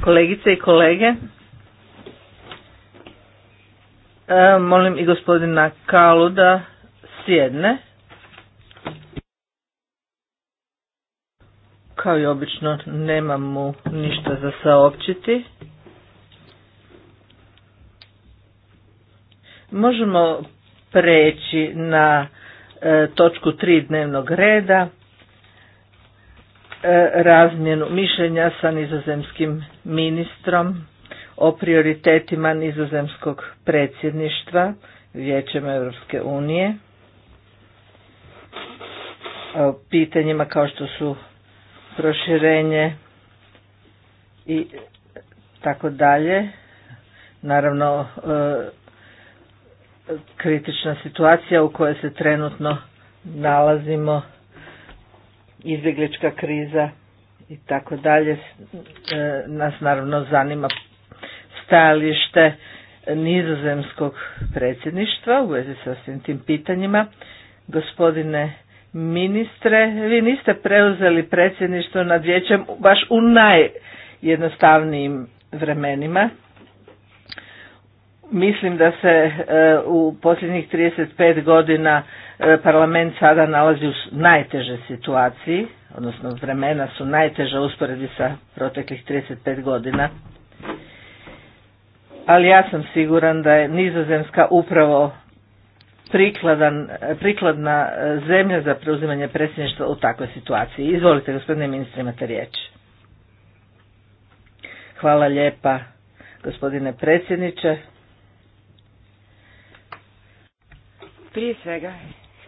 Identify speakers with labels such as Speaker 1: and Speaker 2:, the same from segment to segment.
Speaker 1: Kolegice i kolege. E, molim i gospodina Kalu da sjedne. Kao i obično nemam mu ništa za saopćiti. Možemo preći na e, točku tri dnevnog reda E, razmjenu mišljenja sa nizozemskim ministrom o prioritetima nizozemskog predsjedništva Vijećem Europske unije o pitanjima kao što su proširenje i tako dalje. Naravno e, kritična situacija u kojoj se trenutno nalazimo izbjeglička kriza i tako dalje. E, nas naravno zanima stajalište nizozemskog predsjedništva u vezi sa svim tim pitanjima. Gospodine ministre, vi niste preuzeli predsjedništvo nad vijećem baš u najjednostavnijim vremenima. Mislim da se e, u posljednjih 35 godina E, parlament sada nalazi u najtežoj situaciji, odnosno vremena su najteža usporedi sa proteklih 35 godina. Ali ja sam siguran da je Nizozemska upravo prikladan, prikladna e, zemlja za preuzimanje predsjedništva u takvoj situaciji. Izvolite, gospodine ministre, imate riječ. Hvala lijepa, gospodine predsjedniče.
Speaker 2: Prije svega,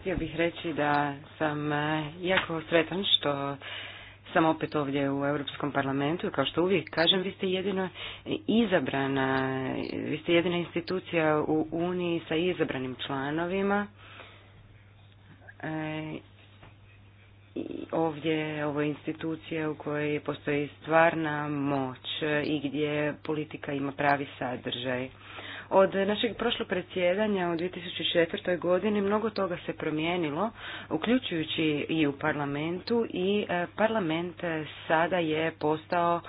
Speaker 2: Htio bih reći da sam e, jako sretan što sam opet ovdje u Europskom parlamentu i kao što uvijek kažem, vi ste jedina izabrana, vi ste jedina institucija u Uniji sa izabranim članovima. E, i ovdje ovo je institucija u kojoj postoji stvarna moć i gdje politika ima pravi sadržaj. Od našeg prošlog predsjedanja u 2004. godini mnogo toga se promijenilo, uključujući i u parlamentu i e, parlament sada je postao e,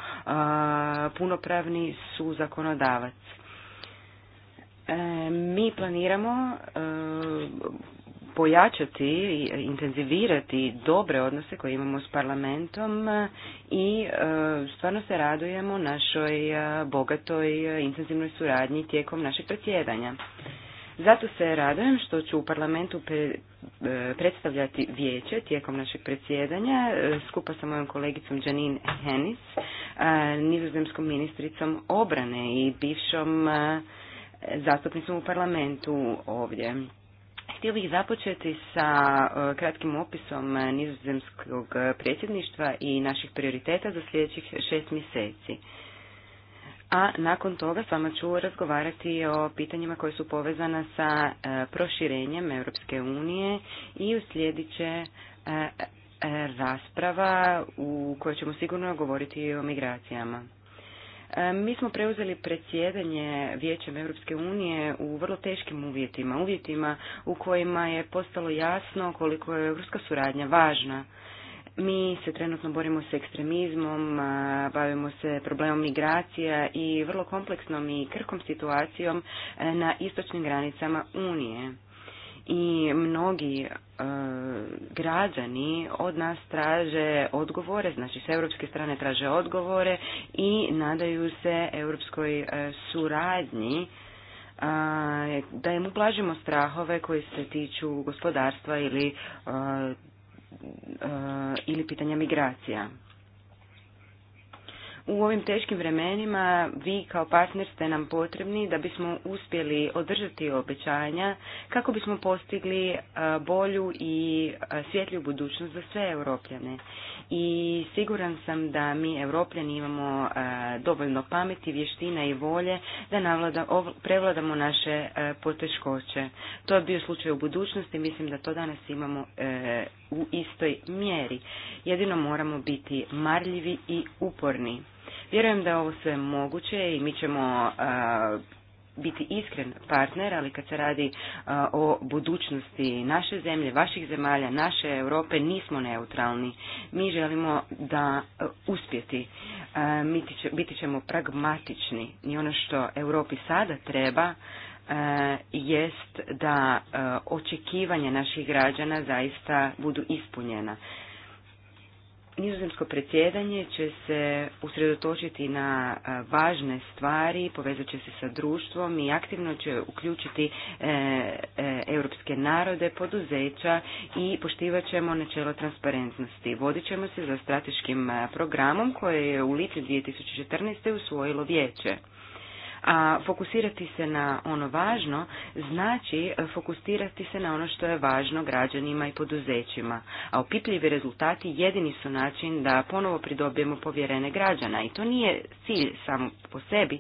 Speaker 2: punopravni suzakonodavac. E, mi planiramo pojačati i intenzivirati dobre odnose koje imamo s parlamentom i e, stvarno se radujemo našoj e, bogatoj e, intenzivnoj suradnji tijekom našeg predsjedanja. Zato se radujem što ću u parlamentu predstavljati vijeće tijekom našeg predsjedanja skupa sa mojom kolegicom Janine Hennis, nizozemskom ministricom obrane i bivšom zastupnicom u parlamentu ovdje. Htio bih započeti sa e, kratkim opisom nizozemskog predsjedništva i naših prioriteta za sljedećih šest mjeseci. A nakon toga s vama ću razgovarati o pitanjima koje su povezana sa e, proširenjem Europske unije i u sljedeće e, rasprava u kojoj ćemo sigurno govoriti o migracijama. E, mi smo preuzeli predsjedanje Vijećem Europske unije u vrlo teškim uvjetima, uvjetima u kojima je postalo jasno koliko je europska suradnja važna. Mi se trenutno borimo s ekstremizmom, e, bavimo se problemom migracija i vrlo kompleksnom i krkom situacijom e, na istočnim granicama Unije i mnogi e, građani od nas traže odgovore, znači s europske strane traže odgovore i nadaju se europskoj e, suradnji da im ublažimo strahove koji se tiču gospodarstva ili, e, ili pitanja migracija u ovim teškim vremenima vi kao partner ste nam potrebni da bismo uspjeli održati obećanja kako bismo postigli e, bolju i e, svjetlju budućnost za sve europljane. I siguran sam da mi europljani imamo e, dovoljno pameti, vještina i volje da prevladamo naše poteškoće. To je bio slučaj u budućnosti, mislim da to danas imamo u istoj mjeri. Jedino moramo biti marljivi i uporni. Vjerujem da je ovo sve moguće i mi ćemo biti iskren partner, ali kad se radi o budućnosti naše zemlje, vaših zemalja, naše Europe, nismo neutralni. Mi želimo da uspjeti. biti, biti ćemo pragmatični i ono što Europi sada treba jest da očekivanja naših građana zaista budu ispunjena. Nizozemsko predsjedanje će se usredotočiti na e, važne stvari, povezat će se sa društvom i aktivno će uključiti e, e, europske narode, poduzeća i poštivat ćemo načelo transparentnosti. Vodit ćemo se za strateškim programom koje je u lipnju 2014. usvojilo vijeće. A fokusirati se na ono važno znači e, fokusirati se na ono što je važno građanima i poduzećima. A opipljivi rezultati jedini su način da ponovo pridobijemo povjerene građana i to nije cilj samo po sebi. E,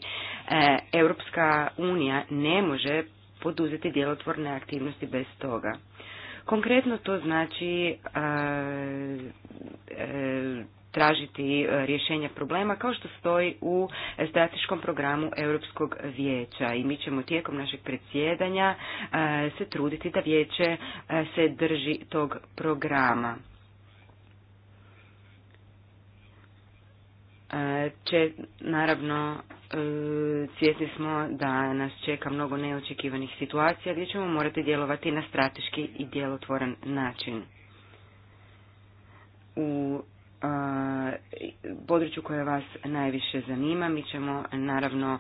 Speaker 2: Europska unija ne može poduzeti djelotvorne aktivnosti bez toga. Konkretno to znači e, e, tražiti e, rješenja problema kao što stoji u strateškom programu Europskog vijeća i mi ćemo tijekom našeg predsjedanja e, se truditi da vijeće e, se drži tog programa. Če, naravno, svjesni smo da nas čeka mnogo neočekivanih situacija gdje ćemo morati djelovati na strateški i djelotvoran način. U području koje vas najviše zanima. Mi ćemo naravno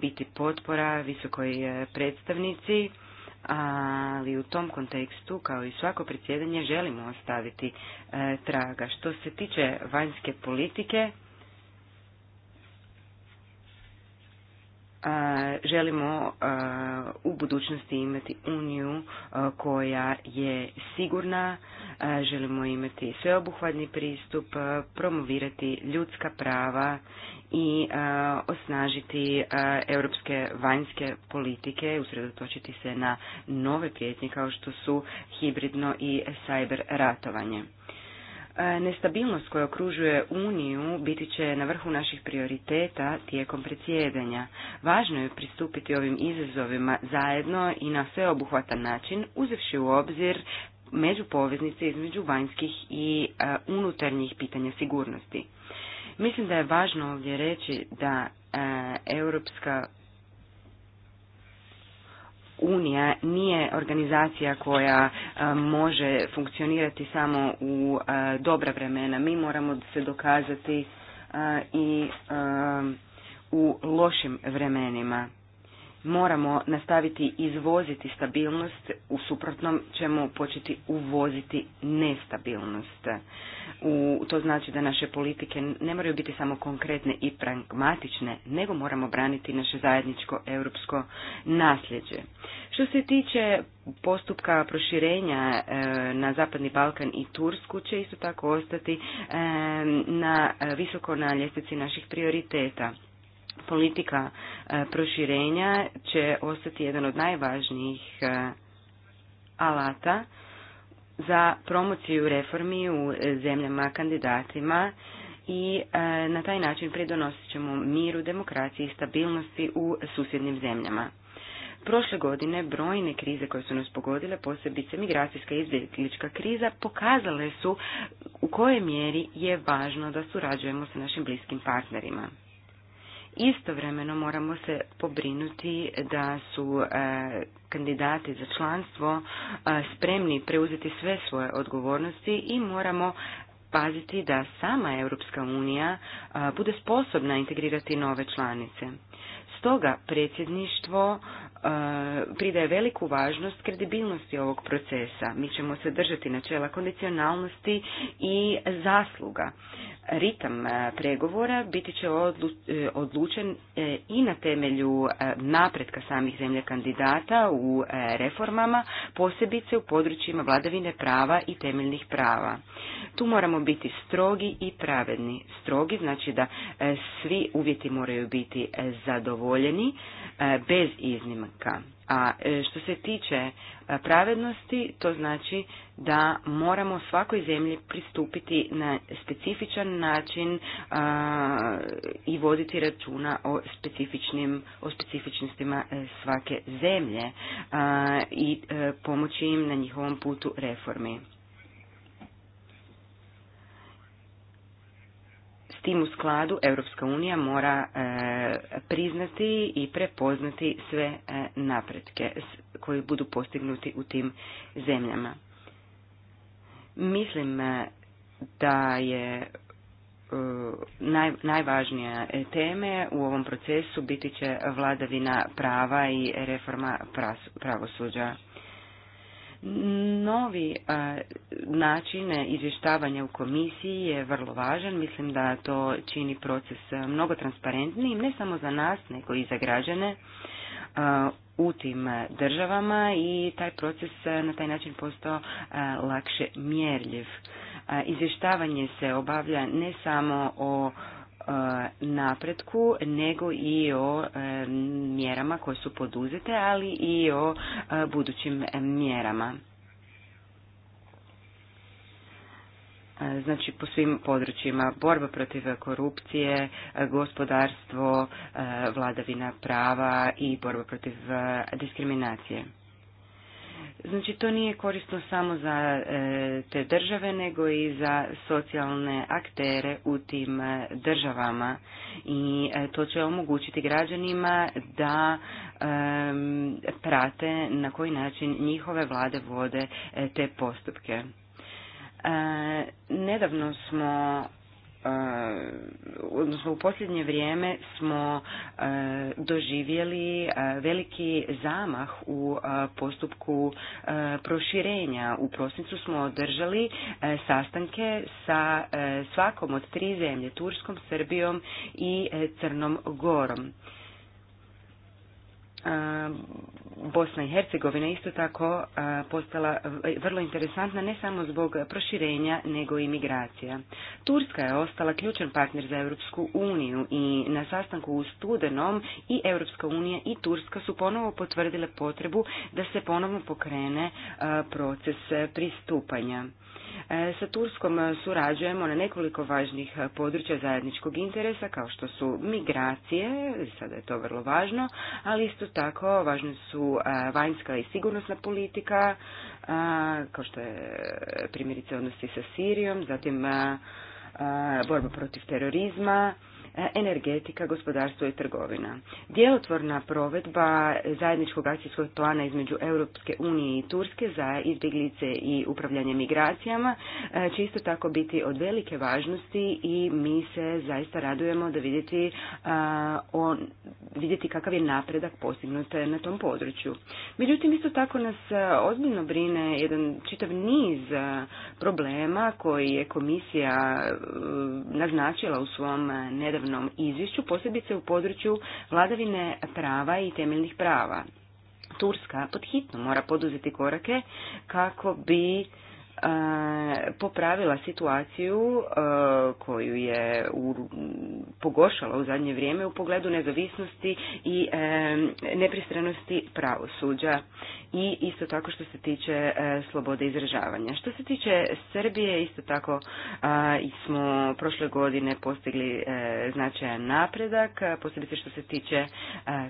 Speaker 2: biti potpora visokoj e, predstavnici, ali u tom kontekstu, kao i svako predsjedanje, želimo ostaviti e, traga. Što se tiče vanjske politike, želimo u budućnosti imati uniju koja je sigurna, želimo imati sveobuhvatni pristup, promovirati ljudska prava i osnažiti europske vanjske politike, usredotočiti se na nove prijetnje kao što su hibridno i cyber ratovanje. E, nestabilnost koja okružuje Uniju biti će na vrhu naših prioriteta tijekom predsjedanja. Važno je pristupiti ovim izazovima zajedno i na sveobuhvatan način, uzevši u obzir međupoveznice između vanjskih i e, unutarnjih pitanja sigurnosti. Mislim da je važno ovdje reći da e, Europska unija nije organizacija koja e, može funkcionirati samo u e, dobra vremena. Mi moramo se dokazati e, i u lošim vremenima moramo nastaviti izvoziti stabilnost, u suprotnom ćemo početi uvoziti nestabilnost. U, to znači da naše politike ne moraju biti samo konkretne i pragmatične, nego moramo braniti naše zajedničko europsko nasljeđe. Što se tiče postupka proširenja e, na Zapadni Balkan i Tursku će isto tako ostati e, na visoko na ljestvici naših prioriteta. Politika e, proširenja će ostati jedan od najvažnijih e, alata za promociju reformi u zemljama kandidatima i e, na taj način pridonosit ćemo miru, demokraciji i stabilnosti u susjednim zemljama. Prošle godine brojne krize koje su nas pogodile, posebice migracijska i izbjeglička kriza, pokazale su u kojoj mjeri je važno da surađujemo sa našim bliskim partnerima. Istovremeno moramo se pobrinuti da su e, kandidati za članstvo e, spremni preuzeti sve svoje odgovornosti i moramo paziti da sama Europska unija e, bude sposobna integrirati nove članice. Stoga predsjedništvo pridaje veliku važnost kredibilnosti ovog procesa. Mi ćemo se držati načela kondicionalnosti i zasluga. Ritam e, pregovora biti će e, odlučen e, i na temelju napretka samih zemlje kandidata u reformama, posebice u područjima vladavine prava i temeljnih prava. Tu moramo biti strogi i pravedni. Strogi znači da svi uvjeti moraju biti zadovoljeni bez iznimka. A e, što se tiče e, pravednosti, to znači da moramo svakoj zemlji pristupiti na specifičan način i voditi računa o specifičnim, o specifičnostima e, svake zemlje i pomoći im na njihovom putu reformi. tim u skladu Europska unija mora e, priznati i prepoznati sve e, napretke koji budu postignuti u tim zemljama. Mislim e, da je naj, najvažnije teme u ovom procesu biti će vladavina prava i reforma pravosuđa. Novi način izvještavanja u komisiji je vrlo važan. Mislim da to čini proces mnogo transparentnijim, ne samo za nas, nego i za građane u tim državama i taj proces na taj način postao lakše mjerljiv. Izvještavanje se obavlja ne samo o E, napretku nego i o e, mjerama koje su poduzete, ali i o e, budućim mjerama. Znači po svim područjima borba protiv korupcije, gospodarstvo, vladavina prava i borba protiv diskriminacije. Znači to nije korisno samo za e, te države nego i za socijalne aktere u tim e, državama i e, to će omogućiti građanima da prate na koji način njihove vlade vode te postupke. Nedavno smo Eh, odnosno u posljednje vrijeme smo eh, doživjeli eh, veliki zamah u postupku proširenja. U prosincu smo održali sastanke sa svakom od tri zemlje, Turskom, Srbijom i Crnom Gorom. Bosna i Hercegovina isto tako postala vrlo interesantna ne samo zbog proširenja nego i migracija. Turska je ostala ključan partner za Europsku uniju i na sastanku u studenom i Europska unija i Turska su ponovo potvrdile potrebu da se ponovno pokrene proces pristupanja. E, sa Turskom e, surađujemo na nekoliko važnih e, područja zajedničkog interesa kao što su migracije, sada je to vrlo važno, ali isto tako važne su vanjska i sigurnosna politika, kao što je primjerice odnosi sa Sirijom, zatim borba protiv terorizma, E, energetika, gospodarstvo i trgovina. Djelotvorna provedba zajedničkog akcijskog plana između Europske unije i Turske za izbjeglice i upravljanje migracijama e, će isto tako biti od velike važnosti i mi se zaista radujemo da vidjeti, e, on, vidjeti kakav je napredak postignut na tom području. Međutim, isto tako nas ozbiljno brine jedan čitav niz problema koji je komisija naznačila u svom nedavnom onom izvješću, posebice u području vladavine prava i temeljnih prava. Turska podhitno mora poduzeti korake kako bi e, popravila situaciju e, koju je pogošala u zadnje vrijeme u pogledu nezavisnosti i e, nepristranosti pravosuđa i isto tako što se tiče e, slobode izražavanja. Što se tiče Srbije, isto tako e, smo prošle godine postigli e, značajan napredak, posebice što se tiče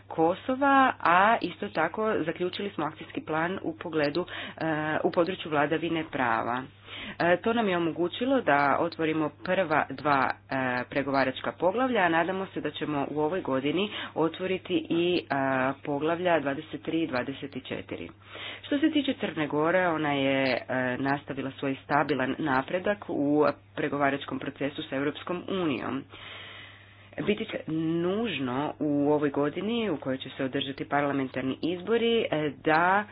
Speaker 2: Kosova, a isto tako zaključili smo akcijski plan u pogledu u području vladavine prava. E, to nam je omogućilo da otvorimo prva dva e, pregovaračka poglavlja, a nadamo se da ćemo u ovoj godini otvoriti i e, poglavlja 23 i 24. Što se tiče Crne Gore, ona je nastavila svoj stabilan napredak u pregovaračkom procesu sa Europskom unijom. Biti će nužno u ovoj godini u kojoj će se održati parlamentarni izbori da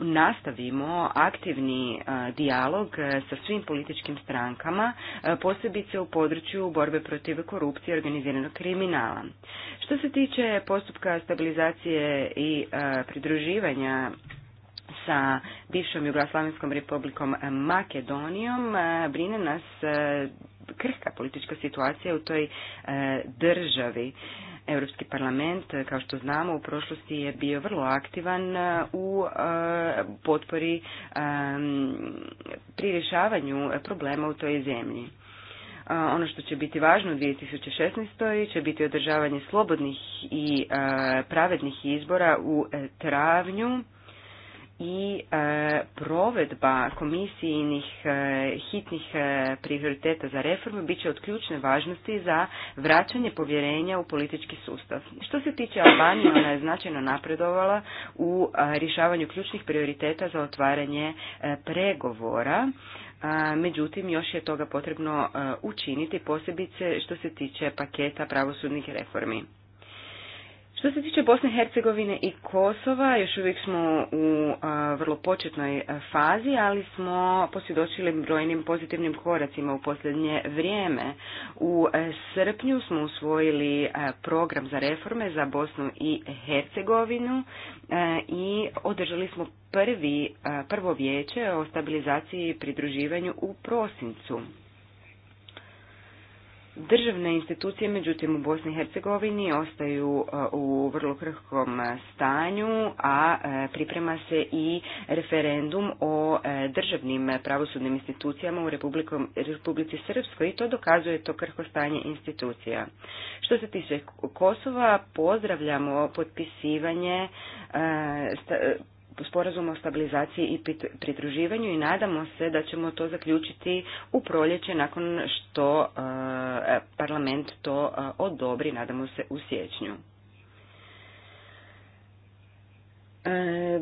Speaker 2: nastavimo aktivni e, dijalog e, sa svim političkim strankama, e, posebice u području borbe protiv korupcije i organiziranog kriminala. Što se tiče postupka stabilizacije i pridruživanja sa bivšom Jugoslavenskom republikom Makedonijom, brine nas krhka politička situacija u toj državi. Europski parlament, e, kao što znamo, u prošlosti je bio vrlo aktivan e, u e, potpori pri rješavanju problema u toj zemlji. Ono što će biti važno u 2016. će biti održavanje slobodnih i pravednih izbora u travnju i e, provedba komisijinih e, hitnih e, prioriteta za reformu bit će od ključne važnosti za vraćanje povjerenja u politički sustav. Što se tiče Albanije, ona je značajno napredovala u rješavanju ključnih prioriteta za otvaranje pregovora. Međutim, još je toga potrebno učiniti, posebice što se tiče paketa pravosudnih reformi. Što se tiče Bosne i Hercegovine i Kosova, još uvijek smo u vrlo početnoj fazi, ali smo posvjedočili brojnim pozitivnim koracima u posljednje vrijeme. U e, srpnju smo usvojili e, program za reforme za Bosnu i Hercegovinu e, i održali smo prvi, prvo vijeće o stabilizaciji i pridruživanju u prosincu. Državne institucije, međutim, u Bosni i Hercegovini ostaju e, u vrlo krhkom stanju, a e, priprema se i referendum o e, državnim pravosudnim institucijama u Republici Srpskoj i to dokazuje to krhko stanje institucija. Što se tiče Kosova, pozdravljamo potpisivanje sporazum o stabilizaciji i pridruživanju i nadamo se da ćemo to zaključiti u proljeće nakon što eh, parlament to eh, odobri, nadamo se u siječnju. Eh,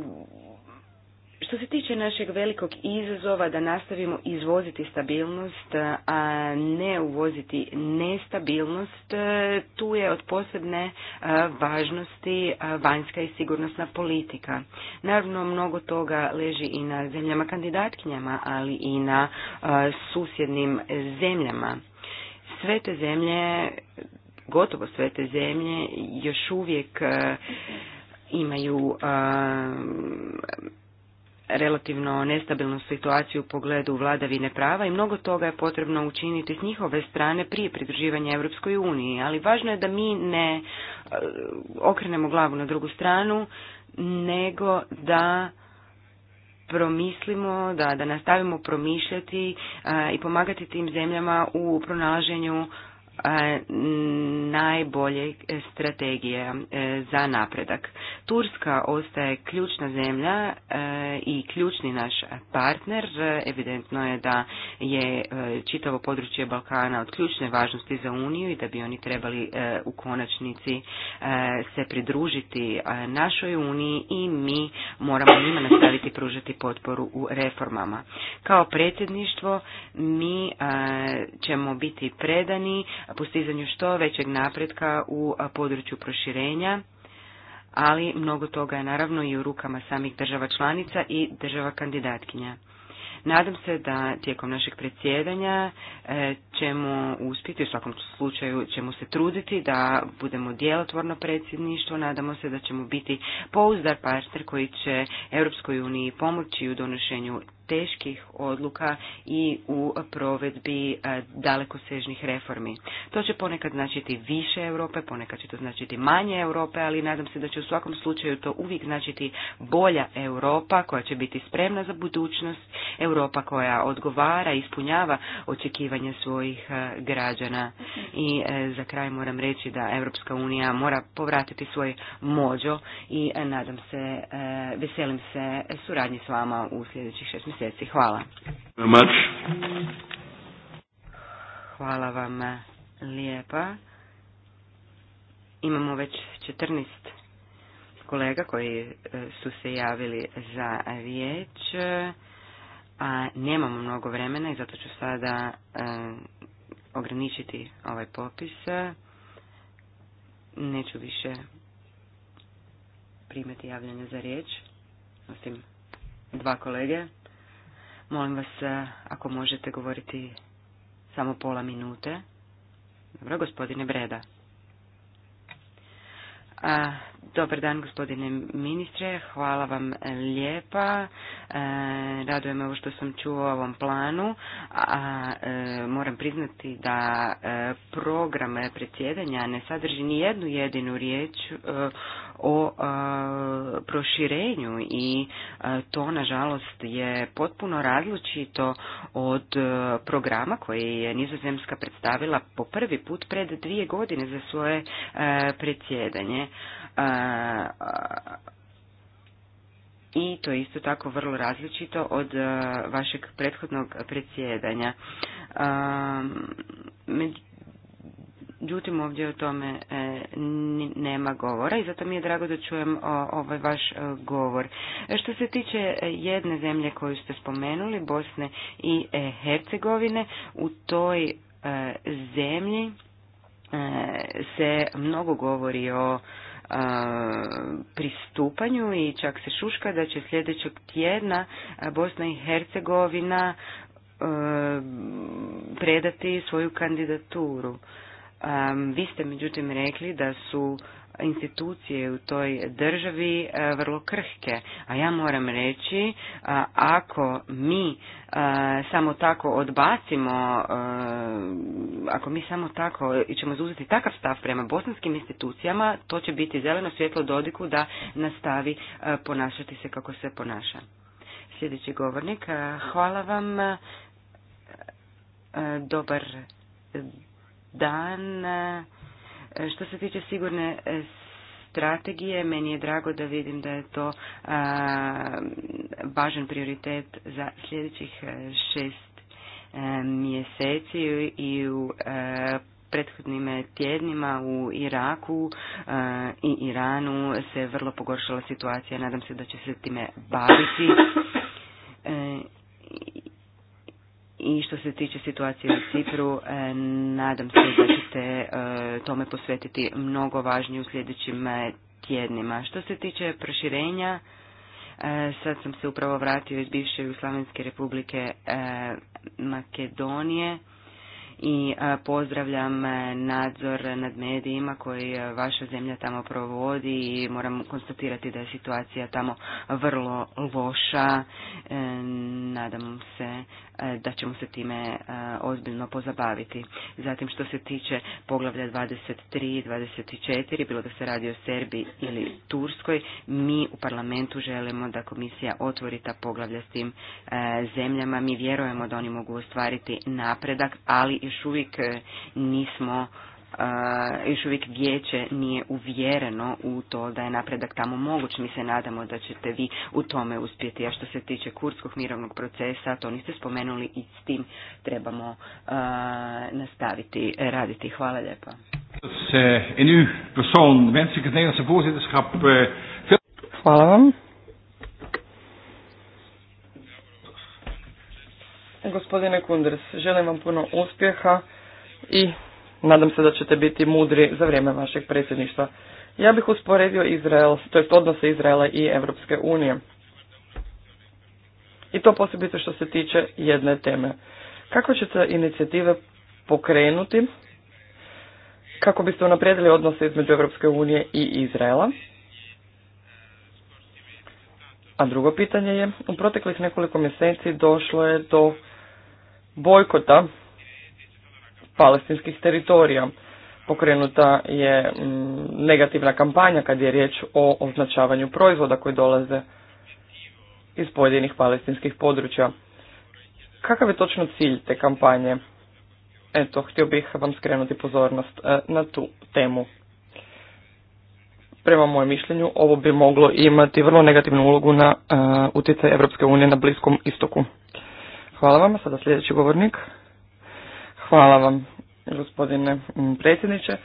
Speaker 2: što se tiče našeg velikog izazova da nastavimo izvoziti stabilnost, a ne uvoziti nestabilnost, e, tu je od posebne e, važnosti e, vanjska i sigurnosna politika. Naravno, mnogo toga leži i na zemljama kandidatkinjama, ali i na susjednim zemljama. Sve te zemlje, gotovo sve te zemlje, još uvijek imaju relativno nestabilnu situaciju u pogledu vladavine prava i mnogo toga je potrebno učiniti s njihove strane prije pridruživanja Europskoj uniji, ali važno je da mi ne e, okrenemo glavu na drugu stranu, nego da promislimo, da, da nastavimo promišljati e, i pomagati tim zemljama u pronalaženju najbolje e, strategije e, za napredak. Turska ostaje ključna zemlja e, i ključni naš partner. Evidentno je da je čitavo područje Balkana od ključne važnosti za Uniju i da bi oni trebali u konačnici se pridružiti našoj Uniji i mi moramo njima nastaviti pružati potporu u reformama. Kao predsjedništvo mi ćemo biti predani postizanju što većeg napretka u području proširenja, ali mnogo toga je naravno i u rukama samih država članica i država kandidatkinja. Nadam se da tijekom našeg predsjedanja e, ćemo uspjeti, u svakom slučaju ćemo se truditi da budemo djelotvorno predsjedništvo, nadamo se da ćemo biti pouzdar partner koji će Europskoj uniji pomoći u donošenju teških odluka i u provedbi e, dalekosežnih reformi. To će ponekad značiti više Europe, ponekad će to značiti manje Europe, ali nadam se da će u svakom slučaju to uvijek značiti bolja Europa koja će biti spremna za budućnost, Europa koja odgovara i ispunjava očekivanja svojih e, građana. I e, za kraj moram reći da Europska unija mora povratiti svoj mođo i nadam se, veselim se suradnji s vama u sljedećih šest mjeseci. Hvala. Hvala vam eh, lijepa. Imamo već 14 kolega koji eh, su se javili za riječ, eh, a nemamo mnogo vremena i zato ću sada ograničiti ovaj popis. Neću više primati javljanje za riječ, osim dva kolege. Molim vas, e, ako možete govoriti samo pola minute. Dobro, gospodine Breda. A, Dobar dan gospodine ministre, hvala vam lijepa. E, Radujemo raduje ovo što sam čuo o ovom planu, a e, moram priznati da e, program predsjedanja ne sadrži ni jednu jedinu riječ o proširenju i to nažalost je potpuno različito od programa koji je Nizozemska predstavila po prvi put pred dvije godine za svoje predsjedanje i to je isto tako vrlo različito od e, vašeg prethodnog predsjedanja. Međutim, ovdje o tome e, nema govora i zato mi je drago da čujem ovaj vaš e, govor. Što se tiče jedne zemlje koju ste spomenuli, Bosne i Hercegovine, u toj zemlji se mnogo govori o pristupanju i čak se šuška da će sljedećeg tjedna Bosna i Hercegovina predati svoju kandidaturu. Vi ste međutim rekli da su institucije u toj državi e, vrlo krhke. A ja moram reći, e, e, ako mi samo tako odbacimo, ako mi samo tako i ćemo zauzeti takav stav prema bosanskim institucijama, to će biti zeleno svjetlo Dodiku da nastavi ponašati se kako se ponaša. Sljedeći govornik, hvala vam, dobar dan što se tiče sigurne e, strategije, meni je drago da vidim da je to važan prioritet za sljedećih e, šest e, mjeseci i u prethodnim tjednima u Iraku i Iranu se vrlo pogoršala situacija. Nadam se da će se time baviti. I što se tiče situacije u Cipru, e, nadam se da ćete e, tome posvetiti mnogo važnije u sljedećim e, tjednima. Što se tiče proširenja, sad sam se upravo vratio iz bivše Jugoslavenske republike Makedonije i pozdravljam nadzor nad medijima koji vaša zemlja tamo provodi i moram konstatirati da je situacija tamo vrlo loša. Nadam se E, da ćemo se time e, ozbiljno pozabaviti. Zatim što se tiče poglavlja 23 i 24, bilo da se radi o Serbiji ili Turskoj, mi u parlamentu želimo da komisija otvori ta poglavlja s tim e, zemljama. Mi vjerujemo da oni mogu ostvariti napredak, ali još uvijek nismo Eh, još uvijek vijeće nije uvjereno u to da je napredak tamo moguć. Mi se nadamo da ćete vi u tome uspjeti. A što se tiče kurskog mirovnog procesa, to niste spomenuli i s tim trebamo eh, nastaviti raditi. Hvala lijepa.
Speaker 3: Eh, Hvala vam.
Speaker 4: Gospodine Kunders, želim vam puno uspjeha i Nadam se da ćete biti mudri za vrijeme vašeg predsjedništva. Ja bih usporedio Izrael, to odnose Izraela i Europske unije. I to posebice što se tiče jedne teme. Kako ćete inicijative pokrenuti kako biste unaprijedili odnose između Europske unije i Izraela? A drugo pitanje je, u proteklih nekoliko mjeseci došlo je do bojkota palestinskih teritorija. Pokrenuta je mm, negativna kampanja kad je riječ o označavanju proizvoda koji dolaze iz pojedinih palestinskih područja. Kakav je točno cilj te kampanje? Eto, htio bih vam skrenuti pozornost e, na tu temu. Prema mojem mišljenju, ovo bi moglo imati vrlo negativnu ulogu na e, utjecaj Europske unije na Bliskom istoku. Hvala vam, sada sljedeći govornik. Hvala vam, gospodine predsjedniče.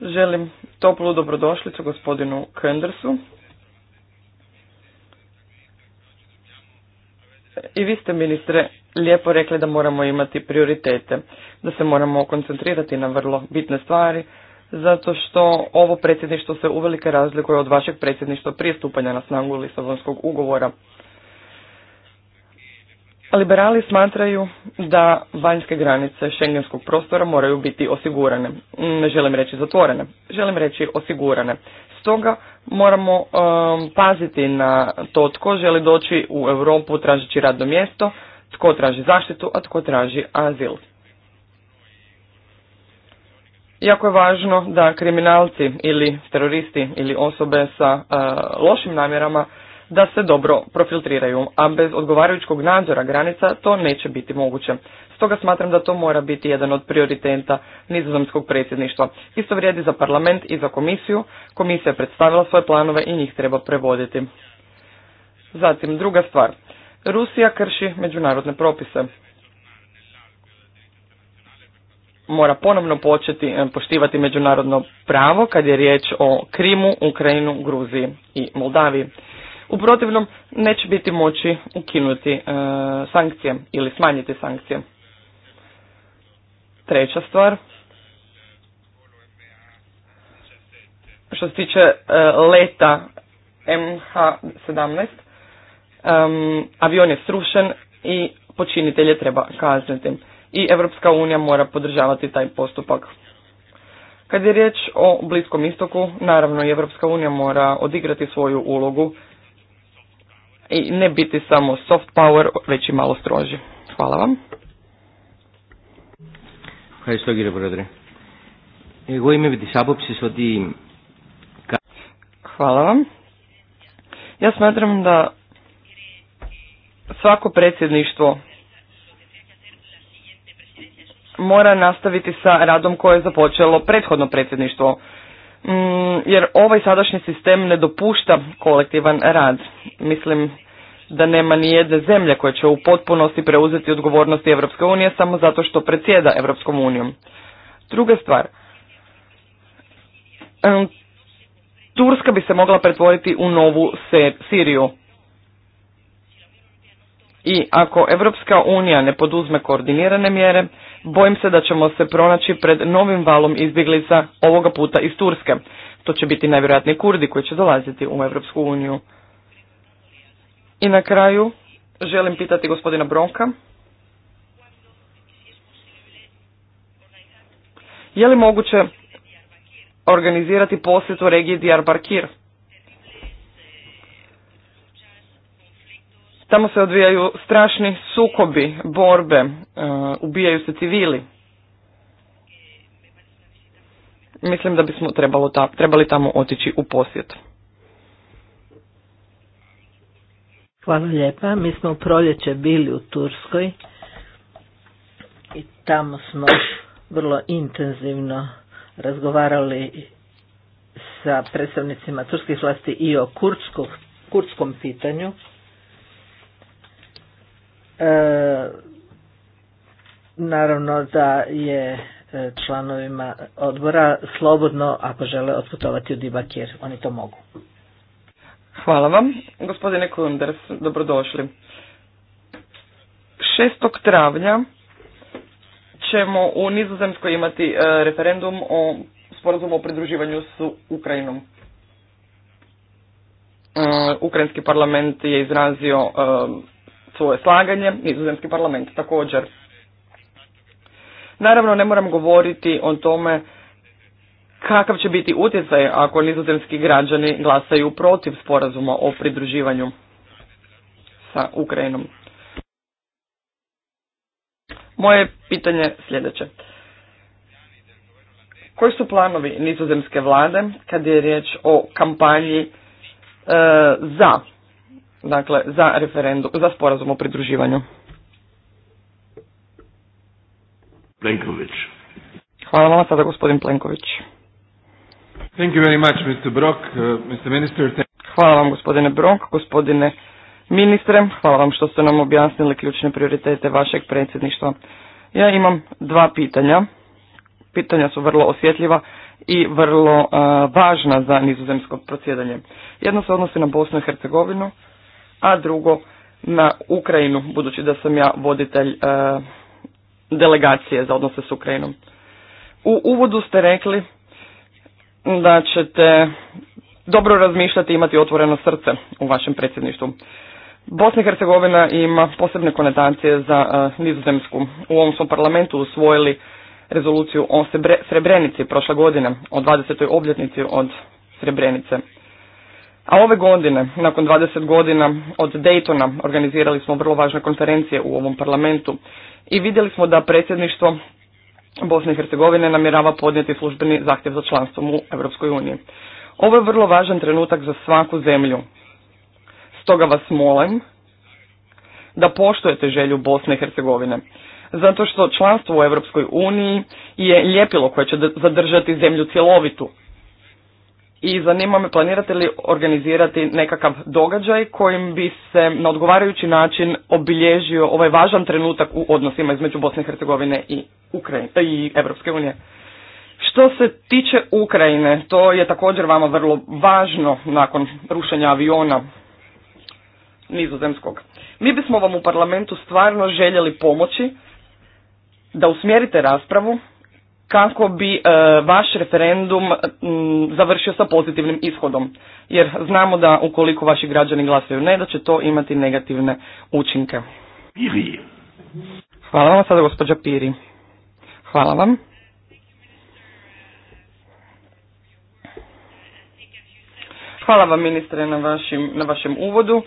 Speaker 4: Želim toplu dobrodošlicu gospodinu Kendersu. I vi ste, ministre, lijepo rekli da moramo imati prioritete, da se moramo koncentrirati na vrlo bitne stvari, zato što ovo predsjedništvo se uvelike razlikuje od vašeg predsjedništva prije stupanja na snagu Lisabonskog ugovora. Liberali smatraju da vanjske granice šengenskog prostora moraju biti osigurane. Ne želim reći zatvorene, želim reći osigurane. Stoga moramo um, paziti na to tko želi doći u Europu tražeći radno mjesto, tko traži zaštitu, a tko traži azil. Jako je važno da kriminalci ili teroristi ili osobe sa uh, lošim namjerama da se dobro profiltriraju, a bez odgovarajućeg nadzora granica to neće biti moguće. Stoga smatram da to mora biti jedan od prioriteta nizozemskog predsjedništva. Isto vrijedi za parlament i za komisiju. Komisija je predstavila svoje planove i njih treba prevoditi. Zatim, druga stvar. Rusija krši međunarodne propise. Mora ponovno početi eh, poštivati međunarodno pravo kad je riječ o Krimu, Ukrajinu, Gruziji i Moldaviji. U protivnom neće biti moći ukinuti e, sankcije ili smanjiti sankcije. Treća stvar, što se tiče e, leta MH17, avion je srušen i počinitelje treba kazniti. I Europska unija mora podržavati taj postupak. Kad je riječ o Bliskom istoku, naravno i Europska unija mora odigrati svoju ulogu i ne biti samo soft power, već i malo stroži. Hvala vam. što je e, Hvala vam. Ja smatram da svako predsjedništvo mora nastaviti sa radom koje je započelo prethodno predsjedništvo. Mm, jer ovaj sadašnji sistem ne dopušta kolektivan rad. Mislim da nema ni jedne zemlje koja će u potpunosti preuzeti odgovornosti Europske unije samo zato što predsjeda Europskom unijom. Druga stvar, mm, Turska bi se mogla pretvoriti u novu Siriju. I ako Europska unija ne poduzme koordinirane mjere, bojim se da ćemo se pronaći pred novim valom izbjeglica ovoga puta iz Turske. To će biti najvjerojatniji Kurdi koji će dolaziti u Evropsku uniju. I na kraju želim pitati gospodina Bronka. Je li moguće organizirati posjet u regiji Diyarbakir? Tamo se odvijaju strašni sukobi, borbe, e, ubijaju se civili. Mislim da bismo trebalo ta, trebali tamo otići u posjet.
Speaker 1: Hvala lijepa. Mi smo u proljeće bili u Turskoj i tamo smo vrlo intenzivno razgovarali sa predstavnicima turskih vlasti i o kurdskom pitanju. E, naravno da je e, članovima odbora slobodno ako žele otputovati u Dibak jer oni to mogu.
Speaker 4: Hvala vam. Gospodine Kunders, dobrodošli. 6. travnja ćemo u Nizozemskoj imati e, referendum o sporazumu o pridruživanju s Ukrajinom. Ukrajinski parlament je izrazio svoje slaganje, nizozemski parlament također. Naravno ne moram govoriti o tome kakav će biti utjecaj ako nizozemski građani glasaju protiv sporazuma o pridruživanju sa Ukrajinom. Moje pitanje je sljedeće. Koji su planovi nizozemske vlade kad je riječ o kampanji e, za dakle za referendum, za sporazum o pridruživanju. Plenković. Hvala vam sada gospodin Plenković. Thank you very
Speaker 5: much, Mr. Uh,
Speaker 4: Mr. Minister, Hvala vam gospodine Brok, gospodine ministre, hvala vam što ste nam objasnili ključne prioritete vašeg predsjedništva. Ja imam dva pitanja. Pitanja su vrlo osjetljiva i vrlo uh, važna za nizozemsko procjedanje. Jedno se odnosi na Bosnu i Hercegovinu, a drugo na Ukrajinu, budući da sam ja voditelj e, delegacije za odnose s Ukrajinom. U uvodu ste rekli da ćete dobro razmišljati i imati otvoreno srce u vašem predsjedništvu. Bosna i Hercegovina ima posebne konotacije za e, nizozemsku. U ovom smo parlamentu usvojili rezoluciju o Srebrenici prošle godine, o 20. obljetnici od Srebrenice. A ove godine, nakon 20 godina od Daytona, organizirali smo vrlo važne konferencije u ovom parlamentu i vidjeli smo da predsjedništvo Bosne i Hercegovine namjerava podnijeti službeni zahtjev za članstvom u Europskoj uniji. Ovo je vrlo važan trenutak za svaku zemlju. Stoga vas molim da poštujete želju Bosne i Hercegovine. Zato što članstvo u Europskoj uniji je ljepilo koje će zadržati zemlju cjelovitu, i zanima me planirate li organizirati nekakav događaj kojim bi se na odgovarajući način obilježio ovaj važan trenutak u odnosima između Bosne i Hercegovine i Ukrajine i Europske unije. Što se tiče Ukrajine, to je također vama vrlo važno nakon rušenja aviona nizozemskog. Mi bismo vam u parlamentu stvarno željeli pomoći da usmjerite raspravu kako bi e, vaš referendum završio sa pozitivnim ishodom. Jer znamo da ukoliko vaši građani glasaju ne, da će to imati negativne učinke. Hvala vam sada gospođa Piri. Hvala vam. Hvala vam ministre na, vašim, na vašem uvodu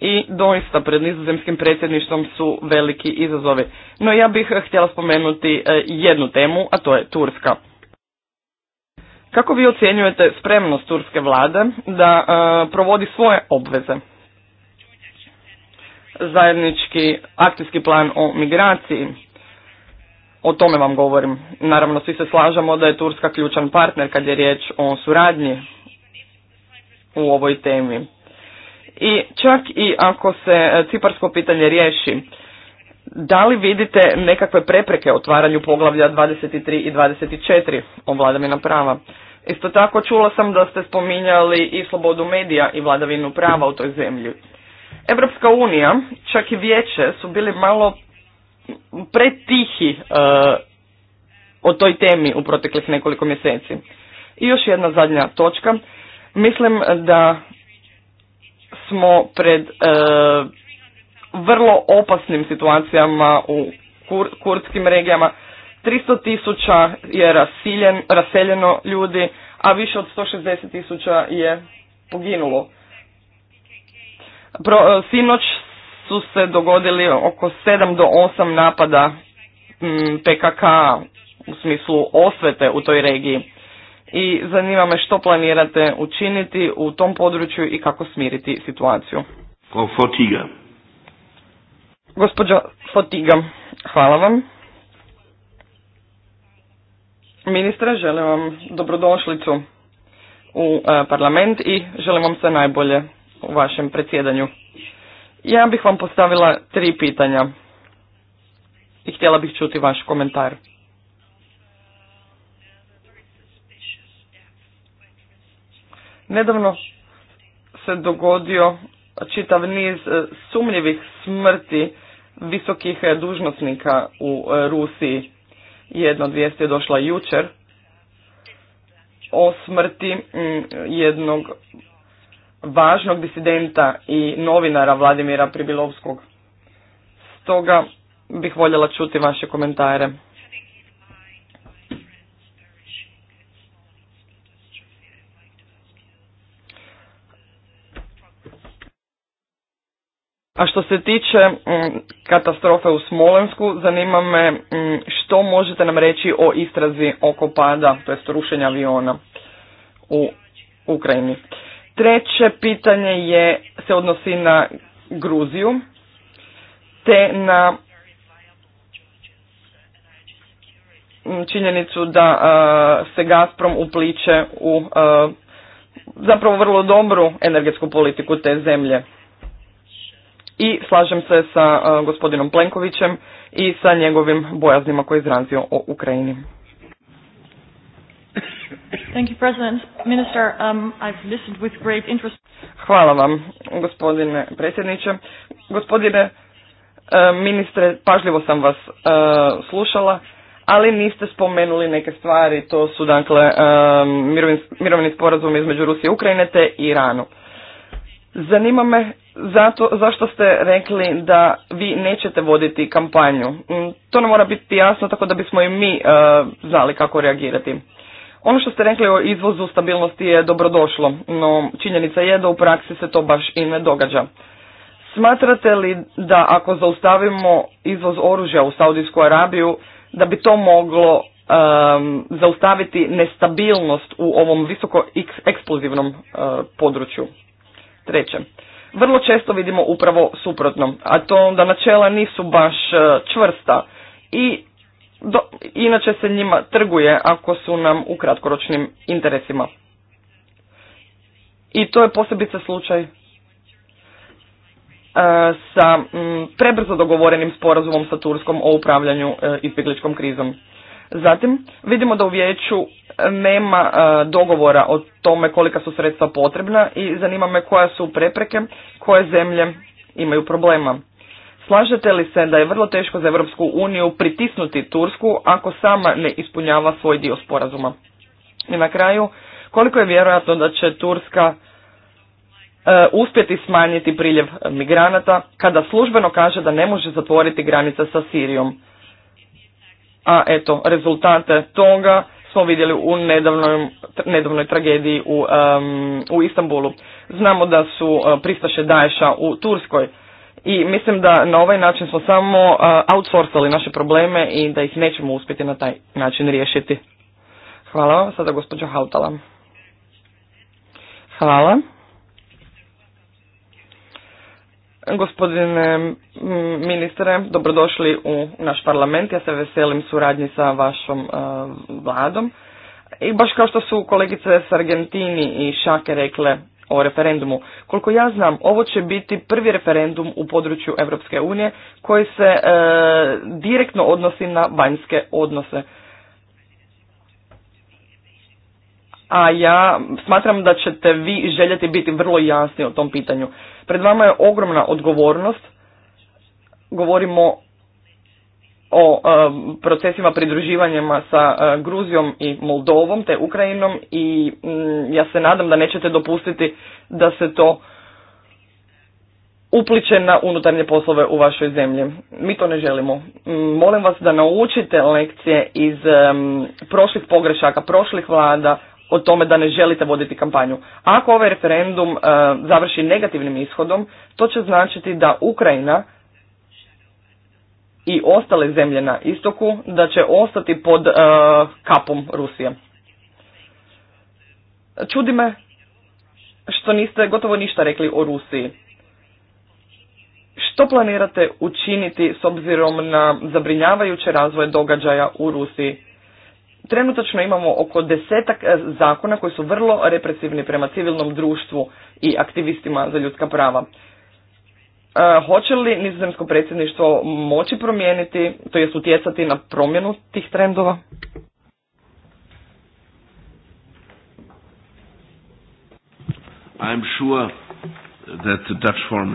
Speaker 4: i doista pred nizozemskim predsjedništvom su veliki izazovi. No ja bih eh, htjela spomenuti eh, jednu temu, a to je Turska. Kako vi ocjenjujete spremnost turske vlade da eh, provodi svoje obveze? Zajednički akcijski plan o migraciji, o tome vam govorim. Naravno, svi se slažemo da je Turska ključan partner kad je riječ o suradnji u ovoj temi. I čak i ako se e, ciparsko pitanje riješi, da li vidite nekakve prepreke otvaranju poglavlja 23 i 24 o vladavina prava? Isto tako čula sam da ste spominjali i slobodu medija i vladavinu prava u toj zemlji. Evropska unija, čak i vijeće, su bili malo pretihi uh, o toj temi u proteklih nekoliko mjeseci. I još jedna zadnja točka. Mislim da smo pred e, vrlo opasnim situacijama u kur, kurdskim regijama. 300 tisuća je raseljeno ljudi, a više od 160 tisuća je poginulo. Pro, e, sinoć su se dogodili oko 7 do 8 napada PKK u smislu osvete u toj regiji i zanima me što planirate učiniti u tom području i kako smiriti situaciju.
Speaker 3: Fotiga.
Speaker 4: Gospođo Fotiga, hvala vam. Ministra, želim vam dobrodošlicu u e, parlament i želim vam sve najbolje u vašem predsjedanju. Ja bih vam postavila tri pitanja i htjela bih čuti vaš komentar. Nedavno se dogodio čitav niz e, sumnjivih smrti visokih dužnosnika u e, Rusiji. Jedna od je došla jučer o smrti mm, jednog važnog disidenta i novinara Vladimira Pribilovskog. Stoga bih voljela čuti vaše komentare. A što se tiče mm, katastrofe u Smolensku, zanima me mm, što možete nam reći o istrazi oko pada, to rušenja aviona u Ukrajini. Treće pitanje je, se odnosi na Gruziju te na mm, činjenicu da se Gazprom upliče u zapravo vrlo dobru energetsku politiku te zemlje i slažem se sa e, gospodinom Plenkovićem i sa njegovim bojaznima koje je izrazio o Ukrajini. Hvala vam, gospodine predsjedniče. Gospodine e, ministre, pažljivo sam vas e, slušala, ali niste spomenuli neke stvari. To su, dakle, mirovni, mirovni sporazum između Rusije i Ukrajine te Iranu. Zanima me zato, zašto ste rekli da vi nećete voditi kampanju? Mm, to nam mora biti jasno tako da bismo i mi e, znali kako reagirati. Ono što ste rekli o izvozu stabilnosti je dobrodošlo, no činjenica je da u praksi se to baš i ne događa. Smatrate li da ako zaustavimo izvoz oružja u Saudijsku Arabiju, da bi to moglo zaustaviti nestabilnost u ovom visoko eksplozivnom e, području? Treće, vrlo često vidimo upravo suprotno, a to da načela nisu baš e, čvrsta i inače se njima trguje ako su nam u kratkoročnim interesima. I to je posebice slučaj e, sa mm, prebrzo dogovorenim sporazumom sa Turskom o upravljanju e, izbjegličkom krizom. Zatim vidimo da u vijeću nema e, dogovora o tome kolika su sredstva potrebna i zanima me koja su prepreke, koje zemlje imaju problema. Slažete li se da je vrlo teško za Europsku uniju pritisnuti Tursku ako sama ne ispunjava svoj dio sporazuma? I na kraju, koliko je vjerojatno da će Turska e, uspjeti smanjiti priljev migranata kada službeno kaže da ne može zatvoriti granica sa Sirijom? A eto, rezultate toga smo vidjeli u nedavnoj, nedavnoj tragediji u, um, u Istanbulu. Znamo da su e, pristaše Daesha u Turskoj i mislim da na ovaj način smo samo e, outsourcali naše probleme i da ih nećemo uspjeti na taj način riješiti. Hvala vam, sada gospođo Hautala. Hvala. Gospodine ministre, dobrodošli u naš parlament. Ja se veselim suradnji sa vašom e, vladom. I baš kao što su kolegice s Argentini i Šake rekle o referendumu, koliko ja znam, ovo će biti prvi referendum u području Europske unije koji se e, direktno odnosi na vanjske odnose. a ja smatram da ćete vi željeti biti vrlo jasni o tom pitanju. Pred vama je ogromna odgovornost, govorimo o e, procesima pridruživanjima sa e, Gruzijom i Moldovom te Ukrajinom i mm, ja se nadam da nećete dopustiti da se to upliče na unutarnje poslove u vašoj zemlji. Mi to ne želimo. Molim vas da naučite lekcije iz prošlih pogrešaka, prošlih vlada, o tome da ne želite voditi kampanju. Ako ovaj referendum e, završi negativnim ishodom, to će značiti da Ukrajina i ostale zemlje na istoku da će ostati pod e, kapom Rusije. Čudi me što niste gotovo ništa rekli o Rusiji. Što planirate učiniti s obzirom na zabrinjavajuće razvoje događaja u Rusiji? Trenutačno imamo oko desetak e, zakona koji su vrlo represivni prema civilnom društvu i aktivistima za ljudska prava. E, hoće li nizozemsko predsjedništvo moći promijeniti, to jest utjecati na promjenu tih trendova?
Speaker 3: I'm sure that the Dutch will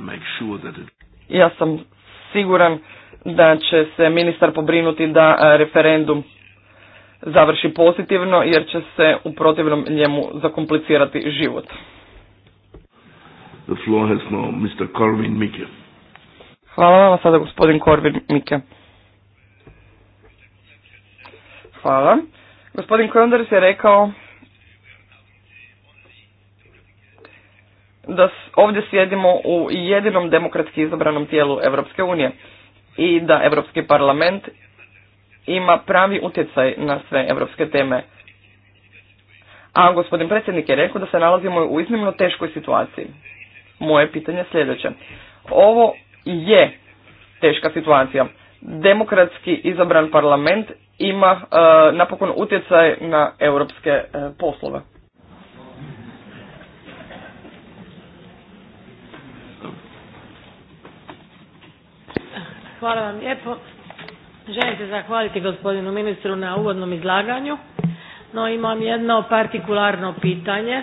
Speaker 3: make sure that it...
Speaker 4: Ja sam siguran da će se ministar pobrinuti da e, referendum završi pozitivno jer će se u protivnom njemu zakomplicirati život.
Speaker 3: The floor has Mr. Corvin Mike.
Speaker 4: Hvala vam sada gospodin Korvin Mike. Hvala. Gospodin je rekao da ovdje sjedimo u jedinom demokratski izabranom tijelu Europske unije i da Europski parlament ima pravi utjecaj na sve europske teme. A gospodin predsjednik je rekao da se nalazimo u iznimno teškoj situaciji. Moje pitanje je sljedeće. Ovo je teška situacija. Demokratski izabran parlament ima e, napokon utjecaj na europske e, poslove.
Speaker 5: Hvala vam lijepo. Želim se zahvaliti gospodinu ministru na uvodnom izlaganju, no imam jedno partikularno pitanje.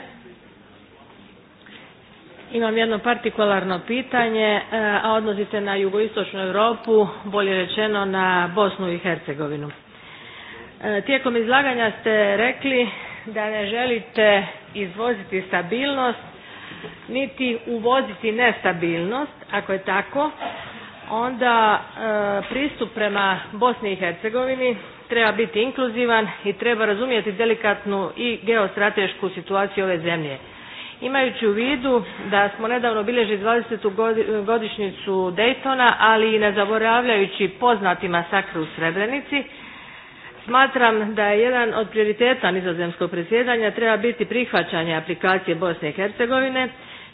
Speaker 5: Imam jedno partikularno pitanje, e, a odnosi se na jugoistočnu Europu, bolje rečeno na Bosnu i Hercegovinu. E, tijekom izlaganja ste rekli da ne želite izvoziti stabilnost niti uvoziti nestabilnost. Ako je tako, onda e, pristup prema Bosni i Hercegovini treba biti inkluzivan i treba razumjeti delikatnu i geostratešku situaciju ove zemlje. Imajući u vidu da smo nedavno obilježili 20. godišnjicu Daytona, ali i ne zaboravljajući poznati masakr u Srebrenici, Smatram da je jedan od prioriteta nizozemskog predsjedanja treba biti prihvaćanje aplikacije Bosne i Hercegovine,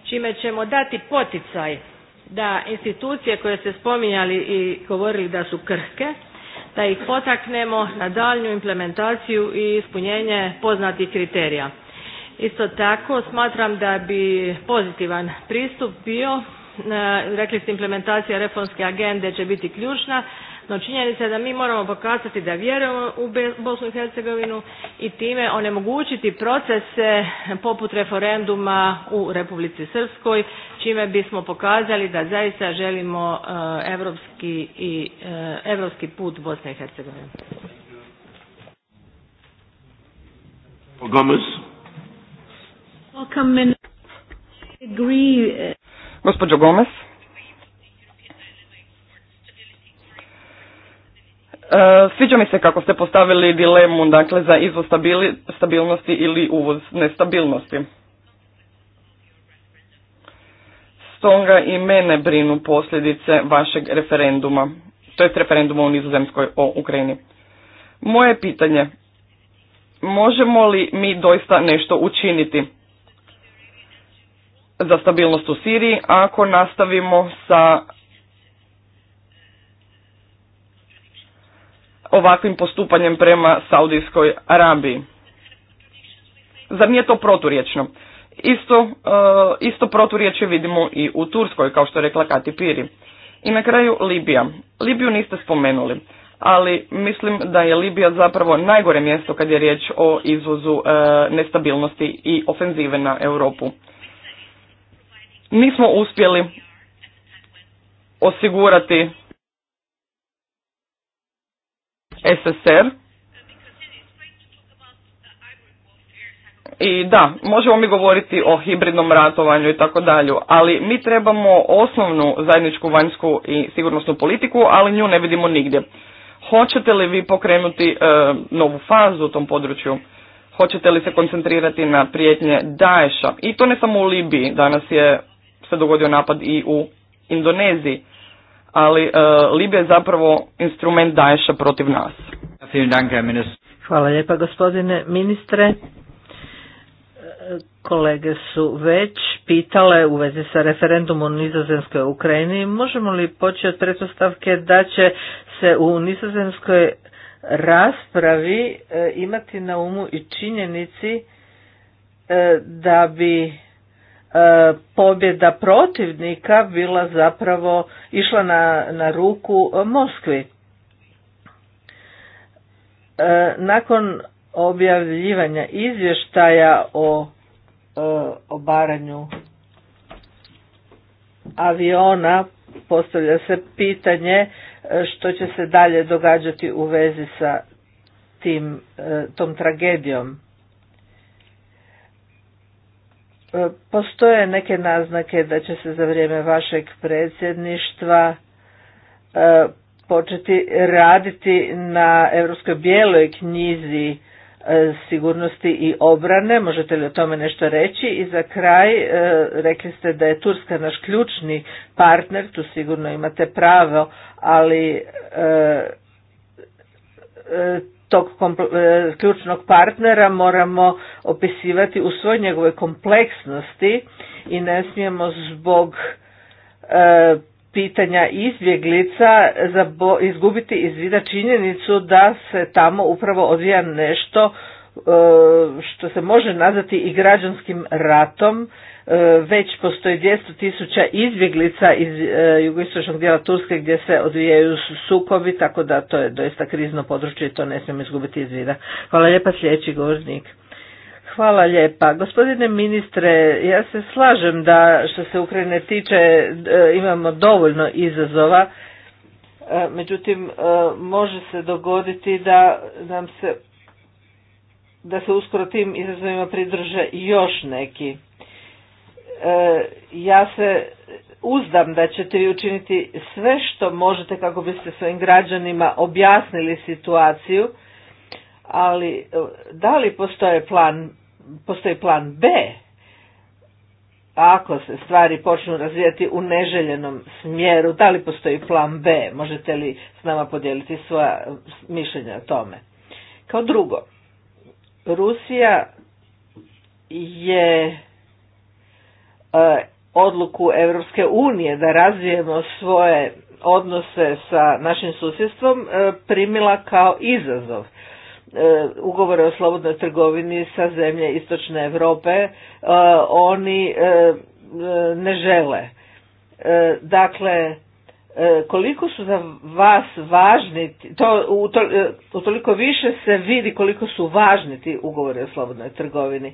Speaker 5: čime ćemo dati poticaj da institucije koje ste spominjali i govorili da su krhke, da ih potaknemo na daljnju implementaciju i ispunjenje poznatih kriterija. Isto tako smatram da bi pozitivan pristup bio, e, rekli ste implementacija reformske agende će biti ključna, no činjenica je da mi moramo pokazati da vjerujemo u Bosnu i Hercegovinu i time onemogućiti procese poput referenduma u Republici Srpskoj čime bismo pokazali da zaista želimo europski eh, i europski eh, put Bosne i Hercegovine.
Speaker 4: Gomez. Gospođo E, sviđa mi se kako ste postavili dilemu dakle, za izvoz stabilnosti ili uvoz nestabilnosti. Stoga i mene brinu posljedice vašeg referenduma, to je referenduma u Nizozemskoj o Ukrajini. Moje pitanje, možemo li mi doista nešto učiniti za stabilnost u Siriji ako nastavimo sa ovakvim postupanjem prema Saudijskoj Arabiji. Zar nije to proturječno? Isto, e, isto proturječje vidimo i u Turskoj, kao što je rekla Kati Piri. I na kraju Libija. Libiju niste spomenuli, ali mislim da je Libija zapravo najgore mjesto kad je riječ o izvozu e, nestabilnosti i ofenzive na Europu. Nismo uspjeli osigurati SSR. I da, možemo mi govoriti o hibridnom ratovanju i tako dalje, ali mi trebamo osnovnu zajedničku vanjsku i sigurnosnu politiku, ali nju ne vidimo nigdje. Hoćete li vi pokrenuti e, novu fazu u tom području? Hoćete li se koncentrirati na prijetnje Daesha? I to ne samo u Libiji, danas je se dogodio napad i u Indoneziji ali e, Libija je zapravo instrument daješa protiv nas.
Speaker 1: Hvala lijepa gospodine ministre. E, kolege su već pitale u vezi sa referendumom u Nizozemskoj Ukrajini. Možemo li poći od pretpostavke da će se u Nizozemskoj raspravi e, imati na umu i činjenici da bi E, pobjeda protivnika bila zapravo išla na, na ruku Moskvi. E, nakon objavljivanja izvještaja o obaranju aviona postavlja se pitanje e, što će se dalje događati u vezi sa tim, tom tragedijom. E, postoje neke naznake da će se za vrijeme vašeg predsjedništva e, početi raditi na Europskoj bijeloj knjizi e, sigurnosti i obrane. Možete li o tome nešto reći? I za kraj rekli ste da je Turska naš ključni partner, tu sigurno imate pravo, ali tog e, ključnog partnera moramo opisivati u svoj njegove kompleksnosti i ne smijemo zbog e, pitanja izbjeglica zabo, izgubiti iz vida činjenicu da se tamo upravo odvija nešto e, što se može nazvati i građanskim ratom već postoji 200 tisuća izbjeglica iz e, jugoistočnog dijela Turske gdje se odvijaju sukovi, tako da to je doista krizno područje i to ne smijemo izgubiti iz vida. Hvala lijepa sljedeći govornik. Hvala lijepa. Gospodine ministre, ja se slažem da što se Ukrajine tiče e, imamo dovoljno izazova, e, međutim može se dogoditi da nam se da se uskoro tim izazovima pridrže još neki. E, ja se uzdam da ćete vi učiniti sve što možete kako biste svojim građanima objasnili situaciju, ali e, da li postoje plan, postoji plan B ako se stvari počnu razvijati u neželjenom smjeru, da li postoji plan B, možete li s nama podijeliti svoja mišljenja o tome. Kao drugo, Rusija je E, odluku Europske unije da razvijemo svoje odnose sa našim susjedstvom e, primila kao izazov. E, ugovore o slobodnoj trgovini sa zemlje Istočne Europe oni ne žele. Dakle, koliko su za vas važni, to, toliko više se vidi koliko su važni ti ugovori o slobodnoj trgovini.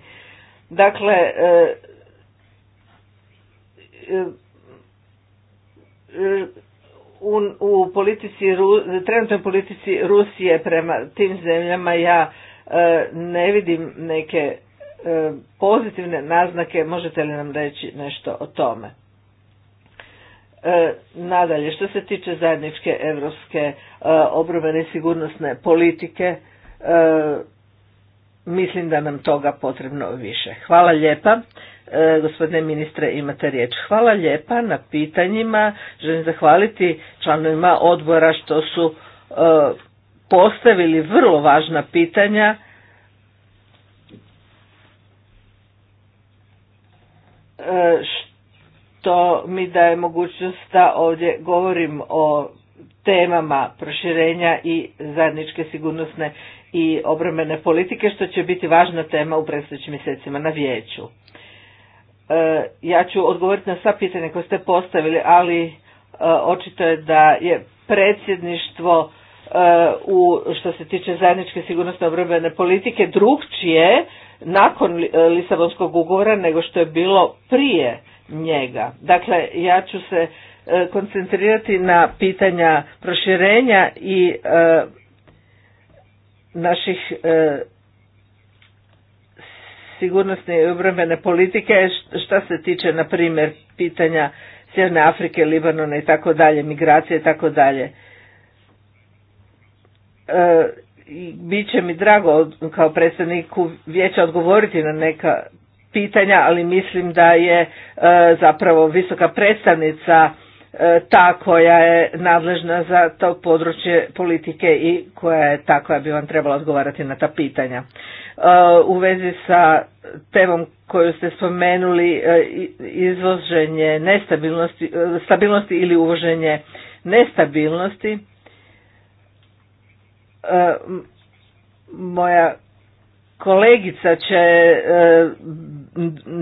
Speaker 1: Dakle, u, politici, trenutnoj politici Rusije prema tim zemljama ja e, ne vidim neke e, pozitivne naznake, možete li nam reći nešto o tome? E, nadalje, što se tiče zajedničke evropske obrobene i sigurnosne politike, mislim da nam toga potrebno više. Hvala lijepa. E, gospodine ministre, imate riječ. Hvala lijepa na pitanjima. Želim zahvaliti članovima odbora što su e, postavili vrlo važna pitanja. E, što mi daje mogućnost da ovdje govorim o temama proširenja i zajedničke sigurnosne i obrambene politike, što će biti važna tema u predstojećim mjesecima na vijeću. E, ja ću odgovoriti na sva pitanja koje ste postavili, ali e, očito je da je predsjedništvo e, u što se tiče zajedničke sigurnosne obrambene politike drugčije nakon Lisabonskog ugovora nego što je bilo prije njega. Dakle, ja ću se koncentrirati na pitanja proširenja i naših sigurnosne i obrambene politike šta se tiče na primjer pitanja Sjeverne Afrike, Libanona i tako dalje, migracije i tako dalje. E, Biće mi drago kao predstavniku vijeća odgovoriti na neka pitanja, ali mislim da je e, zapravo visoka predstavnica e, ta koja je nadležna za to područje politike i koja je ta koja bi vam trebala odgovarati na ta pitanja. E, u vezi sa temom koju ste spomenuli e, izvoženje nestabilnosti, e, stabilnosti ili uvoženje nestabilnosti. Moja kolegica će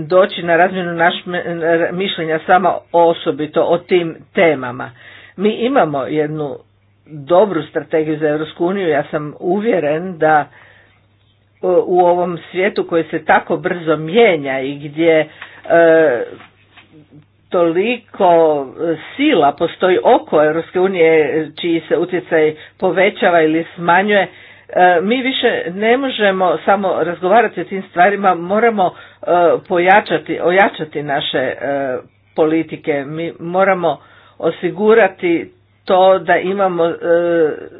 Speaker 1: doći na razmjenu naš mišljenja samo osobito o tim temama. Mi imamo jednu dobru strategiju za Europsku uniju, ja sam uvjeren da E, u ovom svijetu koji se tako brzo mijenja i gdje e, toliko sila postoji oko Europske unije čiji se utjecaj povećava ili smanjuje, e, mi više ne možemo samo razgovarati o tim stvarima, moramo e, pojačati, ojačati naše politike, mi moramo osigurati to da imamo, e,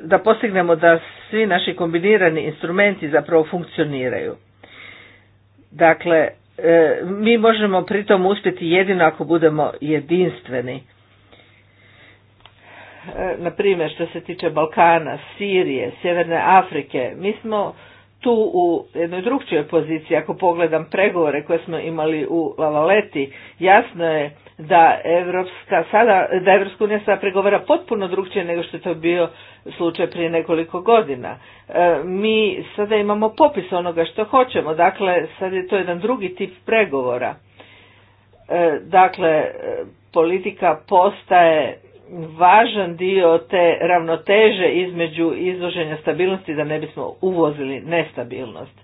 Speaker 1: da postignemo da svi naši kombinirani instrumenti zapravo funkcioniraju. Dakle, e, mi možemo pritom uspjeti jedino ako budemo jedinstveni. E, na primjer, što se tiče Balkana, Sirije, Sjeverne Afrike, mi smo tu u jednoj drugčijoj poziciji, ako pogledam pregovore koje smo imali u Lavaleti, jasno je da Evropska sada, da Evropska unija sada pregovara potpuno drugčije nego što je to bio slučaj prije nekoliko godina. E, mi sada imamo popis onoga što hoćemo, dakle sad je to jedan drugi tip pregovora. E, dakle, e, politika postaje važan dio te ravnoteže između izvoženja stabilnosti da ne bismo uvozili nestabilnost.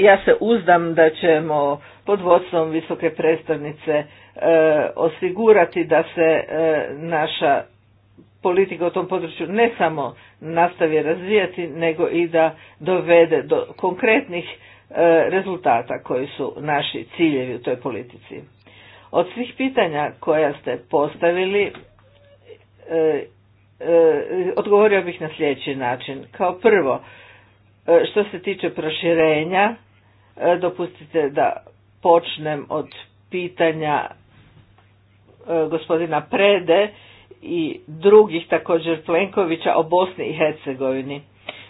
Speaker 1: Ja se uzdam da ćemo pod vodstvom visoke predstavnice e, osigurati da se e, naša politika u tom području ne samo nastavi razvijati, nego i da dovede do konkretnih e, rezultata koji su naši ciljevi u toj politici. Od svih pitanja koja ste postavili, odgovorio bih na sljedeći način. Kao prvo, što se tiče proširenja, dopustite da počnem od pitanja e, gospodina Prede i drugih također Plenkovića o Bosni i Hercegovini.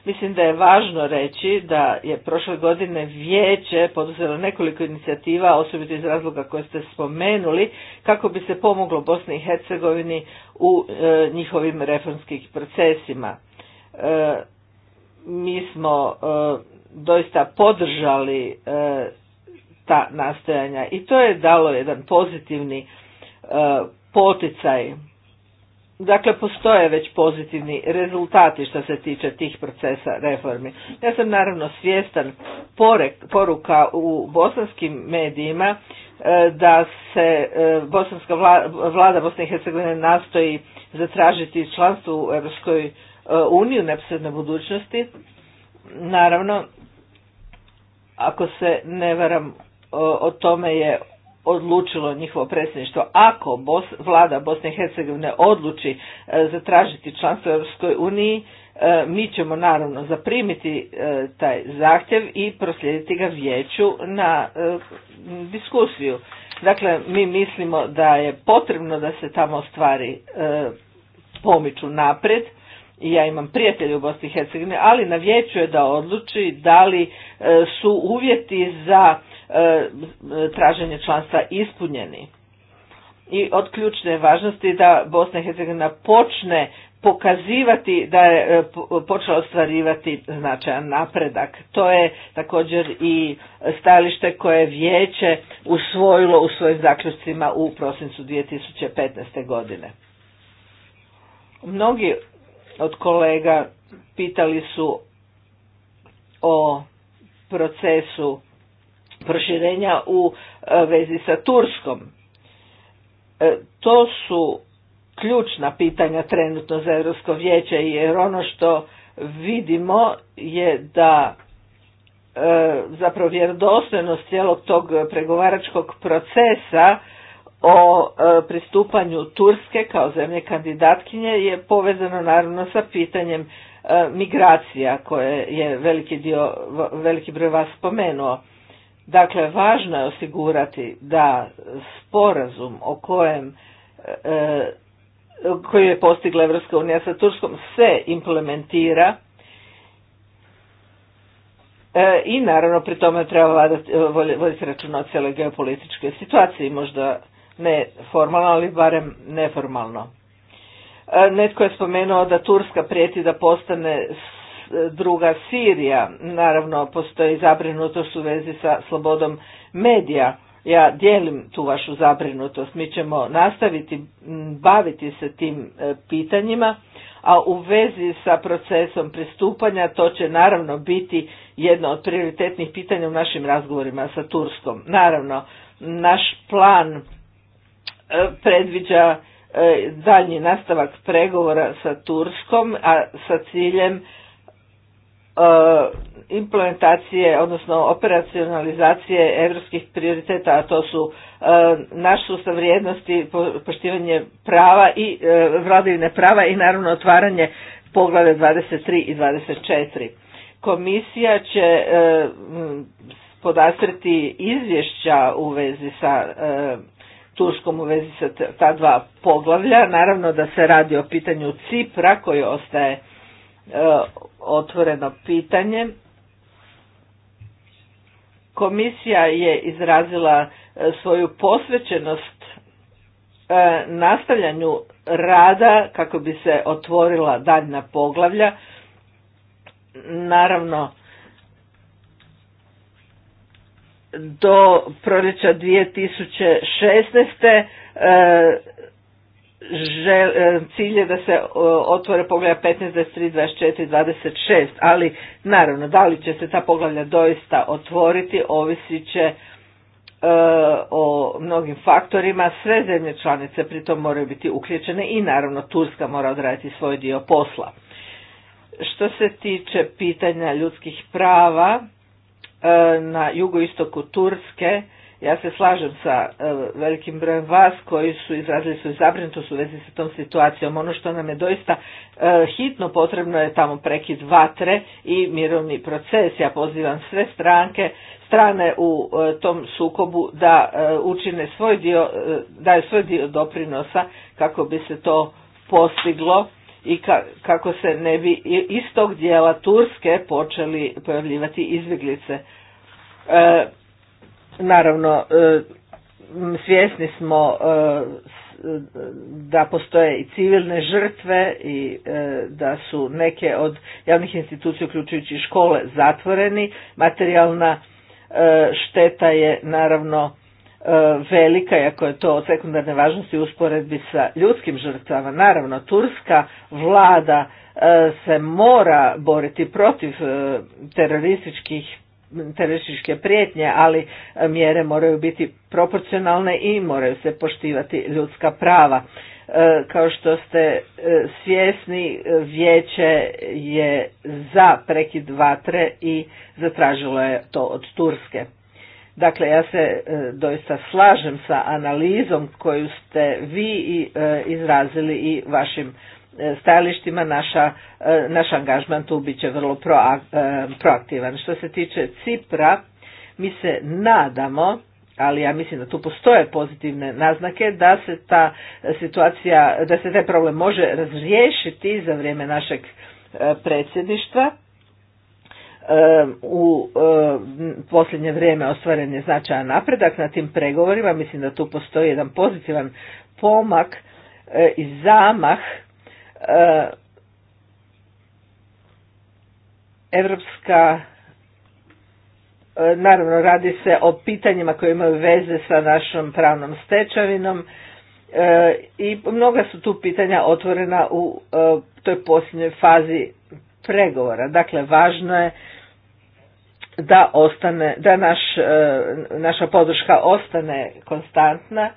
Speaker 1: Mislim da je važno reći da je prošle godine vijeće poduzelo nekoliko inicijativa, osobito iz razloga koje ste spomenuli, kako bi se pomoglo Bosni i Hercegovini u e, njihovim reformskih procesima. E, mi smo doista podržali ta nastojanja i to je dalo jedan pozitivni e, poticaj. Dakle, postoje već pozitivni rezultati što se tiče tih procesa reformi. Ja sam naravno svjestan poruka u bosanskim medijima e, da se e, bosanska vlada, vlada Bosne i Hercegovine nastoji zatražiti članstvo u Europskoj uniji u neposrednoj budućnosti. Naravno, ako se ne varam, o tome je odlučilo njihovo predsjedništvo. Ako Bos, vlada Bosne i Hercegovine odluči e, zatražiti članstvo u Europskoj uniji, e, mi ćemo naravno zaprimiti e, taj zahtjev i proslijediti ga vijeću na diskusiju. Dakle, mi mislimo da je potrebno da se tamo stvari pomiču naprijed, ja imam prijatelje u Bosni i Hercegovini, ali na vijeću je da odluči da li su uvjeti za E, traženje članstva ispunjeni. I od ključne važnosti da Bosna i Hercegovina počne pokazivati da je e, počela ostvarivati značajan napredak. To je također i stajalište koje je vijeće usvojilo u svojim zaključcima u prosincu 2015. godine. Mnogi od kolega pitali su o procesu proširenja u e, vezi sa Turskom. E, to su ključna pitanja trenutno za Europsko vijeće jer ono što vidimo je da e, zapravo vjerodostojnost cijelog tog pregovaračkog procesa o pristupanju Turske kao zemlje kandidatkinje je povezano naravno sa pitanjem migracija koje je veliki, dio, veliki broj vas spomenuo. Dakle, važno je osigurati da sporazum o kojem e, koji je postigla Evropska unija sa Turskom se implementira e, i naravno pri tome treba e, voditi računa o cijeloj geopolitičkoj situaciji, možda ne formalno, ali barem neformalno. E, netko je spomenuo da Turska prijeti da postane druga Sirija. Naravno, postoji zabrinutost u vezi sa slobodom medija. Ja dijelim tu vašu zabrinutost. Mi ćemo nastaviti baviti se tim e, pitanjima, a u vezi sa procesom pristupanja to će naravno biti jedno od prioritetnih pitanja u našim razgovorima sa Turskom. Naravno, naš plan e, predviđa e, daljnji nastavak pregovora sa Turskom, a sa ciljem E, implementacije, odnosno operacionalizacije europskih prioriteta, a to su e, naš sustav vrijednosti, poštivanje prava i e, vladavine prava i naravno otvaranje poglave 23 i 24. Komisija će podastriti izvješća u vezi sa Turskom u vezi sa ta dva poglavlja. Naravno da se radi o pitanju Cipra koji ostaje otvoreno pitanje. Komisija je izrazila e, svoju posvećenost e, nastavljanju rada kako bi se otvorila daljna poglavlja. Naravno, do proljeća 2016 žel, e, cilj je da se e, otvore poglavlja 15, 23, 24, 26, ali naravno da li će se ta poglavlja doista otvoriti ovisit će e, o mnogim faktorima. Sve zemlje članice pritom moraju biti uključene i naravno Turska mora odraditi svoj dio posla. Što se tiče pitanja ljudskih prava na jugoistoku Turske, ja se slažem sa e, velikim brojem vas koji su izrazili svoju zabrinutost u vezi sa tom situacijom. Ono što nam je doista e, hitno potrebno je tamo prekid vatre i mirovni proces. Ja pozivam sve stranke, strane u e, tom sukobu da učine svoj dio, daju svoj dio doprinosa kako bi se to postiglo i kako se ne bi iz tog dijela Turske počeli pojavljivati izbjeglice. E, Naravno, e, svjesni smo e, e, da postoje i civilne žrtve i da su neke od javnih institucija, uključujući škole, zatvoreni. Materijalna šteta je naravno velika, iako je to od sekundarne važnosti u usporedbi sa ljudskim žrtvama. Naravno, turska vlada se mora boriti protiv terorističkih terorističke prijetnje, ali e, mjere moraju biti proporcionalne i moraju se poštivati ljudska prava. E, kao što ste e, svjesni, vijeće je za prekid vatre i zatražilo je to od Turske. Dakle, ja se doista slažem sa analizom koju ste vi izrazili i vašim stajalištima naša, e, naš angažman tu biće vrlo e, proaktivan. Što se tiče Cipra, mi se nadamo, ali ja mislim da tu postoje pozitivne naznake da se ta situacija, da se taj problem može razriješiti za vrijeme našeg e, predsjedništva. U posljednje vrijeme ostvaren je značajan napredak na tim pregovorima, mislim da tu postoji jedan pozitivan pomak i zamah Europska, e, naravno radi se o pitanjima koje imaju veze sa našom pravnom stečavinom e, i mnoga su tu pitanja otvorena u e, toj posljednjoj fazi pregovora. Dakle, važno je da ostane, da naš, naša podrška ostane konstantna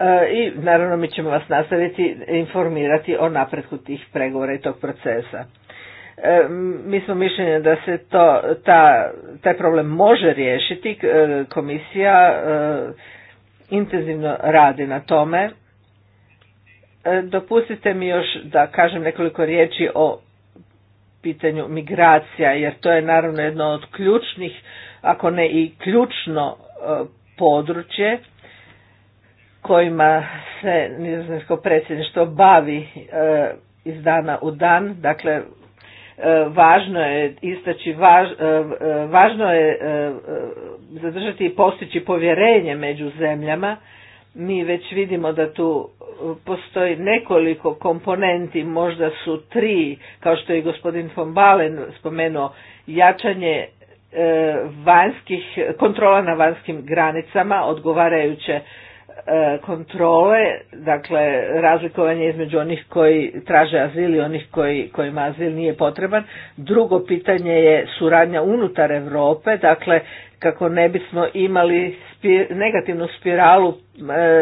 Speaker 1: E, i naravno mi ćemo vas nastaviti informirati o napretku tih pregovora i tog procesa. E, mi smo mišljenja da se to, ta, taj problem može riješiti, e, komisija intenzivno radi na tome. Dopustite mi još da kažem nekoliko riječi o pitanju migracija, jer to je naravno jedno od ključnih, ako ne i ključno područje kojima se nizozemsko predsjedništvo bavi e, iz dana u dan. Dakle, e, važno je istaći, e, važno je zadržati i postići povjerenje među zemljama. Mi već vidimo da tu postoji nekoliko komponenti, možda su tri, kao što je gospodin von Balen spomenuo, jačanje vanjskih, kontrola na vanjskim granicama, odgovarajuće E, kontrole, dakle razlikovanje između onih koji traže azil i onih koji, kojima azil nije potreban. Drugo pitanje je suradnja unutar Europe, dakle kako ne bismo imali negativnu spiralu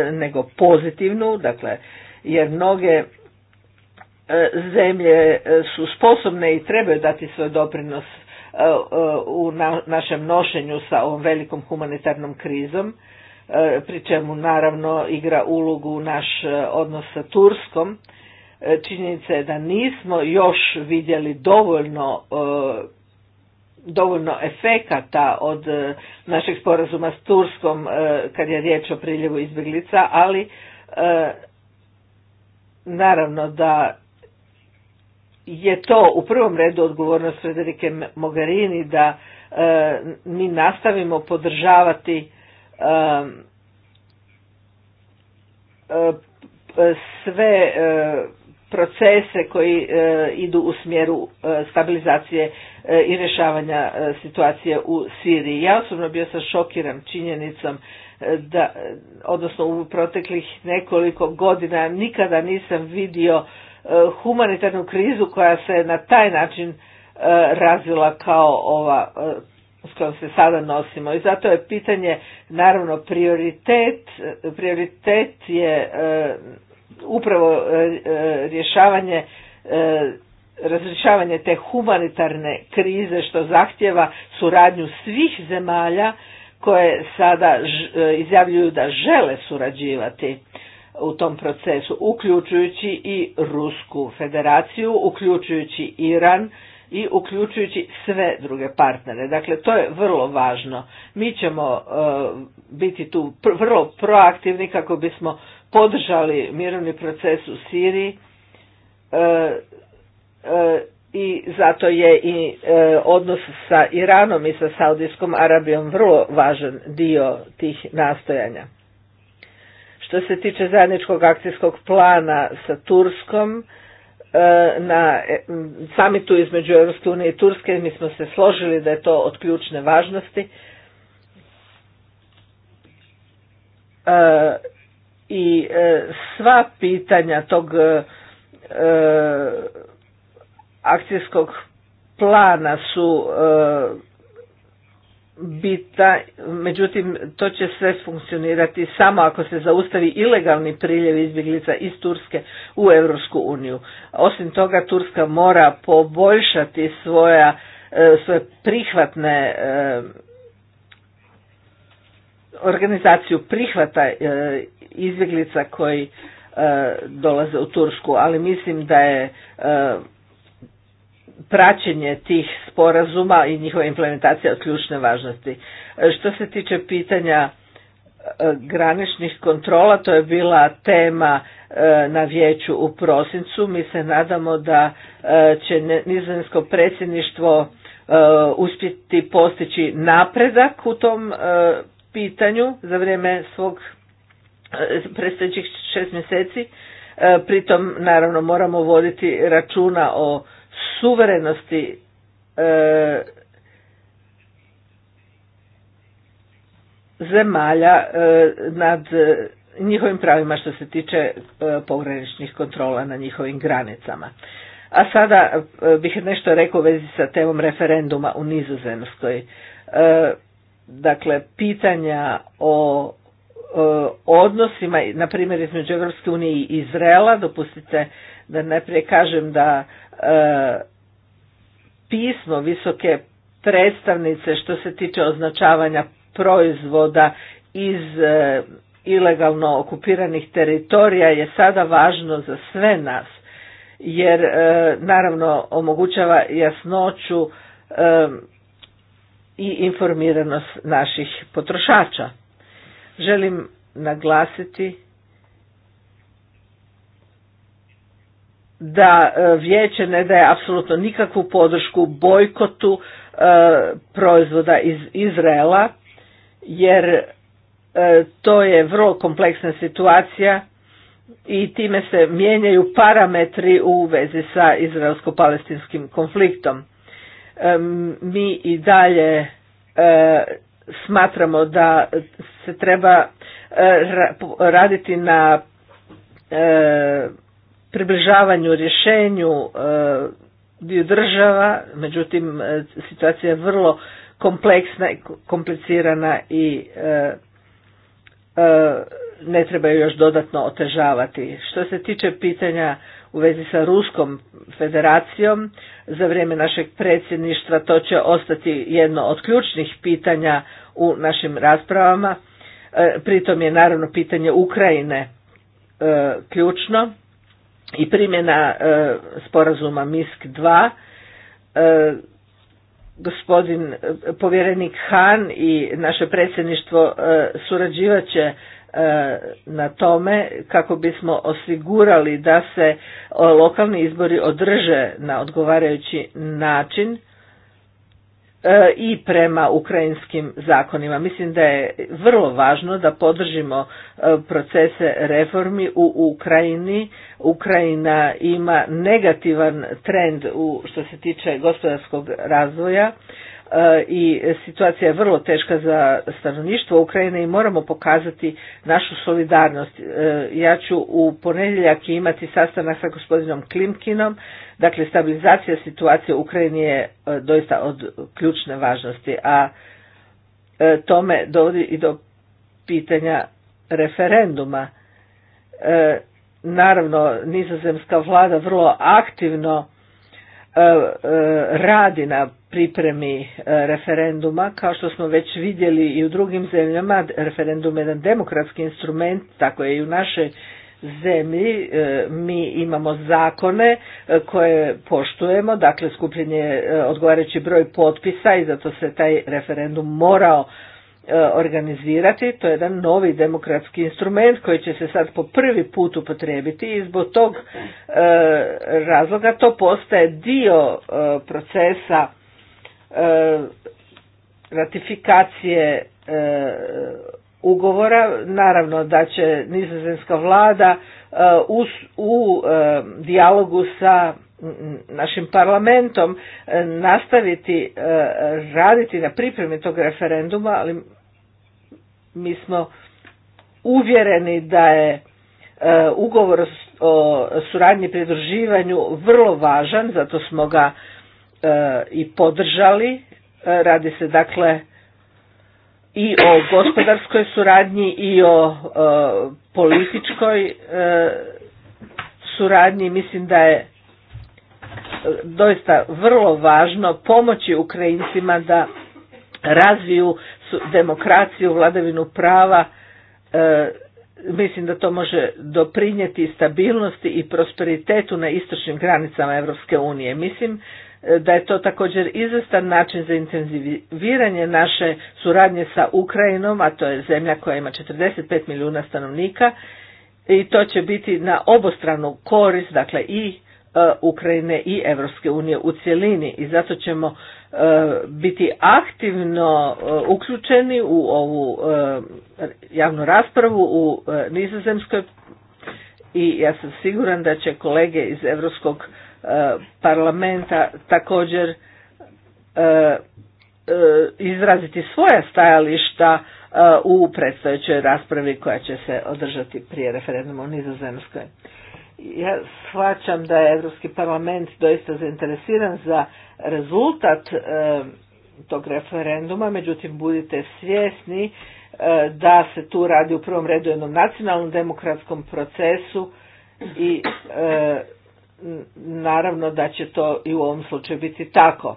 Speaker 1: e, nego pozitivnu, dakle jer mnoge e, zemlje su sposobne i trebaju dati svoj doprinos u našem nošenju sa ovom velikom humanitarnom krizom E, pri čemu naravno igra ulogu naš e, odnos sa Turskom. E, činjenica je da nismo još vidjeli dovoljno dovoljno efekata od našeg sporazuma s Turskom kad je riječ o priljevu izbjeglica, ali naravno da je to u prvom redu odgovornost Frederike Mogarini da mi nastavimo podržavati E, sve e, procese koji e, idu u smjeru stabilizacije i rješavanja situacije u Siriji. Ja osobno bio sam šokiran činjenicom da, odnosno u proteklih nekoliko godina nikada nisam vidio humanitarnu krizu koja se na taj način razvila kao ova s kojom se sada nosimo i zato je pitanje naravno prioritet prioritet je e, upravo e, e, rješavanje razrješavanje te humanitarne krize što zahtjeva suradnju svih zemalja koje sada izjavljuju da žele surađivati u tom procesu uključujući i Rusku federaciju uključujući Iran i uključujući sve druge partnere. Dakle, to je vrlo važno. Mi ćemo e, biti tu vrlo proaktivni kako bismo podržali mirovni proces u Siriji e, e, i zato je i odnos sa Iranom i sa Saudijskom Arabijom vrlo važan dio tih nastojanja. Što se tiče zajedničkog akcijskog plana sa Turskom, E, na e, samitu između Europske unije i Turske mi smo se složili da je to od ključne važnosti e, i sva pitanja tog akcijskog plana su bita, međutim to će sve funkcionirati samo ako se zaustavi ilegalni priljev izbjeglica iz Turske u Europsku uniju. Osim toga Turska mora poboljšati svoja, e, svoje prihvatne e, organizaciju prihvata e, izbjeglica koji dolaze u Tursku, ali mislim da je praćenje tih sporazuma i njihova implementacija od ključne važnosti. E, što se tiče pitanja e, graničnih kontrola, to je bila tema e, na vijeću u prosincu. Mi se nadamo da će nizozemsko predsjedništvo uspjeti postići napredak u tom pitanju za vrijeme svog predstojećih šest mjeseci. Pritom, naravno, moramo voditi računa o suverenosti e, zemalja e, nad njihovim pravima što se tiče e, pograničnih kontrola na njihovim granicama. A sada e, bih nešto rekao u vezi sa temom referenduma u Nizozemskoj. Dakle, pitanja o odnosima, na primjer, između Evropske unije i Izraela, dopustite da najprije kažem da e, pismo visoke predstavnice što se tiče označavanja proizvoda iz e, ilegalno okupiranih teritorija je sada važno za sve nas jer e, naravno omogućava jasnoću e, i informiranost naših potrošača. Želim naglasiti da e, vijeće ne daje apsolutno nikakvu podršku bojkotu e, proizvoda iz Izraela jer e, to je vrlo kompleksna situacija i time se mijenjaju parametri u vezi sa izraelsko-palestinskim konfliktom. mi i dalje smatramo da se treba raditi na približavanju rješenju e, dviju država, međutim e, situacija je vrlo kompleksna i komplicirana i e, ne treba ju još dodatno otežavati. Što se tiče pitanja u vezi sa Ruskom federacijom, za vrijeme našeg predsjedništva to će ostati jedno od ključnih pitanja u našim raspravama. Pritom je naravno pitanje Ukrajine ključno i primjena e, sporazuma MISK 2 e, gospodin e, povjerenik Han i naše predsjedništvo surađivat će na tome kako bismo osigurali da se lokalni izbori održe na odgovarajući način E, i prema ukrajinskim zakonima. Mislim da je vrlo važno da podržimo e, procese reformi u Ukrajini. Ukrajina ima negativan trend u što se tiče gospodarskog razvoja E, i situacija je vrlo teška za stanovništvo Ukrajine i moramo pokazati našu solidarnost. E, ja ću u ponedjeljak imati sastanak sa gospodinom Klimkinom, dakle stabilizacija situacije u Ukrajini je e, doista od ključne važnosti, a tome dovodi i do pitanja referenduma. Naravno, nizozemska vlada vrlo aktivno radi na pripremi e, referenduma. Kao što smo već vidjeli i u drugim zemljama, referendum je jedan demokratski instrument, tako je i u našoj zemlji e, mi imamo zakone e, koje poštujemo, dakle skupljen je odgovarajući broj potpisa i zato se taj referendum morao organizirati. To je jedan novi demokratski instrument koji će se sad po prvi put upotrijebiti i zbog tog razloga to postaje dio procesa E, ratifikacije e, ugovora. Naravno da će nizozemska vlada e, u dijalogu sa našim parlamentom nastaviti raditi na pripremi tog referenduma, ali mi smo uvjereni da je ugovor o suradnji i pridruživanju vrlo važan, zato smo ga E, i podržali. E, radi se dakle i o gospodarskoj suradnji i o e, političkoj suradnji. Mislim da je doista vrlo važno pomoći Ukrajincima da razviju demokraciju, vladavinu prava. mislim da to može doprinijeti stabilnosti i prosperitetu na istočnim granicama Europske unije. Mislim da je to također izvrstan način za intenziviranje naše suradnje sa Ukrajinom, a to je zemlja koja ima 45 milijuna stanovnika i to će biti na obostranu korist, dakle i e, Ukrajine i Europske unije u cjelini i zato ćemo e, biti aktivno e, uključeni u ovu javnu raspravu u Nizozemskoj i ja sam siguran da će kolege iz Europskog parlamenta također e, e, izraziti svoja stajališta e, u predstojećoj raspravi koja će se održati prije referenduma u Nizozemskoj. Ja shvaćam da je Europski parlament doista zainteresiran za rezultat tog referenduma, međutim budite svjesni da se tu radi u prvom redu jednom nacionalnom demokratskom procesu i naravno da će to i u ovom slučaju biti tako.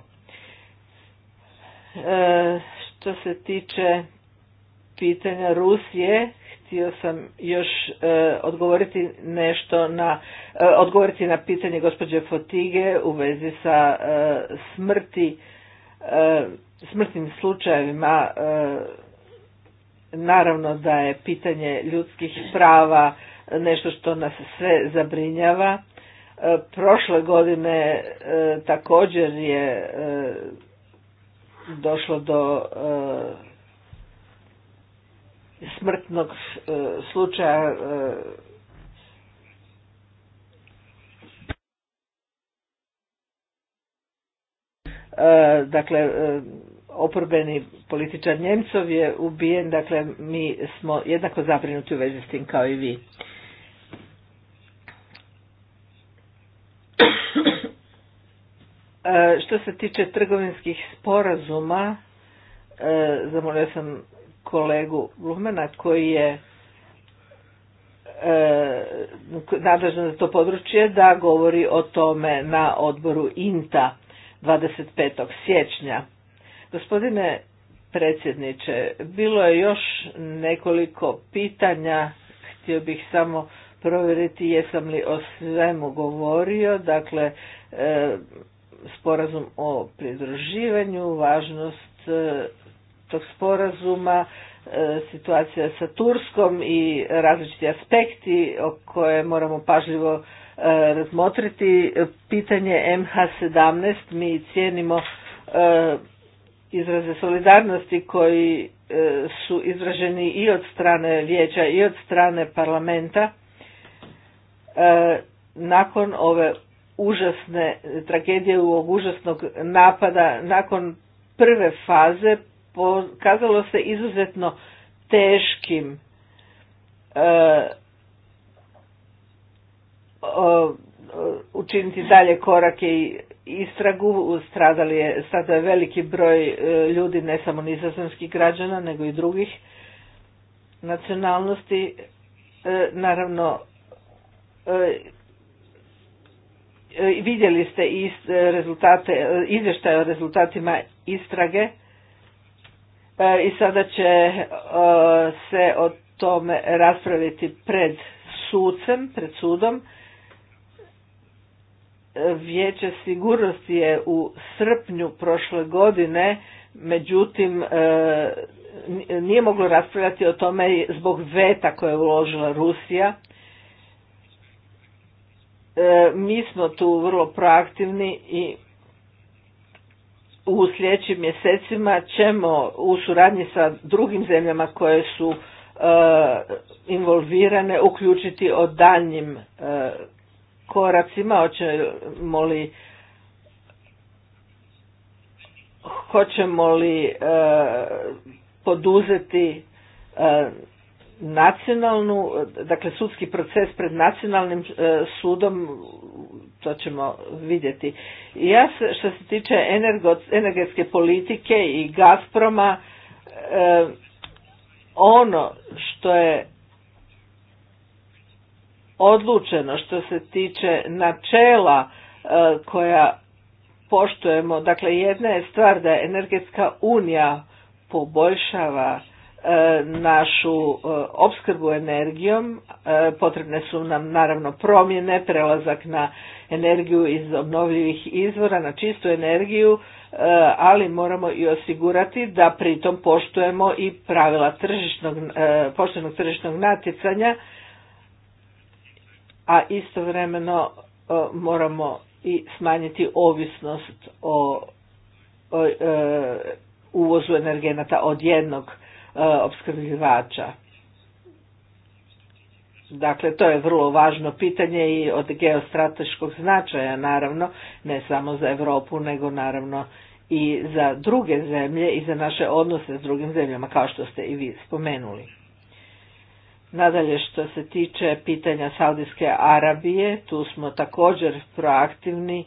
Speaker 1: E, što se tiče pitanja Rusije, htio sam još e, odgovoriti nešto na e, odgovoriti na pitanje gospođe Fotige u vezi sa e, smrti smrtnim slučajevima naravno da je pitanje ljudskih prava nešto što nas sve zabrinjava Prošle godine e, također je e, došlo do e, smrtnog slučaja dakle oporbeni političar Njemcov je ubijen, dakle mi smo jednako zabrinuti u vezi s tim kao i vi. E, što se tiče trgovinskih sporazuma, e, zamolio sam kolegu Blumena koji je e, nadležan za to područje da govori o tome na odboru INTA 25. siječnja. Gospodine predsjedniče, bilo je još nekoliko pitanja, htio bih samo provjeriti jesam li o svemu govorio, dakle sporazum o pridruživanju, važnost e, tog sporazuma, e, situacija sa Turskom i različiti aspekti o koje moramo pažljivo e, razmotriti. Pitanje MH17 mi cijenimo izraze solidarnosti koji su izraženi i od strane vijeća i od strane parlamenta nakon ove užasne tragedije ovog užasnog napada nakon prve faze pokazalo se izuzetno teškim e, o, učiniti dalje korake i istragu. Stradali je, sada veliki broj e, ljudi, ne samo nizozemskih građana, nego i drugih nacionalnosti. E, naravno, E, vidjeli ste e, rezultate, e, izvještaje o rezultatima istrage i sada će se o tome raspraviti pred sucem, pred sudom. Vijeće sigurnosti je u srpnju prošle godine, međutim nije moglo raspravljati o tome zbog veta koje je uložila Rusija E, mi smo tu vrlo proaktivni i u sljedećim mjesecima ćemo u suradnji sa drugim zemljama koje su e, involvirane uključiti o daljnjim e, koracima, hoćemo li hoćemo li poduzeti nacionalnu, dakle sudski proces pred nacionalnim e, sudom, to ćemo vidjeti. Ja što se tiče energetske politike i Gazproma, e, ono što je odlučeno što se tiče načela e, koja poštujemo, dakle jedna je stvar da je energetska unija poboljšava E, našu e, opskrbu energijom. E, potrebne su nam naravno promjene, prelazak na energiju iz obnovljivih izvora, na čistu energiju, ali moramo i osigurati da pritom poštujemo i pravila tržišnog, poštenog tržišnog natjecanja, a istovremeno moramo i smanjiti ovisnost o, uvozu energenata od jednog E, opskrbljivača. Dakle, to je vrlo važno pitanje i od geostrateškog značaja, naravno, ne samo za Europu, nego naravno i za druge zemlje i za naše odnose s drugim zemljama, kao što ste i vi spomenuli. Nadalje, što se tiče pitanja Saudijske Arabije, tu smo također proaktivni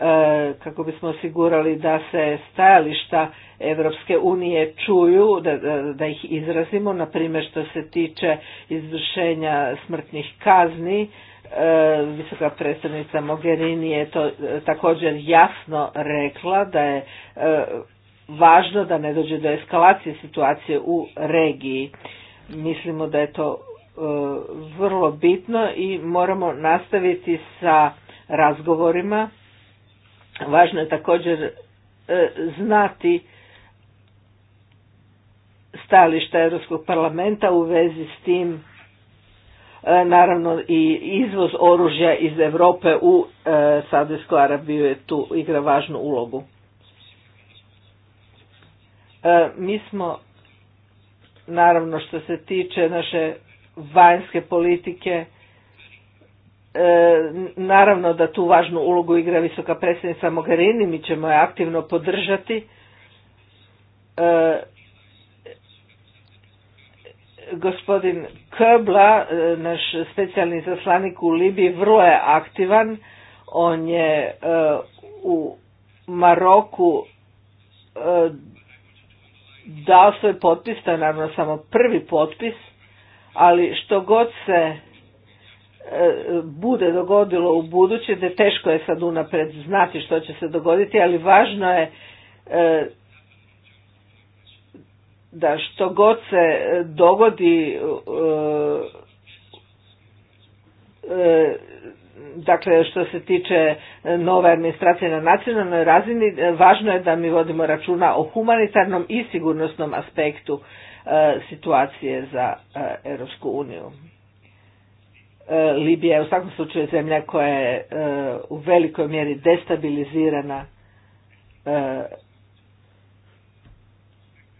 Speaker 1: E, kako bismo osigurali da se stajališta Europske unije čuju, da, da, ih izrazimo, na primjer što se tiče izvršenja smrtnih kazni, e, visoka predstavnica Mogherini je to e, također jasno rekla da je važno da ne dođe do eskalacije situacije u regiji. Mislimo da je to vrlo bitno i moramo nastaviti sa razgovorima Važno je također e, znati stališta Europskog parlamenta u vezi s tim e, naravno i izvoz oružja iz Europe u e, Saudijsku Arabiju je tu igra važnu ulogu. Mi smo naravno što se tiče naše vanjske politike E, naravno da tu važnu ulogu igra visoka predsjednica Mogherini, mi ćemo je aktivno podržati. E, gospodin Köbla, e, naš specijalni zaslanik u Libiji, vrlo je aktivan. On je u Maroku dao svoj potpis, to je naravno samo prvi potpis, ali što god se bude dogodilo u buduće, da teško je sad unapred znati što će se dogoditi, ali važno je e, da što god se dogodi e, e, dakle što se tiče nove administracije na nacionalnoj razini, važno je da mi vodimo računa o humanitarnom i sigurnosnom aspektu situacije za Europsku uniju. E, Libija je u svakom slučaju zemlja koja je e, u velikoj mjeri destabilizirana e,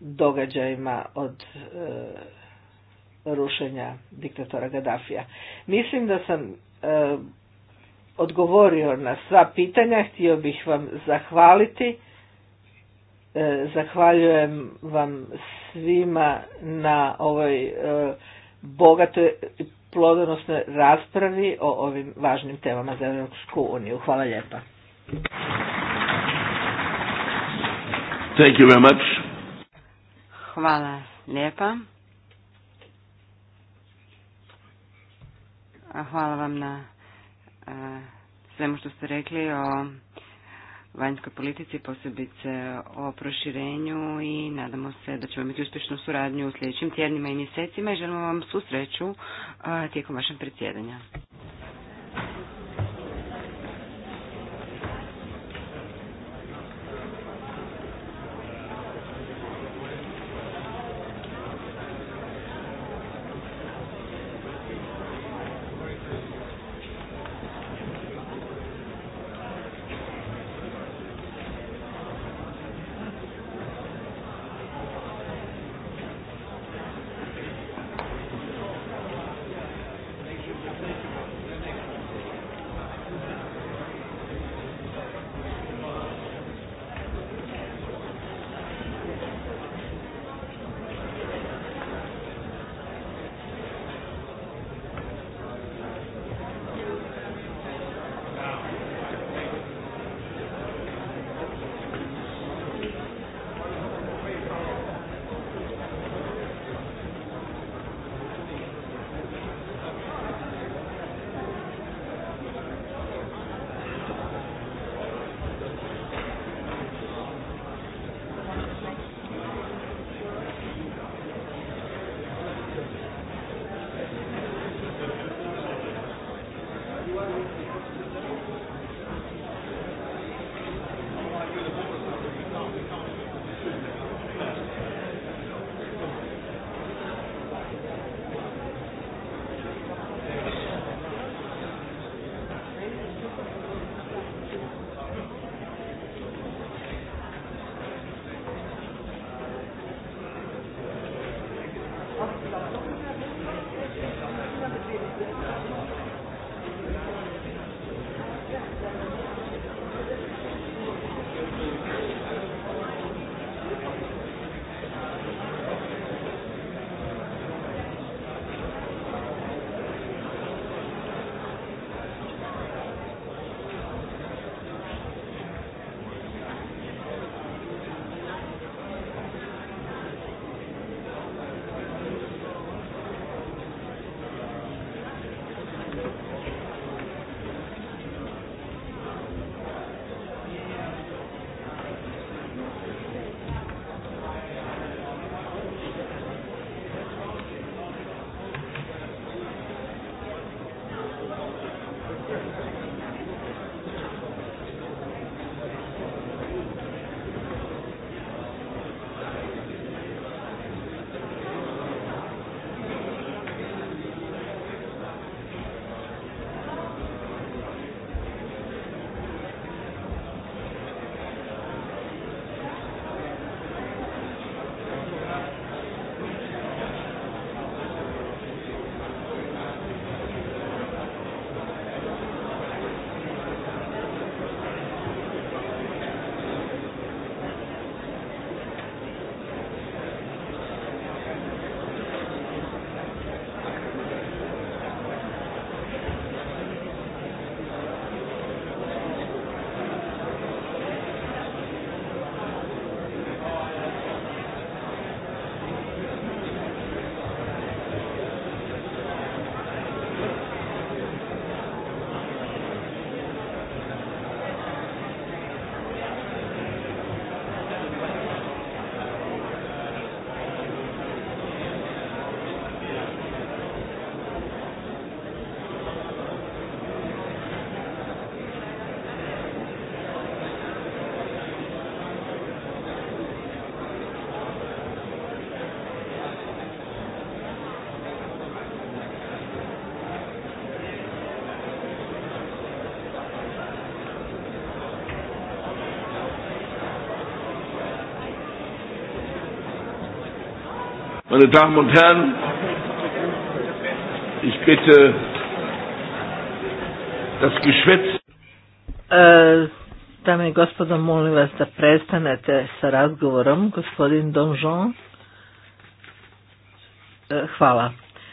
Speaker 1: događajima od rušenja diktatora Gaddafija. Mislim da sam odgovorio na sva pitanja, htio bih vam zahvaliti. Zahvaljujem vam svima na ovoj bogatoj plodonosnoj raspravi o ovim važnim temama za Europsku uniju. Hvala lijepa.
Speaker 3: Thank you very much.
Speaker 2: Hvala lijepa. Hvala vam na eh, svemu što ste rekli o vanjskoj politici, posebice o proširenju i nadamo se da ćemo imati uspješnu suradnju u sljedećim tjednima i mjesecima i želimo vam sreću tijekom vašeg predsjedanja.
Speaker 3: Meine und ich bitte
Speaker 1: e, dame i gospodo, molim vas da prestanete sa razgovorom, gospodin Donjon. E, hvala.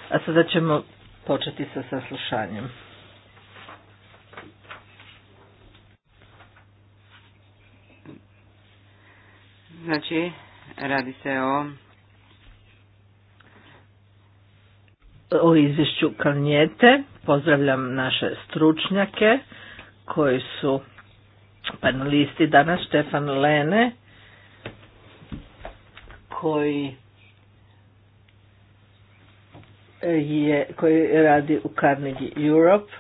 Speaker 1: A sada ćemo početi sa saslušanjem.
Speaker 2: Znači, radi se o o
Speaker 1: izvješću Kalnijete. Pozdravljam naše stručnjake koji su panelisti danas Štefan Lene koji je, koji radi u Carnegie Europe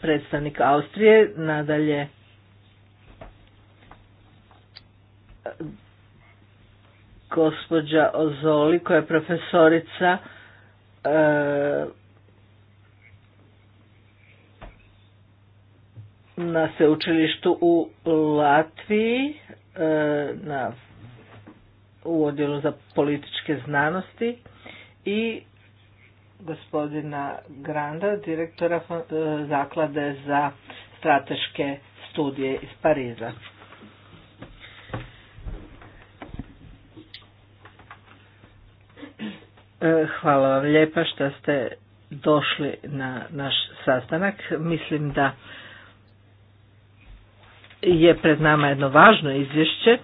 Speaker 1: predstavnik Austrije nadalje gospođa Ozoli koja je profesorica e, na sveučilištu u Latviji e, na, u odjelu za političke znanosti i gospodina Granda, direktora e, zaklade za strateške studije iz Pariza. E, hvala vam lijepa što ste došli na naš sastanak. Mislim da je pred nama jedno važno izvješće e,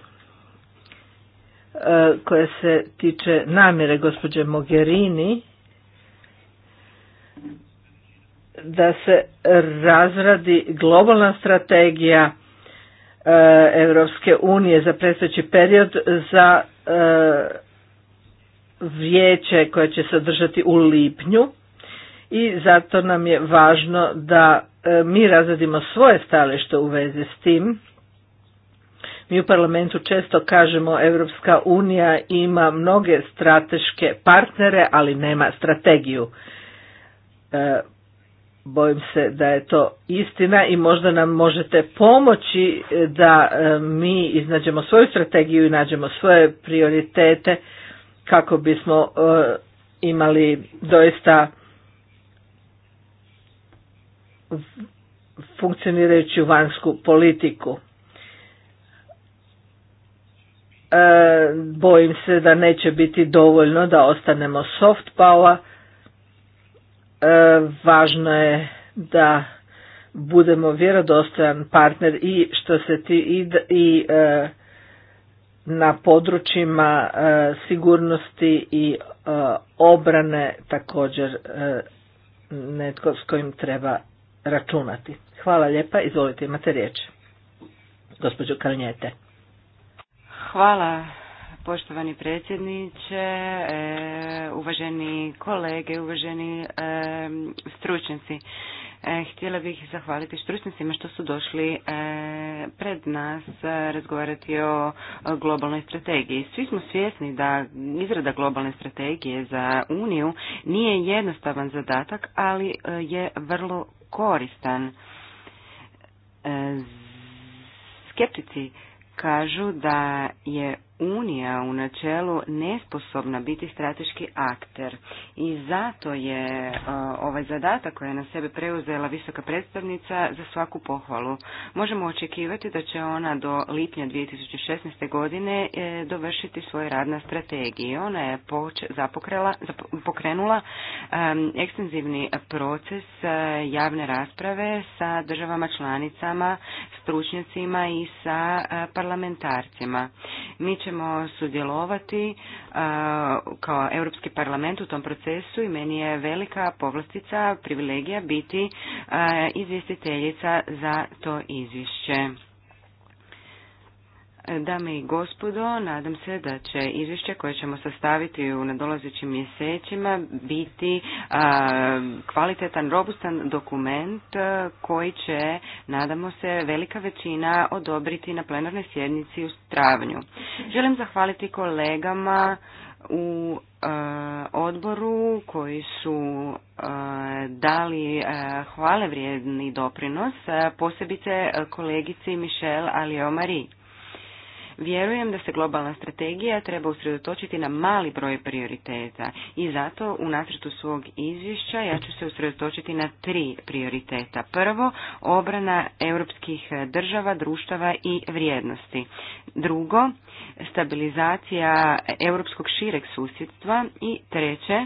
Speaker 1: koje se tiče namjere gospođe Mogherini da se razradi globalna strategija e, Europske unije za predstojeći period za vijeće koje će se održati u lipnju i zato nam je važno da e, mi razredimo svoje stajalište u vezi s tim. Mi u parlamentu često kažemo Europska unija ima mnoge strateške partnere, ali nema strategiju. E, bojim se da je to istina i možda nam možete pomoći e, da mi iznađemo svoju strategiju i nađemo svoje prioritete kako bismo e, imali doista funkcionirajuću vanjsku politiku. E, bojim se da neće biti dovoljno da ostanemo soft power. E, važno je da budemo vjerodostojan partner i što se ti i, i na područjima e, sigurnosti i e, obrane također e, netko s kojim treba računati. Hvala lijepa, izvolite, imate riječ. Gospođo Kalnjete.
Speaker 2: Hvala poštovani predsjedniče, uvaženi kolege, uvaženi stručnjaci. E, htjela bih zahvaliti stručnicima što su došli e, pred nas e, razgovarati o globalnoj strategiji. Svi smo svjesni da izrada globalne strategije za Uniju nije jednostavan zadatak, ali je vrlo koristan. Skeptici kažu da je unija u načelu nesposobna biti strateški akter i zato je e, ovaj zadatak koji je na sebe preuzela visoka predstavnica za svaku pohvalu. Možemo očekivati da će ona do lipnja 2016. godine e, dovršiti svoj rad na strategiji. Ona je pokrenula ekstenzivni proces e, javne rasprave sa državama članicama, stručnjacima i sa parlamentarcima. Mi ćemo sudjelovati e, kao Europski parlament u tom procesu i meni je velika povlastica, privilegija biti e, izvjestiteljica za to izvješće. Dame i gospodo, nadam se da će izvješće koje ćemo sastaviti u nadolazećim mjesecima biti kvalitetan, robustan dokument koji će, nadamo se, velika većina odobriti na plenarnoj sjednici u travnju. Želim zahvaliti kolegama u odboru koji su dali hvale vrijedni doprinos, posebice kolegici Michelle aliomari Vjerujem da se globalna strategija treba usredotočiti na mali broj prioriteta i zato u nacrtu svog izvješća ja ću se usredotočiti na tri prioriteta. Prvo, obrana europskih država, društava i vrijednosti. Drugo, stabilizacija europskog šireg susjedstva i treće,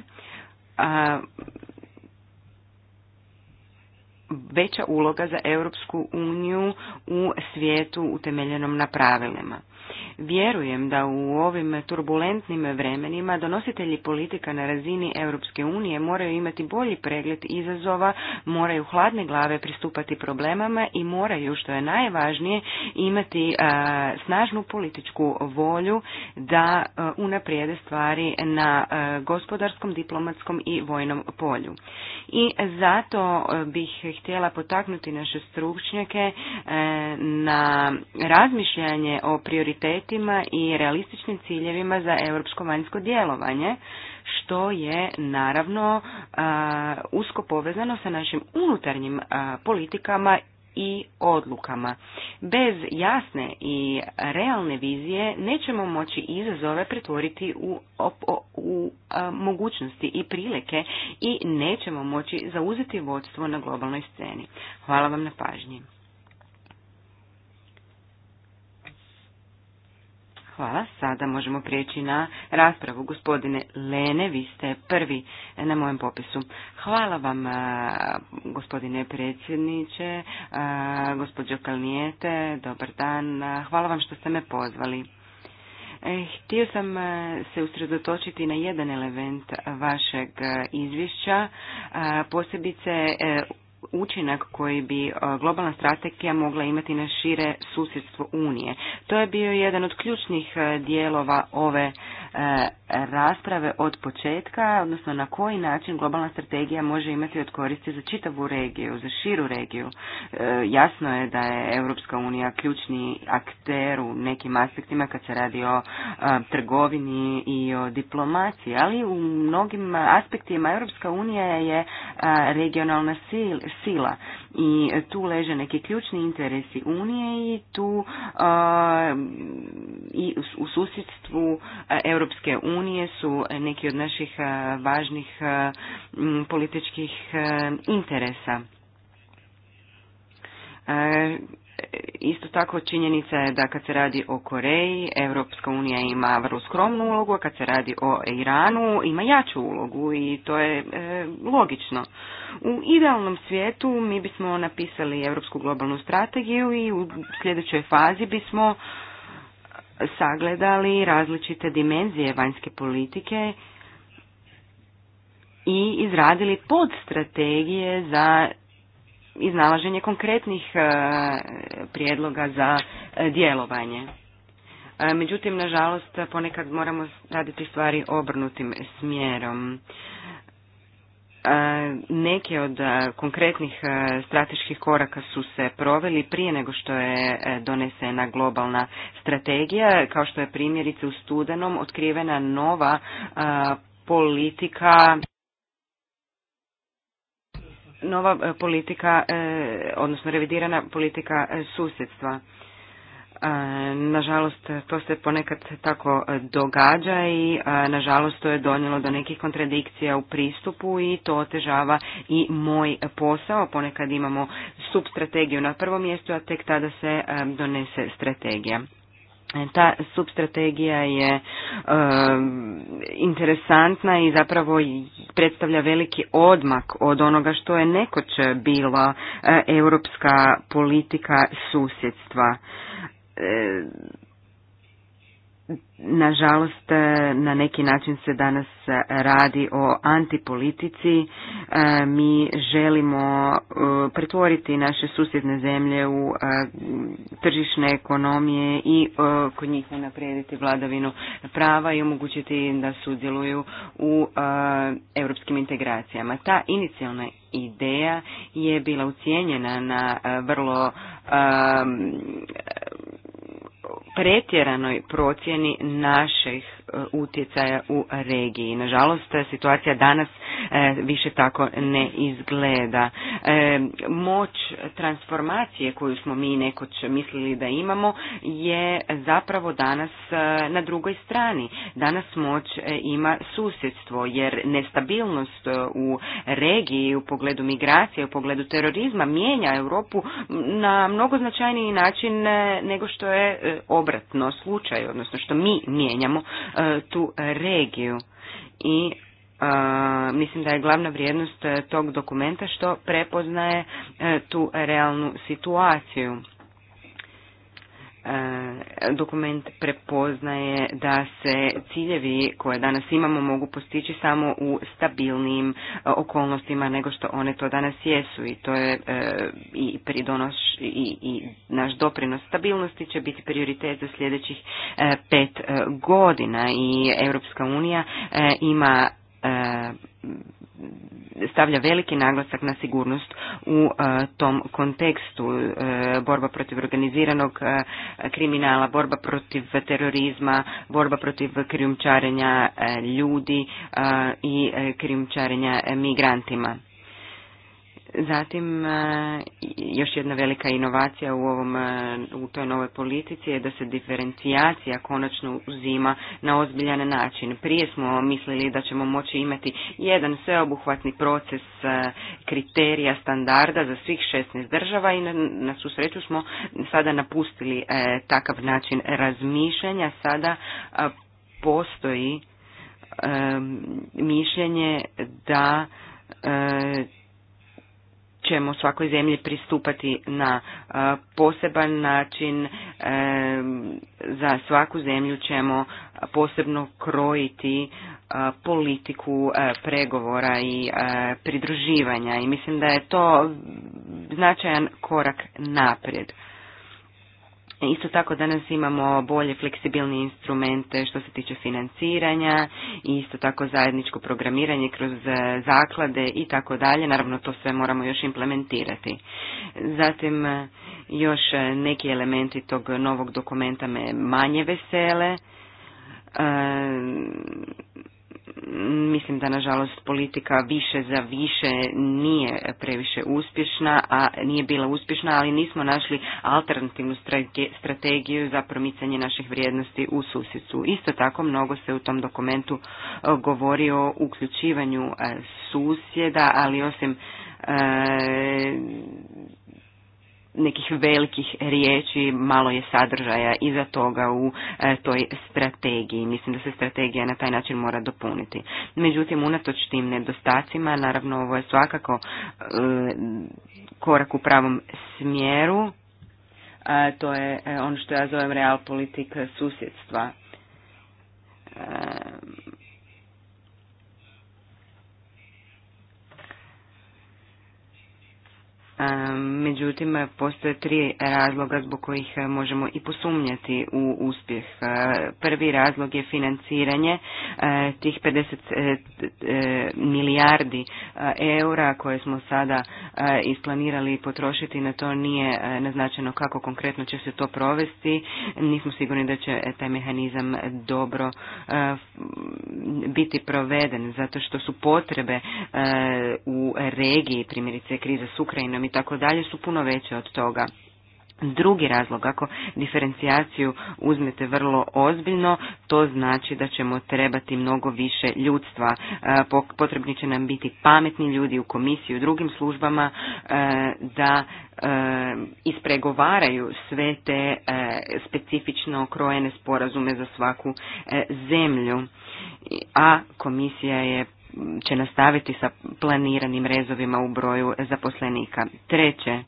Speaker 2: veća uloga za Europsku uniju u svijetu utemeljenom na pravilima. Vjerujem da u ovim turbulentnim vremenima donositelji politika na razini Europske unije moraju imati bolji pregled izazova, moraju hladne glave pristupati problemama i moraju, što je najvažnije, imati snažnu političku volju da unaprijede stvari na gospodarskom, diplomatskom i vojnom polju. I zato bih htjela potaknuti naše stručnjake na razmišljanje o prioritetu prioritetima i realističnim ciljevima za europsko vanjsko djelovanje, što je naravno usko povezano sa našim unutarnjim politikama i odlukama. Bez jasne i realne vizije nećemo moći izazove pretvoriti u, u mogućnosti i prilike i nećemo moći zauzeti vodstvo na globalnoj sceni. Hvala vam na pažnji. Hvala. Sada možemo prijeći na raspravu. Gospodine Lene, vi ste prvi na mojem popisu. Hvala vam, gospodine predsjedniče, gospođo Kalnijete, dobar dan. Hvala vam što ste me pozvali. E, htio sam se usredotočiti na jedan element vašeg izvješća, posebice e, učinak koji bi e, globalna strategija mogla imati na šire susjedstvo Unije. To je bio jedan od ključnih e, dijelova ove e, rasprave od početka, odnosno na koji način globalna strategija može imati od koristi za čitavu regiju, za širu regiju. Jasno je da je Europska unija ključni akter u nekim aspektima kad se radi o trgovini i o diplomaciji, ali u mnogim aspektima Europska unija je regionalna sila i tu leže neki ključni interesi Unije i tu i u susjedstvu Europske unije su neki od naših važnih političkih interesa isto tako činjenica je da kad se radi o Koreji, Europska unija ima vrlo skromnu ulogu, a kad se radi o Iranu ima jaču ulogu i to je e, logično. U idealnom svijetu mi bismo napisali Europsku globalnu strategiju i u sljedećoj fazi bismo sagledali različite dimenzije vanjske politike i izradili podstrategije za iznalaženje konkretnih e, prijedloga za e, djelovanje. E, međutim, nažalost, ponekad moramo raditi stvari obrnutim smjerom. Neke od konkretnih strateških koraka su se proveli prije nego što je donesena globalna strategija, kao što je primjerice u studenom otkrivena nova politika nova e, politika, e, odnosno revidirana politika e, susjedstva. Nažalost, to se ponekad tako događa i nažalost to je donijelo do nekih kontradikcija u pristupu i to otežava i moj posao. Ponekad imamo substrategiju na prvom mjestu, a tek tada se donese strategija ta substrategija je interesantna i zapravo predstavlja veliki odmak od onoga što je nekoć bila eh, europska politika susjedstva. Eh, Nažalost, e, na neki način se danas e, radi o antipolitici. E, mi želimo pretvoriti naše susjedne zemlje u tržišne ekonomije i kod njih unaprijediti vladavinu prava i omogućiti da sudjeluju u europskim integracijama. Ta inicijalna ideja je bila ucijenjena na vrlo pretjeranoj procjeni naših Eh, utjecaja u regiji. Nažalost, eh, situacija danas eh, više tako ne izgleda. Moć transformacije koju smo mi nekoć mislili da imamo je zapravo danas na drugoj strani. Danas moć ima susjedstvo jer nestabilnost u regiji u pogledu migracije, u pogledu terorizma mijenja Europu na mnogo značajniji način nego što je obratno slučaj, odnosno što mi mijenjamo E, tu regiju i e, mislim da je glavna vrijednost e, tog dokumenta što prepoznaje tu realnu situaciju. E, dokument prepoznaje da se ciljevi koje danas imamo mogu postići samo u stabilnim e, okolnostima nego što one to danas jesu i to je e, i pridonoš i, i naš doprinos stabilnosti će biti prioritet za sljedećih pet godina i Europska unija ima E, stavlja veliki naglasak na sigurnost u e, tom kontekstu e, borba protiv organiziranog kriminala, borba protiv terorizma, borba protiv krijumčarenja ljudi i krijumčarenja migrantima. Zatim, e, još jedna velika inovacija u, ovom, e, u toj novoj politici je da se diferencijacija konačno uzima na ozbiljan način. Prije smo mislili da ćemo moći imati jedan sveobuhvatni proces e, kriterija standarda za svih 16 država i na, na susreću smo sada napustili takav način razmišljanja. Sada postoji mišljenje da ćemo svakoj zemlji pristupati na e, poseban način. E, za svaku zemlju ćemo posebno krojiti e, politiku pregovora i pridruživanja i mislim da je to značajan korak naprijed. Isto tako danas imamo bolje fleksibilni instrumente što se tiče financiranja, isto tako zajedničko programiranje kroz e, zaklade i tako dalje. Naravno to sve moramo još implementirati. Zatim e, još e, neki elementi tog novog dokumenta me manje vesele mislim da nažalost politika više za više nije previše uspješna, a nije bila uspješna, ali nismo našli alternativnu strategiju za promicanje naših vrijednosti u susjedstvu. Isto tako mnogo se u tom dokumentu e, govori o uključivanju e, susjeda, ali osim e, nekih velikih riječi, malo je sadržaja iza toga u e, toj strategiji. Mislim da se strategija na taj način mora dopuniti. Međutim, unatoč tim nedostacima, naravno ovo je svakako e, korak u pravom smjeru. E, to je e, ono što ja zovem realpolitik susjedstva. Međutim, postoje tri razloga zbog kojih možemo i posumnjati u uspjeh. Prvi razlog je financiranje tih 50 e, e, milijardi e, eura koje smo sada isplanirali potrošiti na to nije naznačeno kako konkretno će se to provesti. Nismo sigurni da će taj mehanizam dobro biti proveden zato što su potrebe u regiji, primjerice kriza s Ukrajinom i tako dalje su puno veće od toga. Drugi razlog, ako diferencijaciju uzmete vrlo ozbiljno, to znači da ćemo trebati mnogo više ljudstva. E, potrebni će nam biti pametni ljudi u komisiji, u drugim službama e, da e, ispregovaraju sve te specifično okrojene sporazume za svaku zemlju. A komisija je će nastaviti sa planiranim rezovima u broju zaposlenika. Treće, e,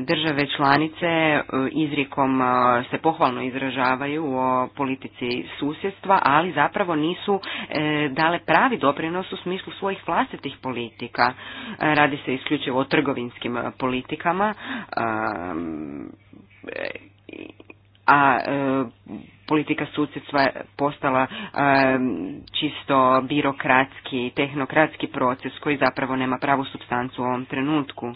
Speaker 2: države članice e, izrikom e, se pohvalno izražavaju o politici susjedstva, ali zapravo nisu dale pravi doprinos u smislu svojih vlastitih politika. Radi se isključivo o trgovinskim politikama a e, politika susjedstva je postala e, čisto birokratski, tehnokratski proces koji zapravo nema pravu substancu u ovom trenutku.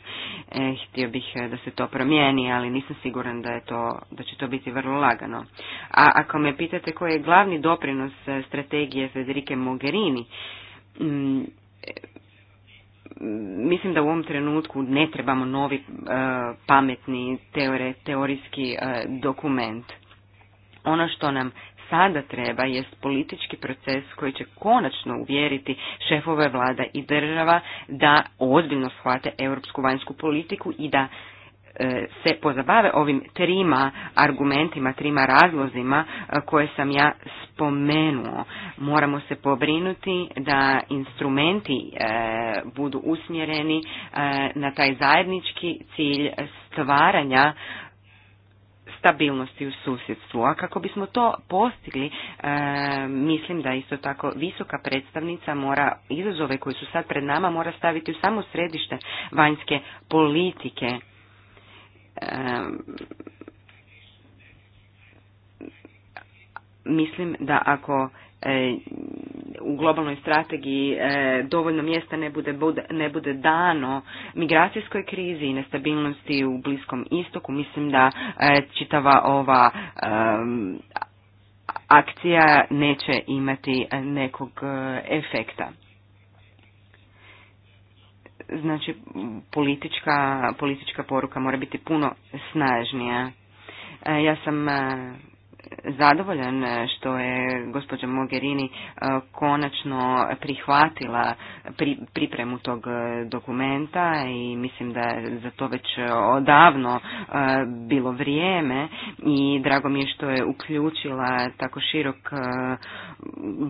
Speaker 2: E, htio bih da se to promijeni, ali nisam siguran da, je to, da će to biti vrlo lagano. A ako me pitate koji je glavni doprinos strategije Federike Mogherini, mislim da u ovom trenutku ne trebamo novi e, pametni teore, teorijski e, dokument. Ono što nam sada treba jest politički proces koji će konačno uvjeriti šefove vlada i država da ozbiljno shvate europsku vanjsku politiku i da E, se pozabave ovim trima argumentima, trima razlozima e, koje sam ja spomenuo. Moramo se pobrinuti da instrumenti e, budu usmjereni na taj zajednički cilj stvaranja stabilnosti u susjedstvu. A kako bismo to postigli, mislim da isto tako visoka predstavnica mora izazove koji su sad pred nama mora staviti u samo središte vanjske politike mislim da ako e, u globalnoj strategiji e, dovoljno mjesta ne bude, ne bude dano migracijskoj krizi i nestabilnosti u Bliskom istoku, mislim da e, čitava ova akcija neće imati nekog efekta. Znači, politička, politička poruka mora biti puno snažnija. E, ja sam e, zadovoljan e, što je gospođa Mogherini konačno prihvatila pripremu tog dokumenta i mislim da je za to već odavno bilo vrijeme i drago mi je što je uključila tako širok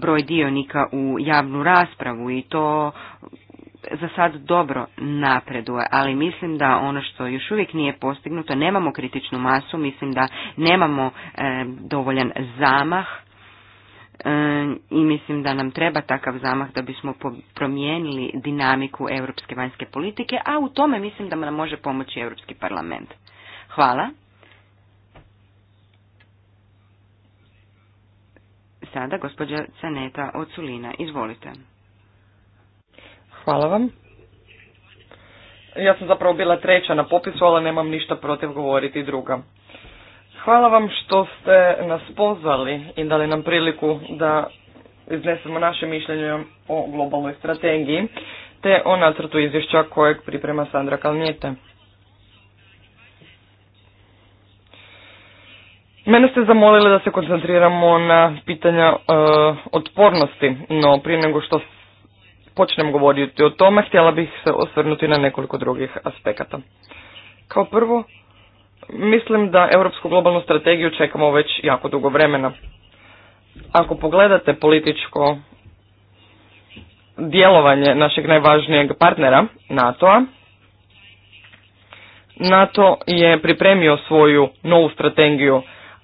Speaker 2: broj dionika u javnu raspravu i to za sad dobro napreduje, ali mislim da ono što još uvijek nije postignuto, nemamo kritičnu masu, mislim da nemamo e, dovoljan zamah e, i mislim da nam treba takav zamah da bismo promijenili dinamiku europske vanjske politike, a u tome mislim da nam može pomoći Europski parlament. Hvala. Sada gospođa Caneta Oculina, izvolite. Hvala vam. Ja
Speaker 4: sam zapravo bila treća na popisu, ali nemam ništa protiv govoriti druga. Hvala vam što ste nas pozvali i dali nam priliku da iznesemo naše mišljenje o globalnoj strategiji te o nacrtu izvješća kojeg priprema Sandra Kalnijete. Mene ste zamolili da se koncentriramo na pitanja e, otpornosti, no prije nego što počnem govoriti o tome, htjela bih se osvrnuti na nekoliko drugih aspekata. Kao prvo, mislim da Europsku globalnu strategiju čekamo već jako dugo vremena. Ako pogledate političko djelovanje našeg najvažnijeg partnera, NATO-a, NATO je pripremio svoju novu strategiju,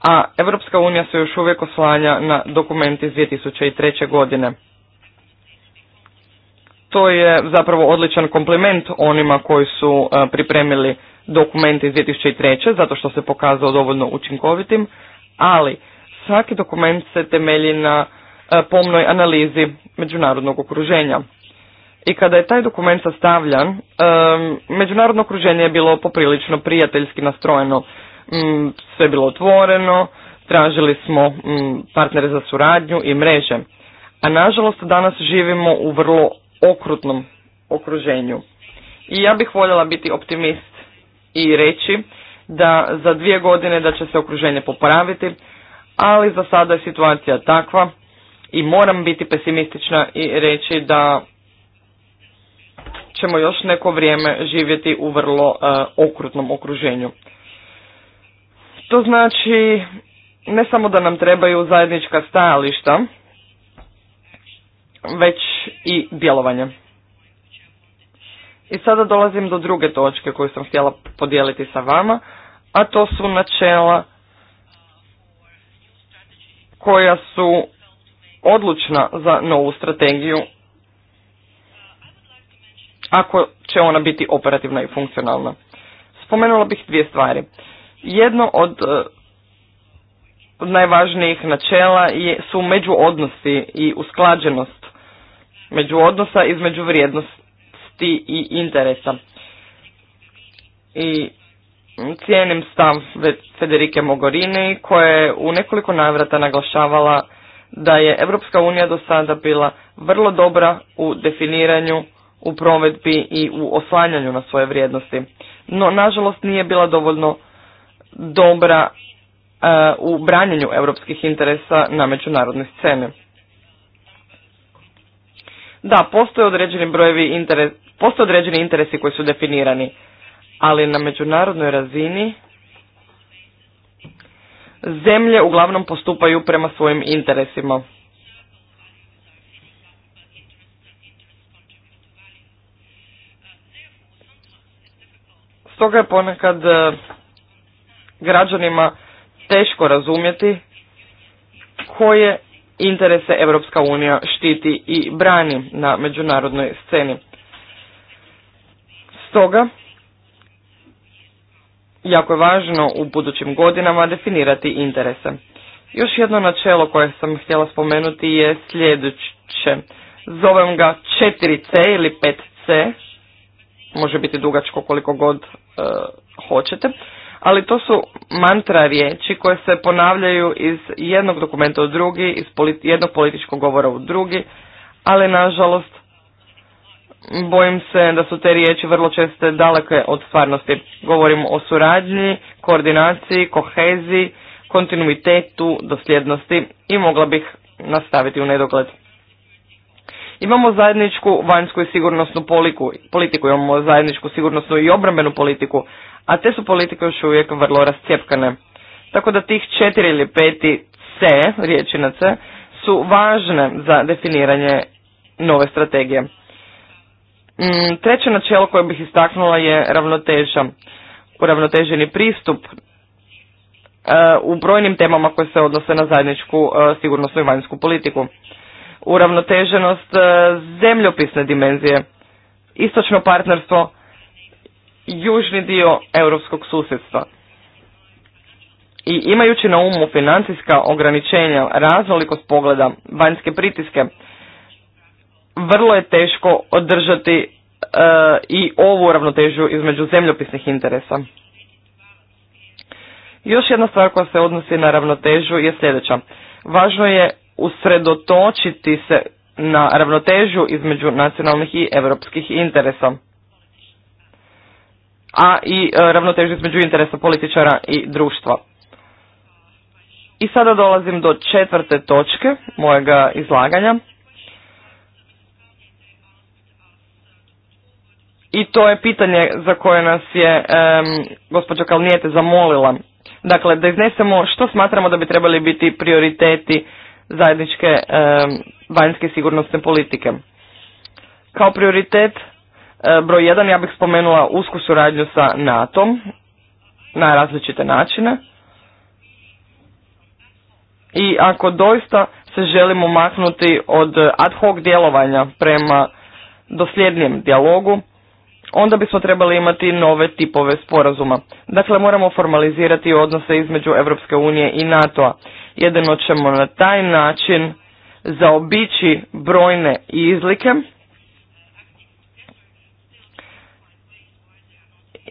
Speaker 4: a Europska unija se još uvijek oslanja na dokument iz 2003. godine. To je zapravo odličan kompliment onima koji su e, pripremili dokument iz 2003. zato što se pokazao dovoljno učinkovitim, ali svaki dokument se temelji na e, pomnoj analizi međunarodnog okruženja. I kada je taj dokument sastavljan, e, međunarodno okruženje je bilo poprilično prijateljski nastrojeno. Mm, sve je bilo otvoreno, tražili smo mm, partnere za suradnju i mreže. A nažalost danas živimo u vrlo okrutnom okruženju. I ja bih voljela biti optimist i reći da za dvije godine da će se okruženje popraviti, ali za sada je situacija takva i moram biti pesimistična i reći da ćemo još neko vrijeme živjeti u vrlo e, okrutnom okruženju. To znači ne samo da nam trebaju zajednička stajališta, već i djelovanje. I sada dolazim do druge točke koju sam htjela podijeliti sa vama, a to su načela koja su odlučna za novu strategiju ako će ona biti operativna i funkcionalna. Spomenula bih dvije stvari. Jedno od e, najvažnijih načela je, su međuodnosi i usklađenost među odnosa između vrijednosti i interesa. I cijenim stav Federike Mogorini koja je u nekoliko navrata naglašavala da je Europska unija do sada bila vrlo dobra u definiranju, u provedbi i u oslanjanju na svoje vrijednosti. No, nažalost, nije bila dovoljno dobra e, u branjenju europskih interesa na međunarodnoj sceni. Da, postoje određeni brojevi interes, postoje određeni interesi koji su definirani, ali na međunarodnoj razini zemlje uglavnom postupaju prema svojim interesima. Stoga je ponekad e, građanima teško razumjeti koje interese Europska unija štiti i brani na međunarodnoj sceni. Stoga, jako je važno u budućim godinama definirati interese. Još jedno načelo koje sam htjela spomenuti je sljedeće. Zovem ga 4C ili 5C, može biti dugačko koliko god e, hoćete ali to su mantra riječi koje se ponavljaju iz jednog dokumenta u drugi, iz jednog političkog govora u drugi, ali nažalost bojim se da su te riječi vrlo česte daleke od stvarnosti. Govorimo o suradnji, koordinaciji, koheziji, kontinuitetu, dosljednosti i mogla bih nastaviti u nedogled. Imamo zajedničku vanjsku i sigurnosnu politiku, imamo zajedničku sigurnosnu i obrambenu politiku, a te su politike još uvijek vrlo rascijepkane. Tako da tih četiri ili peti C, riječi na C, su važne za definiranje nove strategije. Mm, treće načelo koje bih istaknula je ravnoteža. Uravnoteženi pristup e, u brojnim temama koje se odnose na zajedničku e, sigurnosnu i vanjsku politiku. Uravnoteženost e, zemljopisne dimenzije, istočno partnerstvo, južni dio europskog susjedstva. I imajući na umu financijska ograničenja, raznolikost pogleda, vanjske pritiske, vrlo je teško održati e, i ovu ravnotežu između zemljopisnih interesa. Još jedna stvar koja se odnosi na ravnotežu je sljedeća. Važno je usredotočiti se na ravnotežu između nacionalnih i europskih interesa a i e, ravnotežu između interesa političara i društva. I sada dolazim do četvrte točke mojega izlaganja. I to je pitanje za koje nas je um, gospođa Kalnijete zamolila. Dakle, da iznesemo što smatramo da bi trebali biti prioriteti zajedničke um, vanjske sigurnosne politike. Kao prioritet E, broj jedan, ja bih spomenula usku suradnju sa NATO-om na različite načine. I ako doista se želimo maknuti od ad hoc djelovanja prema dosljednijem dijalogu, onda bismo trebali imati nove tipove sporazuma. Dakle, moramo formalizirati odnose između Europske unije i NATO-a. Jedino ćemo na taj način zaobići brojne izlike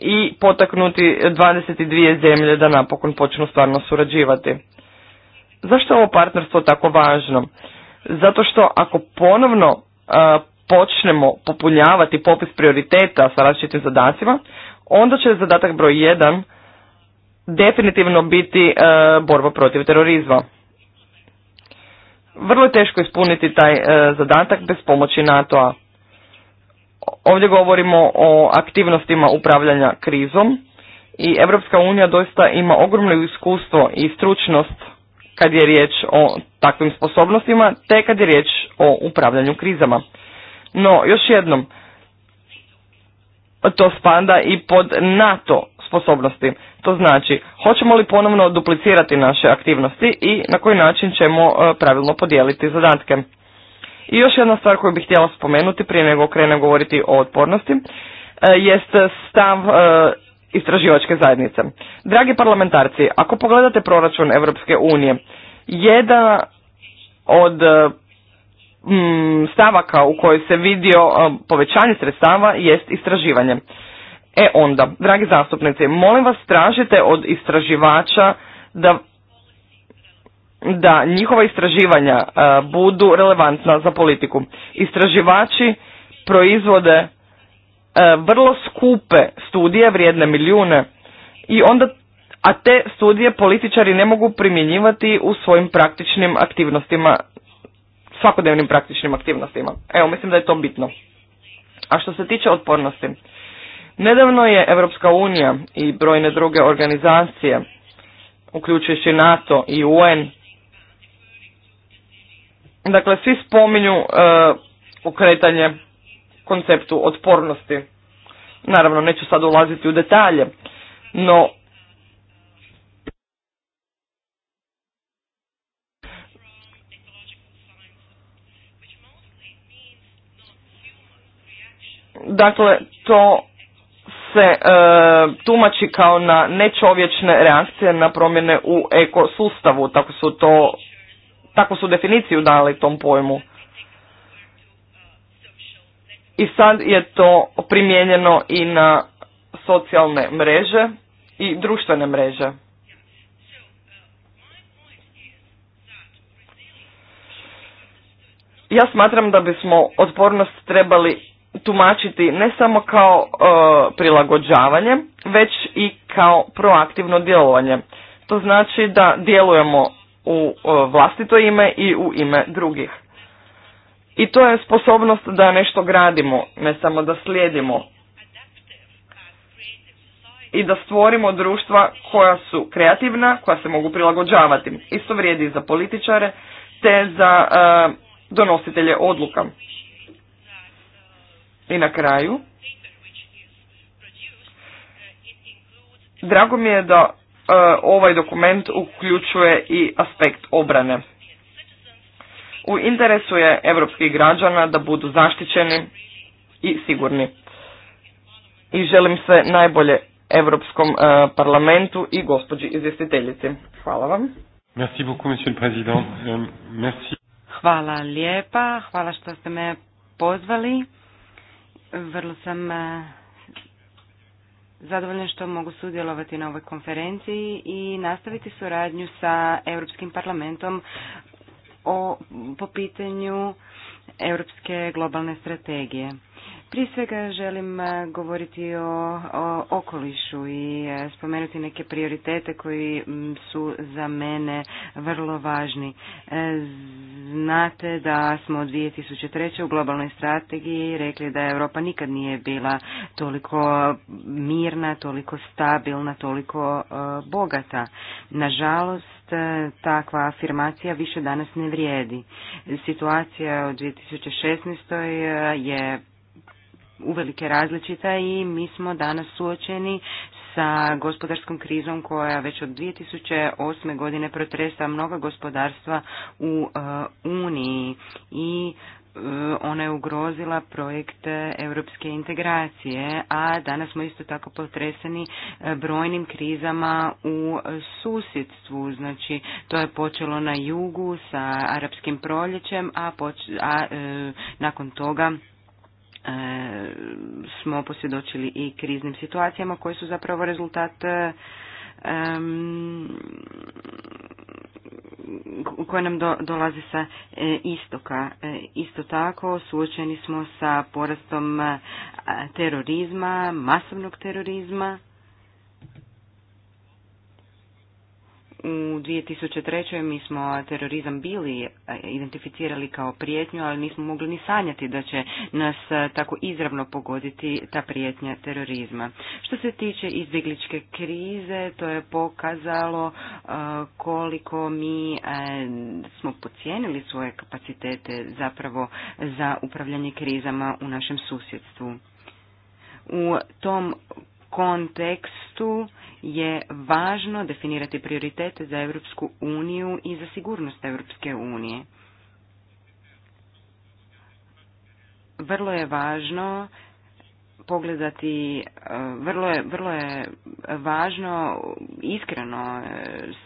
Speaker 4: i potaknuti 22 zemlje da napokon počnu stvarno surađivati. Zašto je ovo partnerstvo tako važno? Zato što ako ponovno počnemo popunjavati popis prioriteta sa različitim zadacima, onda će zadatak broj 1 definitivno biti borba protiv terorizma. Vrlo je teško ispuniti taj zadatak bez pomoći NATO-a. Ovdje govorimo o aktivnostima upravljanja krizom i Europska unija doista ima ogromno iskustvo i stručnost kad je riječ o takvim sposobnostima, te kad je riječ o upravljanju krizama. No, još jednom, to spada i pod NATO sposobnosti. To znači, hoćemo li ponovno duplicirati naše aktivnosti i na koji način ćemo e, pravilno podijeliti zadatke. I još jedna stvar koju bih htjela spomenuti prije nego krenem govoriti o otpornosti e, jest stav e, istraživačke zajednice. Dragi parlamentarci, ako pogledate proračun Europske unije, jedan od e, mm, stavaka u kojoj se vidio povećanje sredstava jest istraživanje. E onda, dragi zastupnici, molim vas tražite od istraživača da da njihova istraživanja e, budu relevantna za politiku. Istraživači proizvode e, vrlo skupe studije vrijedne milijune i onda a te studije političari ne mogu primjenjivati u svojim praktičnim aktivnostima, svakodnevnim praktičnim aktivnostima. Evo, mislim da je to bitno. A što se tiče otpornosti, nedavno je Europska unija i brojne druge organizacije, uključujući NATO i UN, Dakle, svi spominju ukretanje eh, konceptu otpornosti. Naravno, neću sad ulaziti u detalje, no Dakle, to se eh, tumači kao na nečovječne reakcije na promjene u ekosustavu, tako su to tako su definiciju dali tom pojmu. I sad je to primijenjeno i na socijalne mreže i društvene mreže. Ja smatram da bismo otpornost trebali tumačiti ne samo kao e, prilagođavanje, već i kao proaktivno djelovanje. To znači da djelujemo u e, vlastito ime i u ime drugih. I to je sposobnost da nešto gradimo, ne samo da slijedimo i da stvorimo društva koja su kreativna, koja se mogu prilagođavati. Isto vrijedi za političare, te za e, donositelje odluka. I na kraju, drago mi je da E, ovaj dokument uključuje i aspekt obrane. U interesu je europskih građana da budu zaštićeni i sigurni. I želim se najbolje Europskom e, parlamentu i gospođi izvjestiteljici. Hvala vam.
Speaker 2: Merci beaucoup, monsieur le président. Euh, merci. Hvala lijepa, hvala što ste me pozvali. Vrlo sam e, zadovoljna što mogu sudjelovati na ovoj konferenciji i nastaviti suradnju sa Europskim parlamentom o, po pitanju Europske globalne strategije. Prije svega želim e, govoriti o, okolišu i e, spomenuti neke prioritete koji su za mene vrlo važni. E, znate da smo od 2003. u globalnoj strategiji rekli da Europa nikad nije bila toliko mirna, toliko stabilna, toliko bogata. Nažalost, takva afirmacija više danas ne vrijedi. Situacija od 2016. je uvelike različita i mi smo danas suočeni sa gospodarskom krizom koja već od 2008. godine protresa mnoga gospodarstva u e, Uniji i e, ona je ugrozila projekt europske integracije, a danas smo isto tako potreseni e, brojnim krizama u susjedstvu. Znači, to je počelo na jugu sa arapskim proljećem, a, poč a nakon toga E, smo posvjedočili i kriznim situacijama koje su zapravo rezultat e, koje nam do, dolaze sa e, istoka. Isto tako suočeni smo sa porastom terorizma, masovnog terorizma. U 2003. mi smo terorizam bili e, identificirali kao prijetnju, ali nismo mogli ni sanjati da će nas e, tako izravno pogoditi ta prijetnja terorizma. Što se tiče izbjegličke krize, to je pokazalo e, koliko mi smo pocijenili svoje kapacitete zapravo za upravljanje krizama u našem susjedstvu. U tom kontekstu je važno definirati prioritete za Europsku uniju i za sigurnost Europske unije. Vrlo je važno pogledati, vrlo je, vrlo je važno iskreno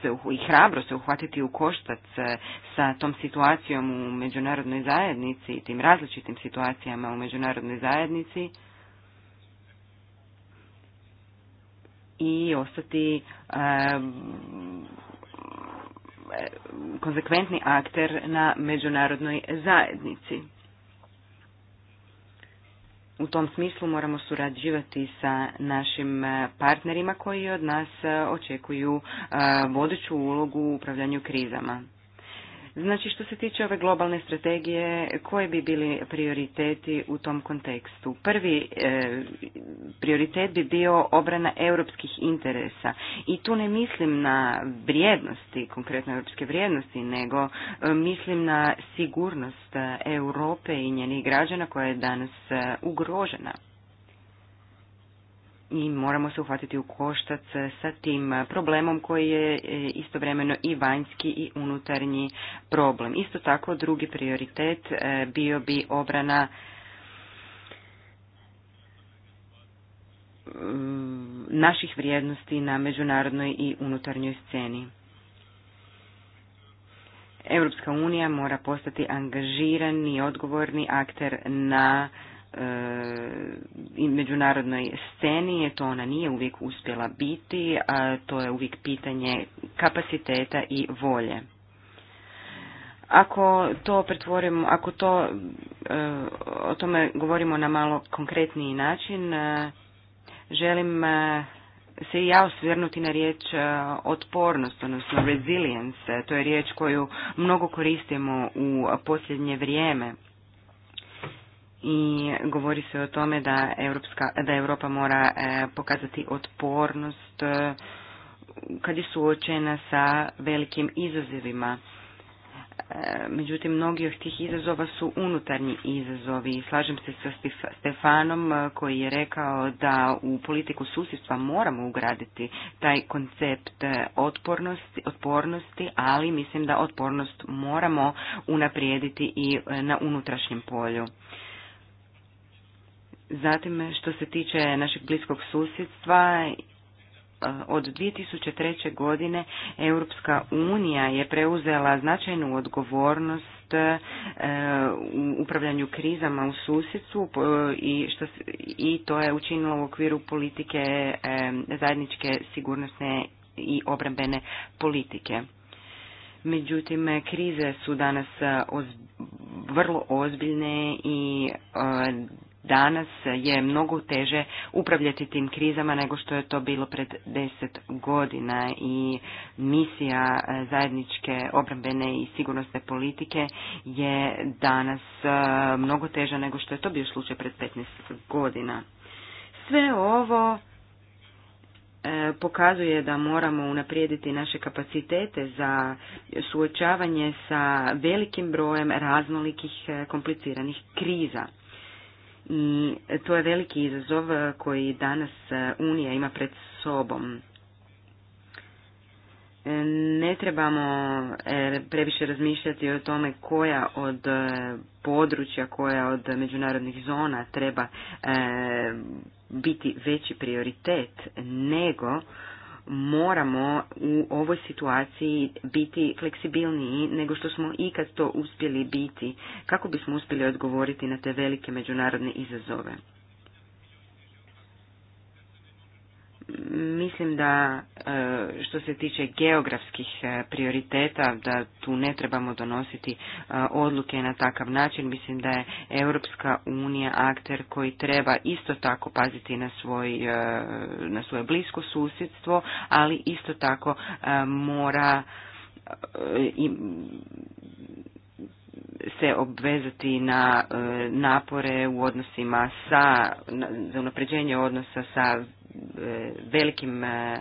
Speaker 2: se, i hrabro se uhvatiti u koštac sa tom situacijom u međunarodnoj zajednici i tim različitim situacijama u međunarodnoj zajednici. i ostati konsekventni akter na međunarodnoj zajednici. U tom smislu moramo surađivati sa našim e, partnerima koji od nas e, očekuju e, vodeću ulogu u upravljanju krizama. Znači što se tiče ove globalne strategije, koje bi bili prioriteti u tom kontekstu? Prvi e, prioritet bi bio obrana europskih interesa i tu ne mislim na vrijednosti, konkretno europske vrijednosti, nego e, mislim na sigurnost Europe i njenih građana koja je danas e, ugrožena i moramo se uhvatiti u koštac sa tim problemom koji je e, istovremeno i vanjski i unutarnji problem. Isto tako drugi prioritet e, bio bi obrana mm, naših vrijednosti na međunarodnoj i unutarnjoj sceni. Europska unija mora postati angažirani i odgovorni akter na E, i međunarodnoj sceni, to ona nije uvijek uspjela biti, a to je uvijek pitanje kapaciteta i volje. Ako to pretvorimo, ako to e, o tome govorimo na malo konkretniji način, e, želim se i ja osvrnuti na riječ otpornost, odnosno resilience. To je riječ koju mnogo koristimo u posljednje vrijeme i govori se o tome da, Europska, da Europa mora e, pokazati otpornost e, kad je suočena sa velikim izazovima. E, međutim, mnogi od tih izazova su unutarnji izazovi. Slažem se sa Stefanom koji je rekao da u politiku susjedstva moramo ugraditi taj koncept otpornosti, otpornosti, ali mislim da otpornost moramo unaprijediti i na unutrašnjem polju. Zatim, što se tiče našeg bliskog susjedstva, eh, od 2003. godine Europska unija je preuzela značajnu odgovornost eh, u upravljanju krizama u susjedstvu i, što, i to je učinilo u okviru politike eh, zajedničke sigurnosne i obrambene politike. Međutim, krize su danas vrlo ozbiljne i danas je mnogo teže upravljati tim krizama nego što je to bilo pred deset godina i misija e, zajedničke obrambene i sigurnosne politike je danas e, mnogo teža nego što je to bio slučaj pred 15 godina. Sve ovo e, pokazuje da moramo unaprijediti naše kapacitete za suočavanje sa velikim brojem raznolikih kompliciranih kriza. Mm, to je veliki izazov e, koji danas e, Unija ima pred sobom. E, ne trebamo previše razmišljati o tome koja od područja, koja od međunarodnih zona treba biti veći prioritet nego moramo u ovoj situaciji biti fleksibilniji nego što smo ikad to uspjeli biti kako bismo uspjeli odgovoriti na te velike međunarodne izazove. Mislim da e, što se tiče geografskih e, prioriteta, da tu ne trebamo donositi e, odluke na takav način. Mislim da je Europska unija akter koji treba isto tako paziti na, svoj, na svoje blisko susjedstvo, ali isto tako mora se obvezati na napore u odnosima sa, za unapređenje odnosa sa velikim e,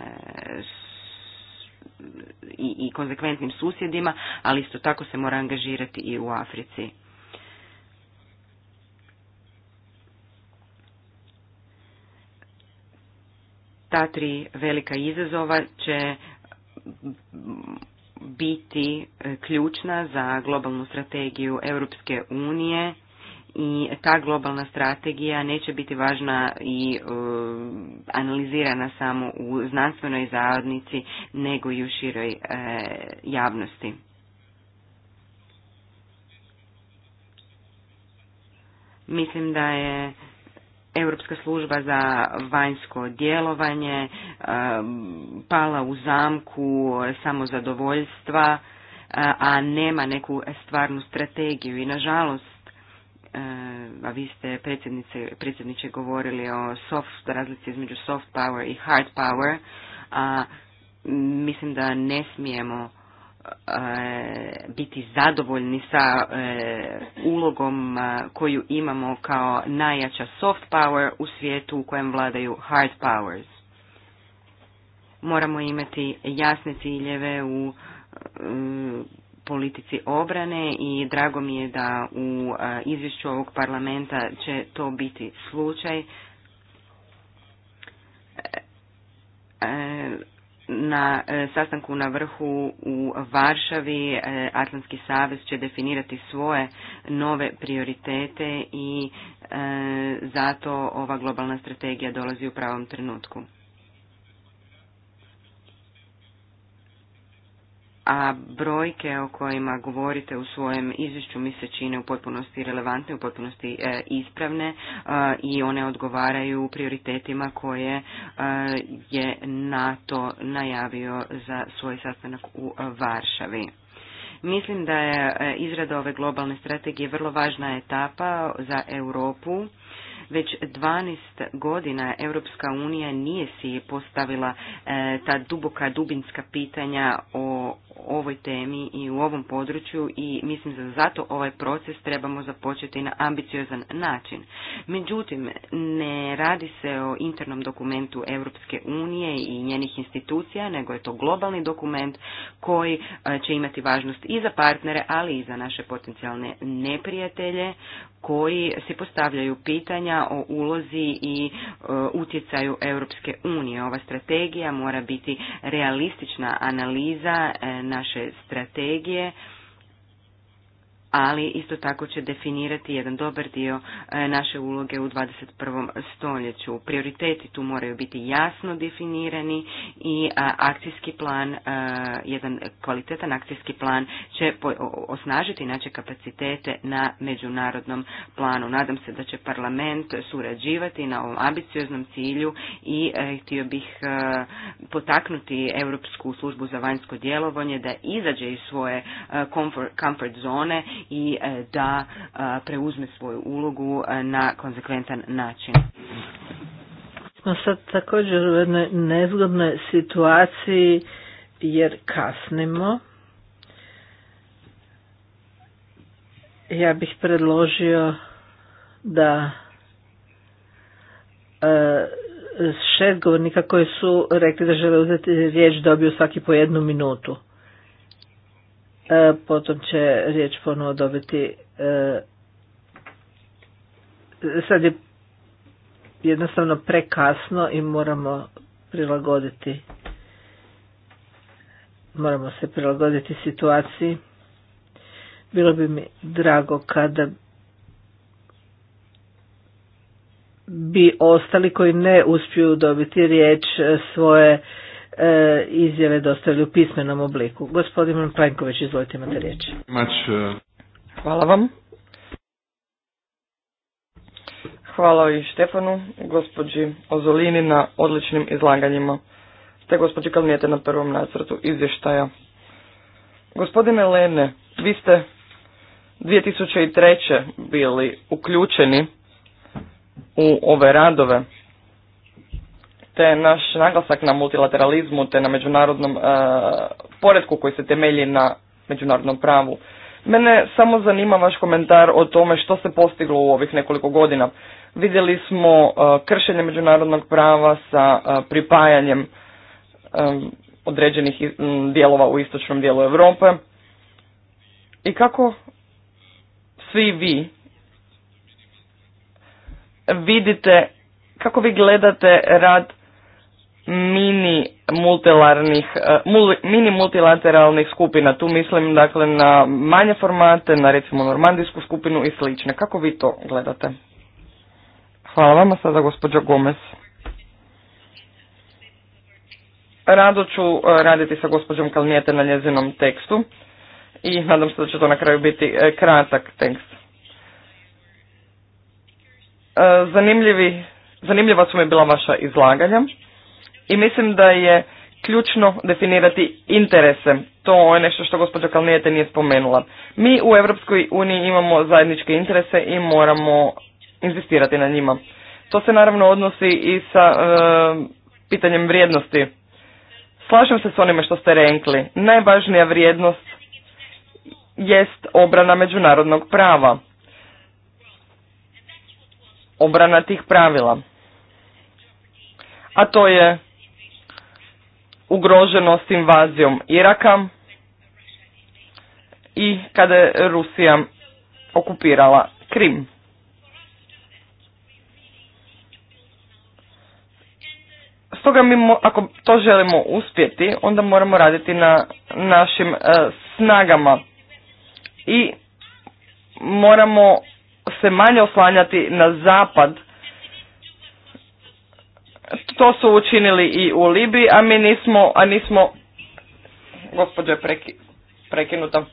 Speaker 2: i konzekventnim susjedima, ali isto tako se mora angažirati i u Africi. Ta tri velika izazova će biti ključna za globalnu strategiju Europske unije i ta globalna strategija neće biti važna i e, analizirana samo u znanstvenoj zajednici nego i u široj e, javnosti. Mislim da je Europska služba za vanjsko djelovanje e, pala u zamku samo zadovoljstva a nema neku stvarnu strategiju i nažalost E, a vi ste predsjedniče govorili o soft, razlici između soft power i hard power, a mislim da ne smijemo e, biti zadovoljni sa e, ulogom koju imamo kao najjača soft power u svijetu u kojem vladaju hard powers. Moramo imati jasne ciljeve u politici obrane i drago mi je da u e, izvješću ovog parlamenta će to biti slučaj. E, e, na sastanku na vrhu u Varšavi Atlantski savez će definirati svoje nove prioritete i zato ova globalna strategija dolazi u pravom trenutku. a brojke o kojima govorite u svojem izvješću mi se čine u potpunosti relevantne, u potpunosti e, ispravne e, i one odgovaraju prioritetima koje e, je NATO najavio za svoj sastanak u Varšavi. Mislim da je izrada ove globalne strategije vrlo važna etapa za Europu. Već 12 godina Europska unija nije si postavila ta duboka dubinska pitanja o ovoj temi i u ovom području i mislim da zato ovaj proces trebamo započeti na ambiciozan način. Međutim, ne radi se o internom dokumentu Europske unije i njenih institucija, nego je to globalni dokument koji e, će imati važnost i za partnere, ali i za naše potencijalne neprijatelje koji se postavljaju pitanja o ulozi i e, utjecaju Europske unije. Ova strategija mora biti realistična analiza e, naše strategije ali isto tako će definirati jedan dobar dio e, naše uloge u 21. stoljeću. Prioriteti tu moraju biti jasno definirani i akcijski plan, e, jedan kvalitetan akcijski plan će osnažiti naše kapacitete na međunarodnom planu. Nadam se da će parlament surađivati na ovom ambicioznom cilju i e, htio bih potaknuti Europsku službu za vanjsko djelovanje da izađe iz svoje comfort zone i e, da e, preuzme svoju ulogu e, na konsekventan način.
Speaker 1: Smo sad također u jednoj nezgodnoj situaciji jer kasnimo. Ja bih predložio da šest govornika koji su rekli da žele uzeti riječ dobiju svaki po jednu minutu. E, potom će riječ ponovo dobiti e, sad je jednostavno prekasno i moramo prilagoditi moramo se prilagoditi situaciji bilo bi mi drago kada bi ostali koji ne uspiju dobiti riječ e, svoje E, izjave dostavili u pismenom obliku. Gospodin Plenković, izvolite imate riječ. E, Hvala vam.
Speaker 4: Hvala i Štefanu, gospođi Ozolini na odličnim izlaganjima, te gospođi Kalnijete na prvom nacrtu izvještaja. Gospodine Lene, vi ste 2003. bili uključeni u ove radove te naš naglasak na multilateralizmu te na međunarodnom e, poredku koji se temelji na međunarodnom pravu. Mene samo zanima vaš komentar o tome što se postiglo u ovih nekoliko godina. Vidjeli smo e, kršenje međunarodnog prava sa e, pripajanjem e, određenih dijelova u istočnom dijelu Europe. I kako svi vi vidite kako vi gledate rad mini multilarnih, eh, mini multilateralnih skupina. Tu mislim dakle na manje formate, na recimo normandijsku skupinu i slične. Kako vi to gledate? Hvala vam, sada gospođo Gomez. Rado ću eh, raditi sa gospođom Kalmijete na njezinom tekstu i nadam se da će to na kraju biti eh, kratak tekst. Zanimljivi, zanimljiva su mi bila vaša izlaganja. I mislim da je ključno definirati interese. To je nešto što gospođa Kalnijete nije spomenula. Mi u Europskoj uniji imamo zajedničke interese i moramo inzistirati na njima. To se naravno odnosi i sa e, pitanjem vrijednosti. Slažem se s onime što ste rekli. Najvažnija vrijednost jest obrana međunarodnog prava. Obrana tih pravila. A to je ugroženost invazijom Iraka i kada je Rusija okupirala Krim. Stoga mi, ako to želimo uspjeti, onda moramo raditi na našim e, snagama i moramo se manje oslanjati na zapad to su učinili i u Libiji, a mi nismo, a nismo, gospođo je preki, prekinuta.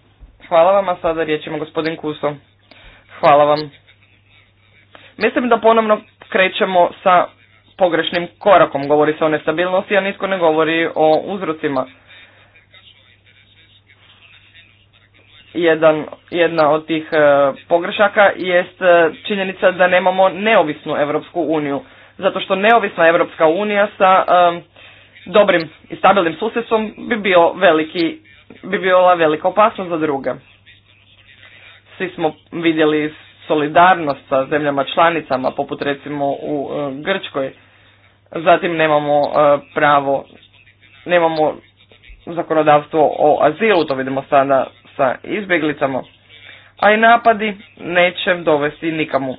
Speaker 4: Hvala vam, a sada riječ ima gospodin Kuso. Hvala vam. Mislim da ponovno krećemo sa pogrešnim korakom. Govori se o nestabilnosti, a nitko ne govori o uzrocima. Jedan, jedna od tih e, pogrešaka jest e, činjenica da nemamo neovisnu Europsku uniju zato što neovisna Europska unija sa dobrim i stabilnim susjedstvom bi bio veliki, bi bila velika opasnost za druge. Svi smo vidjeli solidarnost sa zemljama članicama, poput recimo u e, Grčkoj. Zatim nemamo e, pravo, nemamo zakonodavstvo o azilu, to vidimo sada sa izbjeglicama, a i napadi neće dovesti nikamu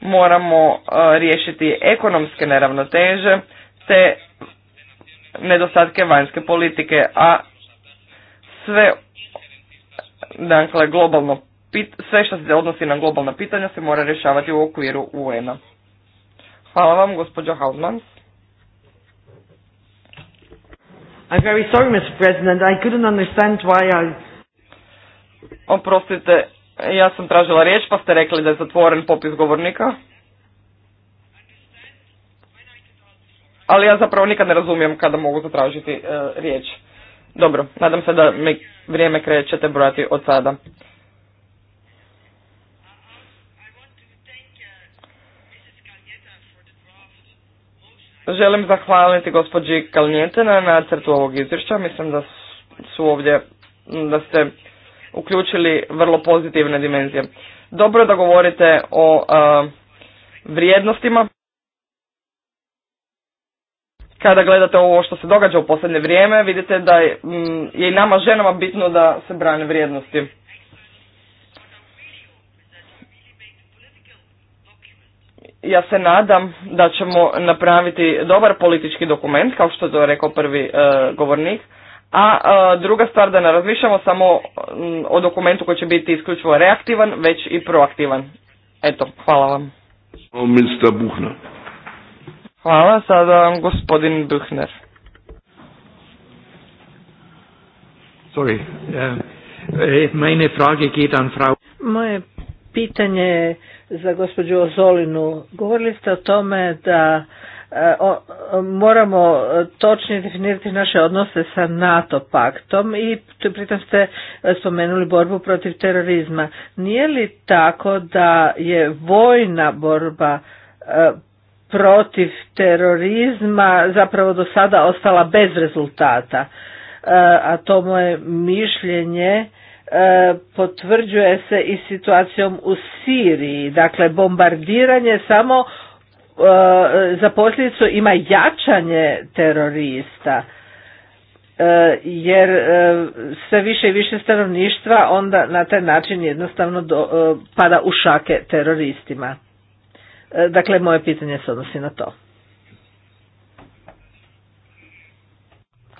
Speaker 4: moramo e, riješiti ekonomske neravnoteže te nedostatke vanjske politike, a sve dakle globalno sve što se odnosi na globalna pitanja se mora rješavati u okviru UN-a. Hvala vam, gospođo Haldman.
Speaker 1: I'm very sorry, Mr. President. I couldn't understand why I...
Speaker 4: Oprostite, ja sam tražila riječ pa ste rekli da je zatvoren popis govornika. Ali ja zapravo nikad ne razumijem kada mogu zatražiti e, riječ. Dobro, nadam se da mi vrijeme krećete brojati od sada. Želim zahvaliti gospođi Kalnjetena na crtu ovog izvješća. Mislim da su ovdje, da ste uključili vrlo pozitivne dimenzije. Dobro je da govorite o e, vrijednostima. Kada gledate ovo što se događa u posljednje vrijeme, vidite da je, i nama ženama bitno da se brane vrijednosti. ja se nadam da ćemo napraviti dobar politički dokument, kao što je to rekao prvi e, govornik, a, e, druga stvar da ne razmišljamo samo o dokumentu koji će biti isključivo reaktivan, već i proaktivan. Eto, hvala vam. Hvala, sada gospodin Buhner. Sorry. Eh,
Speaker 3: eh, Meine Frage geht an Frau...
Speaker 1: Moje pitanje je za gospođu Ozolinu. Govorili ste o tome da E, moramo e, točnije definirati naše odnose sa NATO paktom i pritom ste e, spomenuli borbu protiv terorizma. Nije li tako da je vojna borba protiv terorizma zapravo do sada ostala bez rezultata? A to moje mišljenje potvrđuje se i situacijom u Siriji. Dakle, bombardiranje samo E, za posljedicu ima jačanje terorista e, jer e, sve više i više stanovništva onda na taj način jednostavno do, pada u šake teroristima. Dakle, moje pitanje se odnosi na to.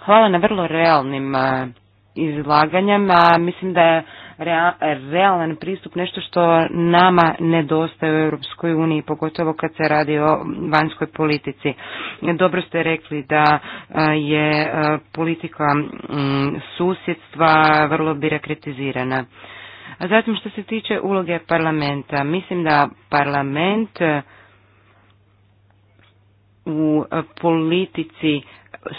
Speaker 2: Hvala na vrlo realnim izlaganjama. Mislim da je realan pristup, nešto što nama nedostaje u Europskoj uniji, pogotovo kad se radi o vanjskoj politici. Dobro ste rekli da e, je e, politika susjedstva vrlo birokratizirana. A zatim što se tiče uloge parlamenta, mislim da parlament u politici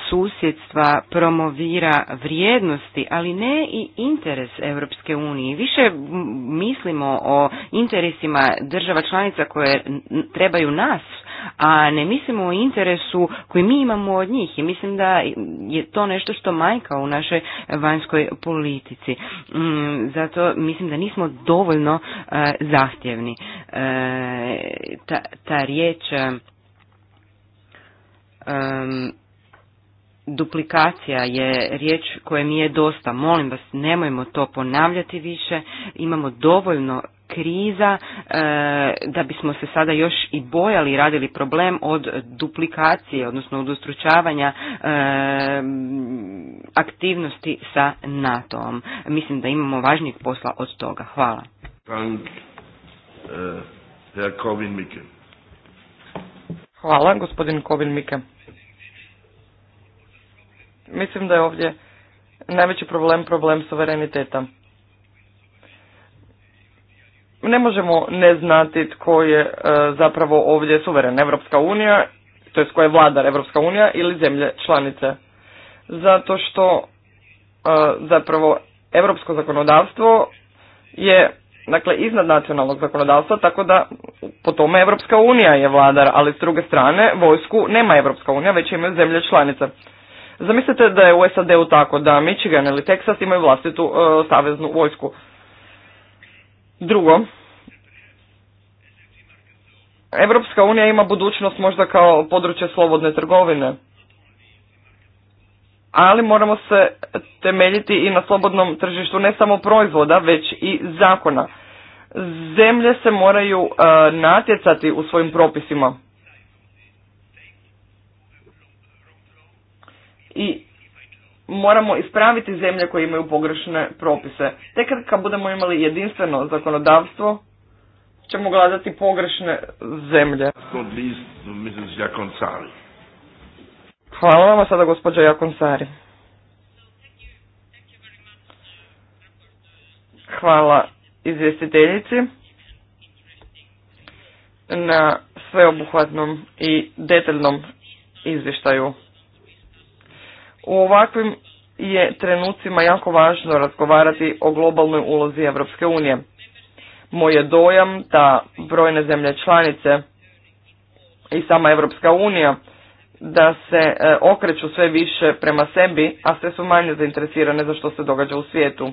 Speaker 2: susjedstva promovira vrijednosti, ali ne i interes Europske unije. Više mislimo o interesima država članica koje trebaju nas, a ne mislimo o interesu koji mi imamo od njih i mislim da je to nešto što majka u našoj vanjskoj politici. Mm, zato mislim da nismo dovoljno e, zahtjevni. E, ta, ta riječ duplikacija je riječ koje mi je dosta. Molim vas, nemojmo to ponavljati više. Imamo dovoljno kriza e, da bismo se sada još i bojali radili problem od duplikacije, odnosno od ustručavanja e, aktivnosti sa NATO-om. Mislim da imamo važnijeg posla od toga. Hvala. Eh, Hvala, gospodin Kovin Mike.
Speaker 4: Mislim da je ovdje najveći problem problem suvereniteta. Ne možemo ne znati tko je e, zapravo ovdje suveren Evropska unija, to je tko je vladar Evropska unija ili zemlje članice. Zato što e, zapravo europsko zakonodavstvo je dakle iznad nacionalnog zakonodavstva, tako da po tome Evropska unija je vladar, ali s druge strane vojsku nema Evropska unija, već imaju zemlje članice. Zamislite da je u SAD-u tako da Michigan ili Texas imaju vlastitu uh, saveznu vojsku. Drugo, Evropska unija ima budućnost možda kao područje slobodne trgovine, ali moramo se temeljiti i na slobodnom tržištu ne samo proizvoda, već i zakona. Zemlje se moraju e, natjecati u svojim propisima. i moramo ispraviti zemlje koje imaju pogrešne propise. Tek kad budemo imali jedinstveno zakonodavstvo, ćemo gledati pogrešne zemlje. Hvala vam sada gospođa Jakonsari. Hvala izvjestiteljici na sveobuhvatnom i detaljnom izvještaju. U ovakvim je trenucima jako važno razgovarati o globalnoj ulozi Europske unije. Moj je dojam da brojne zemlje članice i sama Europska unija da se e, okreću sve više prema sebi, a sve su manje zainteresirane za što se događa u svijetu.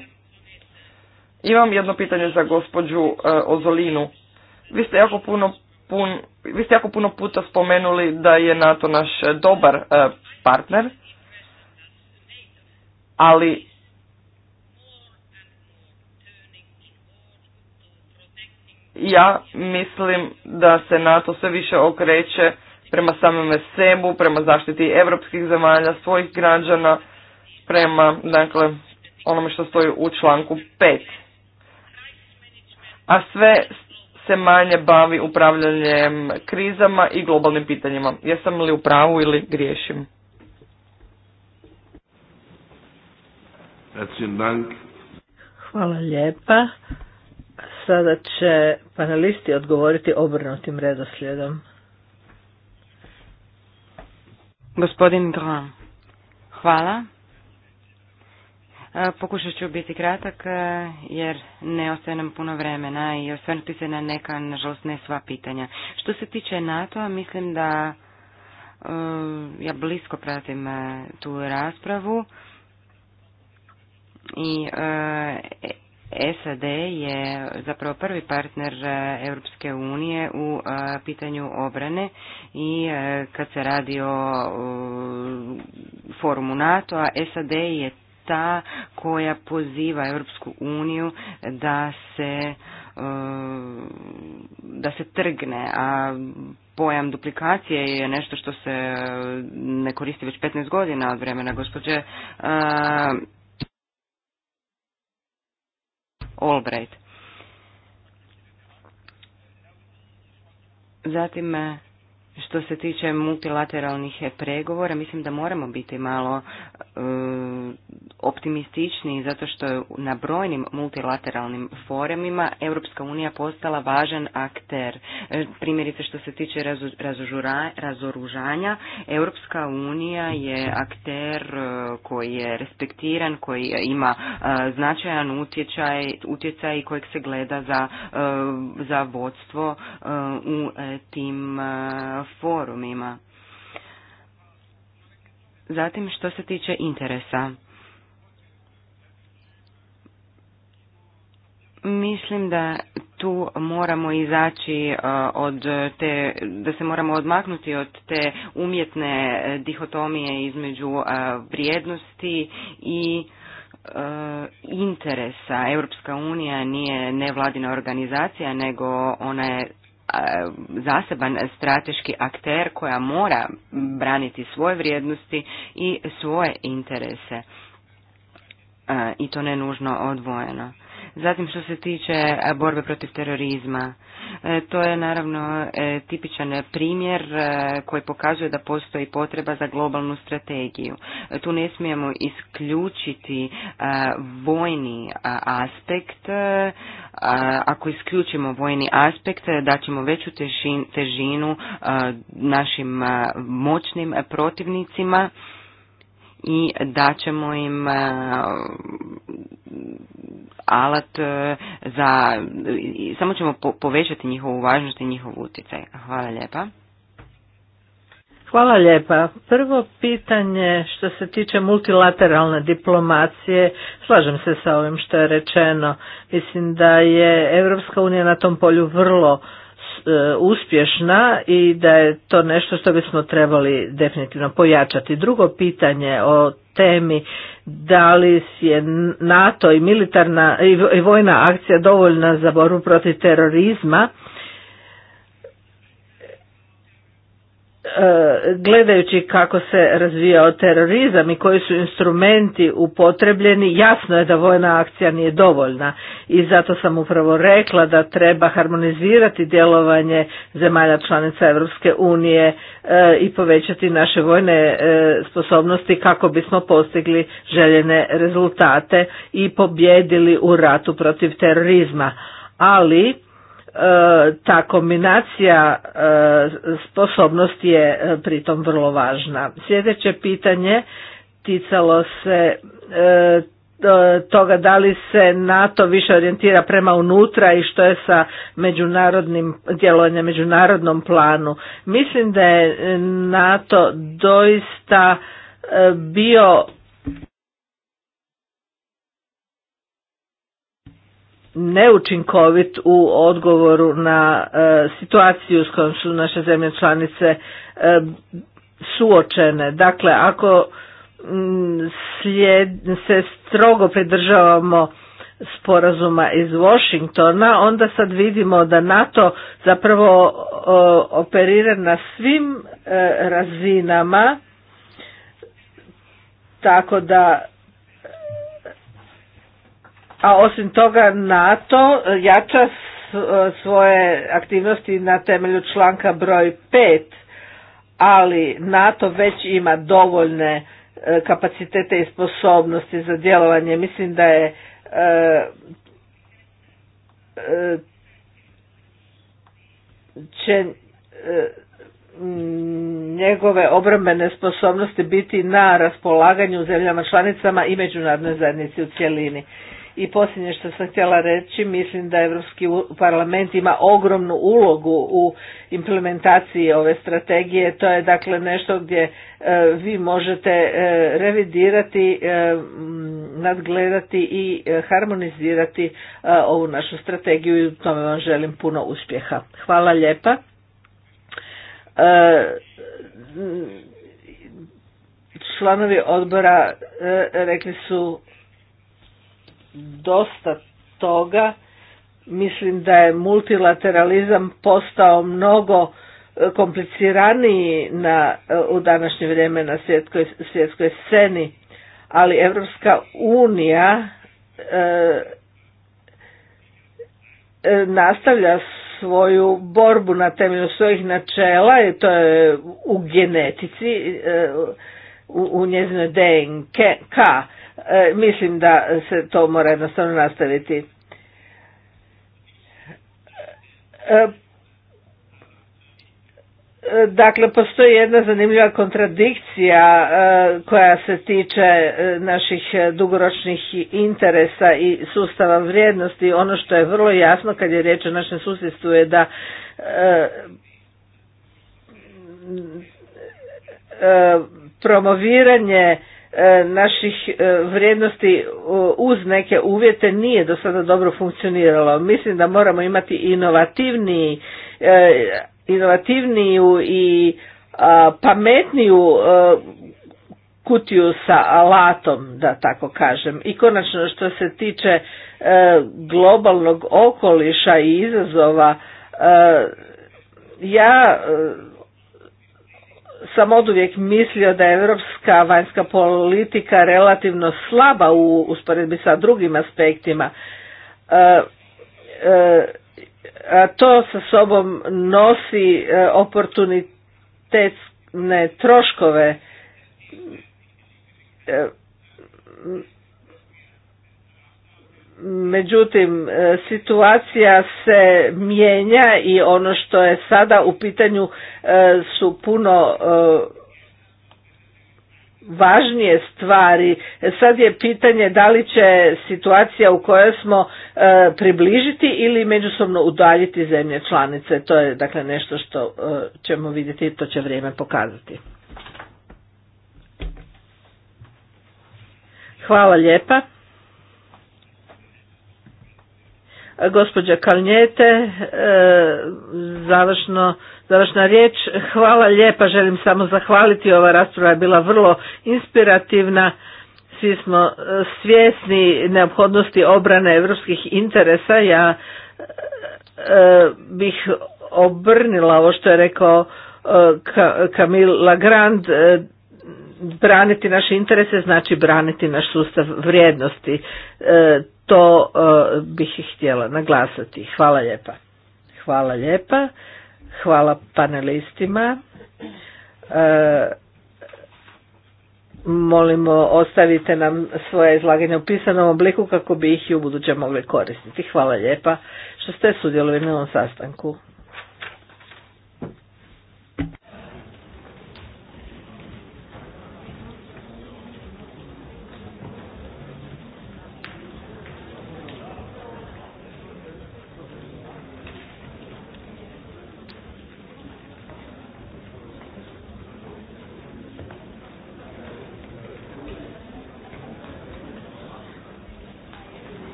Speaker 4: Imam jedno pitanje za gospođu e, Ozolinu. Vi ste jako puno pun, vi ste jako puno puta spomenuli da je NATO naš e, dobar partner ali ja mislim da se NATO sve više okreće prema samome sebu, prema zaštiti europskih zemalja, svojih građana, prema dakle, onome što stoji u članku 5. A sve se manje bavi upravljanjem krizama i globalnim pitanjima. Jesam li u pravu ili griješim?
Speaker 1: Hvala lijepa. Sada će panelisti odgovoriti obrnutim
Speaker 2: redoslijedom. Gospodin Graham, hvala. E, pokušat ću biti kratak e, jer ne ostaje nam puno vremena i osvrnuti se na neka, nažalost, ne sva pitanja. Što se tiče NATO-a, mislim da e, ja blisko pratim tu raspravu i e, SAD je zapravo prvi partner e, Europske unije u e, pitanju obrane i kad se radi o forumu NATO-a, SAD je ta koja poziva Europsku uniju da se da se trgne, a pojam duplikacije je nešto što se ne koristi već 15 godina od vremena gospođe Albright. Zatim eh, što se tiče multilateralnih pregovora, mislim da moramo biti malo e, optimistični zato što je na brojnim multilateralnim forumima Europska unija postala važan akter. E, primjerice što se tiče razoružanja, Europska unija je akter e, koji je respektiran, koji ima značajan utjecaj, i kojeg se gleda za, za vodstvo u tim forumima. Zatim što se tiče interesa. Mislim da tu moramo izaći uh, od te, da se moramo odmaknuti od te umjetne dihotomije između uh, vrijednosti i uh, interesa. Europska unija nije nevladina organizacija, nego ona je zaseban strateški akter koja mora braniti svoje vrijednosti i svoje interese i to ne nužno odvojeno. Zatim što se tiče borbe protiv terorizma, e, to je naravno e, tipičan primjer e, koji pokazuje da postoji potreba za globalnu strategiju. Tu ne smijemo isključiti vojni aspekt, ako isključimo vojni aspekt daćemo veću težinu našim moćnim protivnicima i daćemo im e, alat e, za, samo ćemo povećati njihovu važnost i njihov utjecaj. Hvala lijepa. Hvala lijepa.
Speaker 1: Prvo pitanje što se tiče multilateralne diplomacije, slažem se sa ovim što je rečeno. Mislim da je Europska unija na tom polju vrlo E, uspješna i da je to nešto što bismo trebali definitivno pojačati. Drugo pitanje o temi da li je NATO i militarna i vojna akcija dovoljna za borbu protiv terorizma E, gledajući kako se razvijao terorizam i koji su instrumenti upotrebljeni, jasno je da vojna akcija nije dovoljna i zato sam upravo rekla da treba harmonizirati djelovanje zemalja članica Europske unije e, i povećati naše vojne e, sposobnosti kako bismo postigli željene rezultate i pobjedili u ratu protiv terorizma. Ali E, ta kombinacija e, sposobnosti je e, pritom vrlo važna. Sljedeće pitanje ticalo se toga da li se NATO više orijentira prema unutra i što je sa međunarodnim djelovanjem međunarodnom planu. Mislim da je NATO doista bio neučinkovit u odgovoru na e, situaciju s kojom su naše zemlje članice e, suočene. Dakle, ako mm, slijed, se strogo pridržavamo sporazuma iz Washingtona, onda sad vidimo da NATO zapravo operira na svim e, razinama, tako da a osim toga NATO jača e, svoje aktivnosti na temelju članka broj 5, ali NATO već ima dovoljne e, kapacitete i sposobnosti za djelovanje. Mislim da je e, će njegove obrambene sposobnosti biti na raspolaganju zemljama članicama i međunarodnoj zajednici u cjelini. I posljednje što sam htjela reći, mislim da Europski parlament ima ogromnu ulogu u implementaciji ove strategije. To je dakle nešto gdje e, vi možete e, revidirati, e, nadgledati i harmonizirati ovu našu strategiju i u tome vam želim puno uspjeha. Hvala lijepa. Članovi odbora rekli su dosta toga. Mislim da je multilateralizam postao mnogo e, kompliciraniji na, e, u današnje vrijeme na svjetskoj, svjetskoj sceni, ali Evropska unija e, nastavlja svoju borbu na temelju svojih načela i to je u genetici, u njezinoj DNK. E, mislim da se to mora jednostavno nastaviti. E, e, dakle, postoji jedna zanimljiva kontradikcija koja se tiče naših dugoročnih interesa i sustava vrijednosti. Ono što je vrlo jasno kad je riječ o našem susjedstvu je da promoviranje E, naših e, vrijednosti e, uz neke uvjete nije do sada dobro funkcioniralo. Mislim da moramo imati inovativniji, inovativniju i pametniju kutiju sa alatom, da tako kažem. I konačno što se tiče globalnog okoliša i izazova, ja sam oduvijek mislio da je europska vanjska politika relativno slaba u usporedbi sa drugim aspektima. E, e, a to sa sobom nosi e, oportunitetne troškove. Međutim, e, situacija se mijenja i ono što je sada u pitanju e, su puno e, važnije stvari. Sad je pitanje da li će situacija u kojoj smo približiti ili međusobno udaljiti zemlje članice. To je dakle nešto što ćemo vidjeti i to će vrijeme pokazati. Hvala lijepa. gospođa Kalnjete, e, završno, završna riječ. Hvala lijepa, želim samo zahvaliti, ova rasprava je bila vrlo inspirativna. Svi smo e, svjesni neophodnosti obrane evropskih interesa. Ja e, bih obrnila ovo što je rekao Camille Lagrand, braniti naše interese znači braniti naš sustav vrijednosti to eh, bih htjela naglasati. Hvala lijepa. Hvala lijepa. Hvala panelistima. Eh, molimo ostavite nam svoje izlaganje u pisanom obliku kako bi ih i u buduće mogli koristiti. Hvala lijepa što ste sudjelovali na ovom sastanku.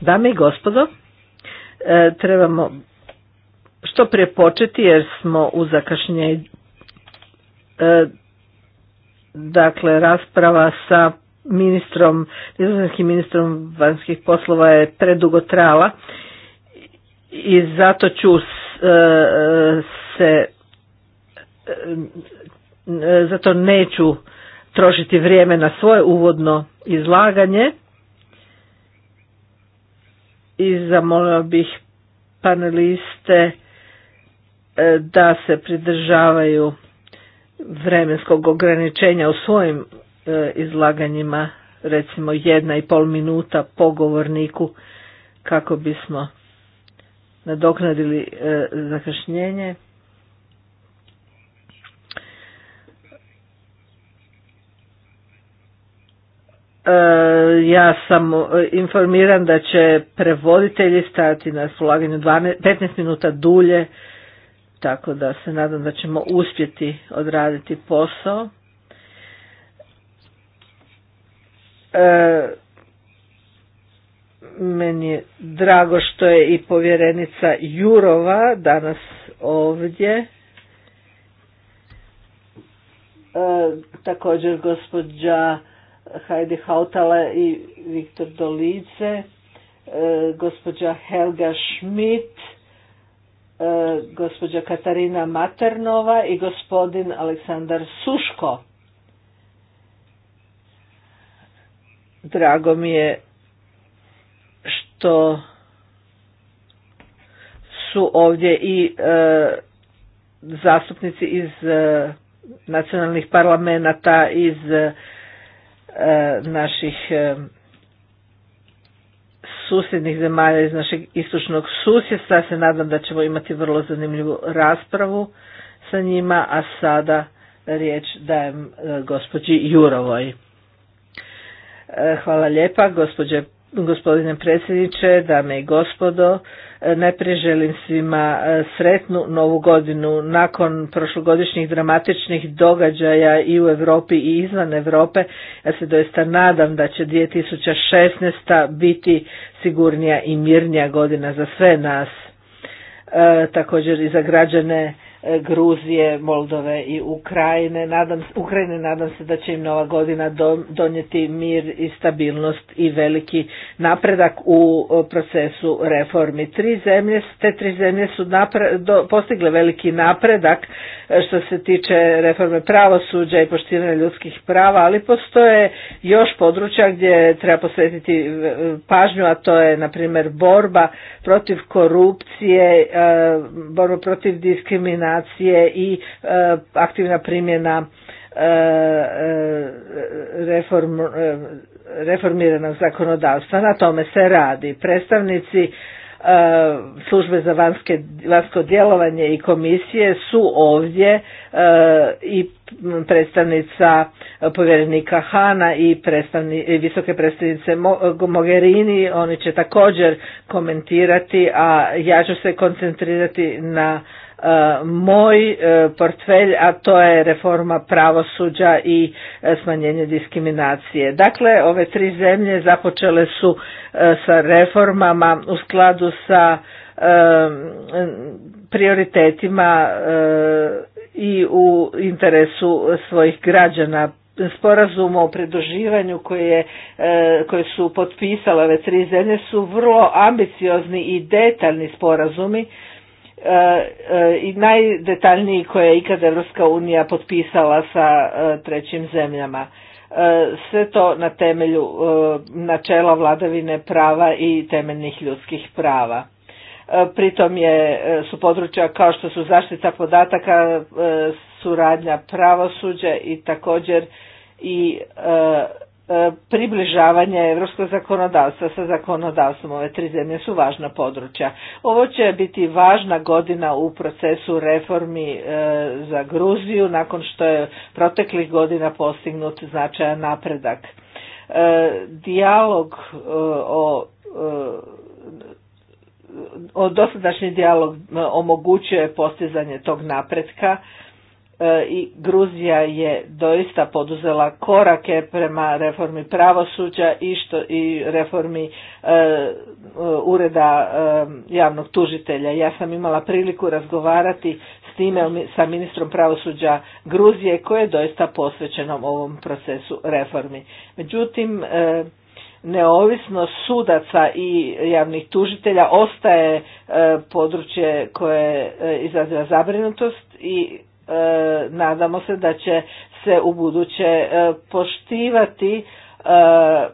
Speaker 1: Dame i gospodo, e, trebamo što prije početi jer smo u zakašnjenju. E, dakle, rasprava sa ministrom, nizozemskim ministrom vanjskih poslova je predugo trala i zato ću e, se E, zato neću trošiti vrijeme na svoje uvodno izlaganje i zamolio bih paneliste e, da se pridržavaju vremenskog ograničenja u svojim e, izlaganjima, recimo jedna i pol minuta po govorniku kako bismo nadoknadili zakašnjenje. E, ja sam e, informiran da će prevoditelji stati na raspolaganju 15 minuta dulje, tako da se nadam da ćemo uspjeti odraditi posao. E, meni je drago što je i povjerenica Jurova danas ovdje. E, također gospođa Heidi Hautala i Viktor Dolice, e, gospođa Helga Schmidt, e, gospođa Katarina Maternova i gospodin Aleksandar Suško. Drago mi je što su ovdje i e, zastupnici iz nacionalnih parlamenta iz E, naših e, susjednih zemalja iz našeg istočnog susjedstva. Se nadam da ćemo imati vrlo zanimljivu raspravu sa njima, a sada riječ dajem e, gospođi Jurovoj. Hvala lijepa, gospođe Gospodine predsjedniče, dame i gospodo, e, najprije želim svima e, sretnu novu godinu. Nakon prošlogodišnjih dramatičnih događaja i u Europi i izvan Europe, ja se doista nadam da će 2016. biti sigurnija i mirnija godina za sve nas, e, također i za građane Gruzije, Moldove i Ukrajine. Nadam, Ukrajine nadam se da će im nova godina donijeti mir i stabilnost i veliki napredak u e, procesu reformi. Tri zemlje, te tri zemlje su napre, postigle veliki napredak e, što se tiče reforme pravosuđa i poštivanja ljudskih prava, ali postoje još područja gdje treba posvetiti e, pažnju, a to je na primjer borba protiv korupcije, borba protiv diskriminacije i e, aktivna primjena e, e, reform, reformiranog zakonodavstva. Na tome se radi. Predstavnici službe za vanske vanjsko djelovanje i komisije su ovdje i predstavnica povjerenika Hana i visoke predstavnice Mogherini. Oni će također komentirati, a ja ću se koncentrirati na E, moj e, portfelj, a to je reforma pravosuđa i e, smanjenje diskriminacije. Dakle, ove tri zemlje započele su sa reformama u skladu sa prioritetima i u interesu svojih građana sporazum o pridruživanju koje, koje su potpisale ove tri zemlje su vrlo ambiciozni i detaljni sporazumi i najdetaljniji koje je ikad Evropska unija potpisala sa e, trećim zemljama. E, sve to na temelju e, načela vladavine prava i temeljnih ljudskih prava. Pritom je, su područja kao što su zaštita podataka, suradnja pravosuđa i također i E, približavanje europskog zakonodavstva sa zakonodavstvom ove tri zemlje su važna područja. Ovo će biti važna godina u procesu reformi e, za Gruziju nakon što je proteklih godina postignut značajan napredak. E, dijalog o dosadašnji dijalog omogućuje postizanje tog napretka E, i Gruzija je doista poduzela korake prema reformi pravosuđa i i reformi e, ureda e, javnog tužitelja. Ja sam imala priliku razgovarati s time sa ministrom pravosuđa Gruzije koji je doista posvećenom ovom procesu reformi. Međutim neovisnost sudaca i javnih tužitelja ostaje područje koje izaziva zabrinutost i E, nadamo se da će se u buduće e, poštivati E,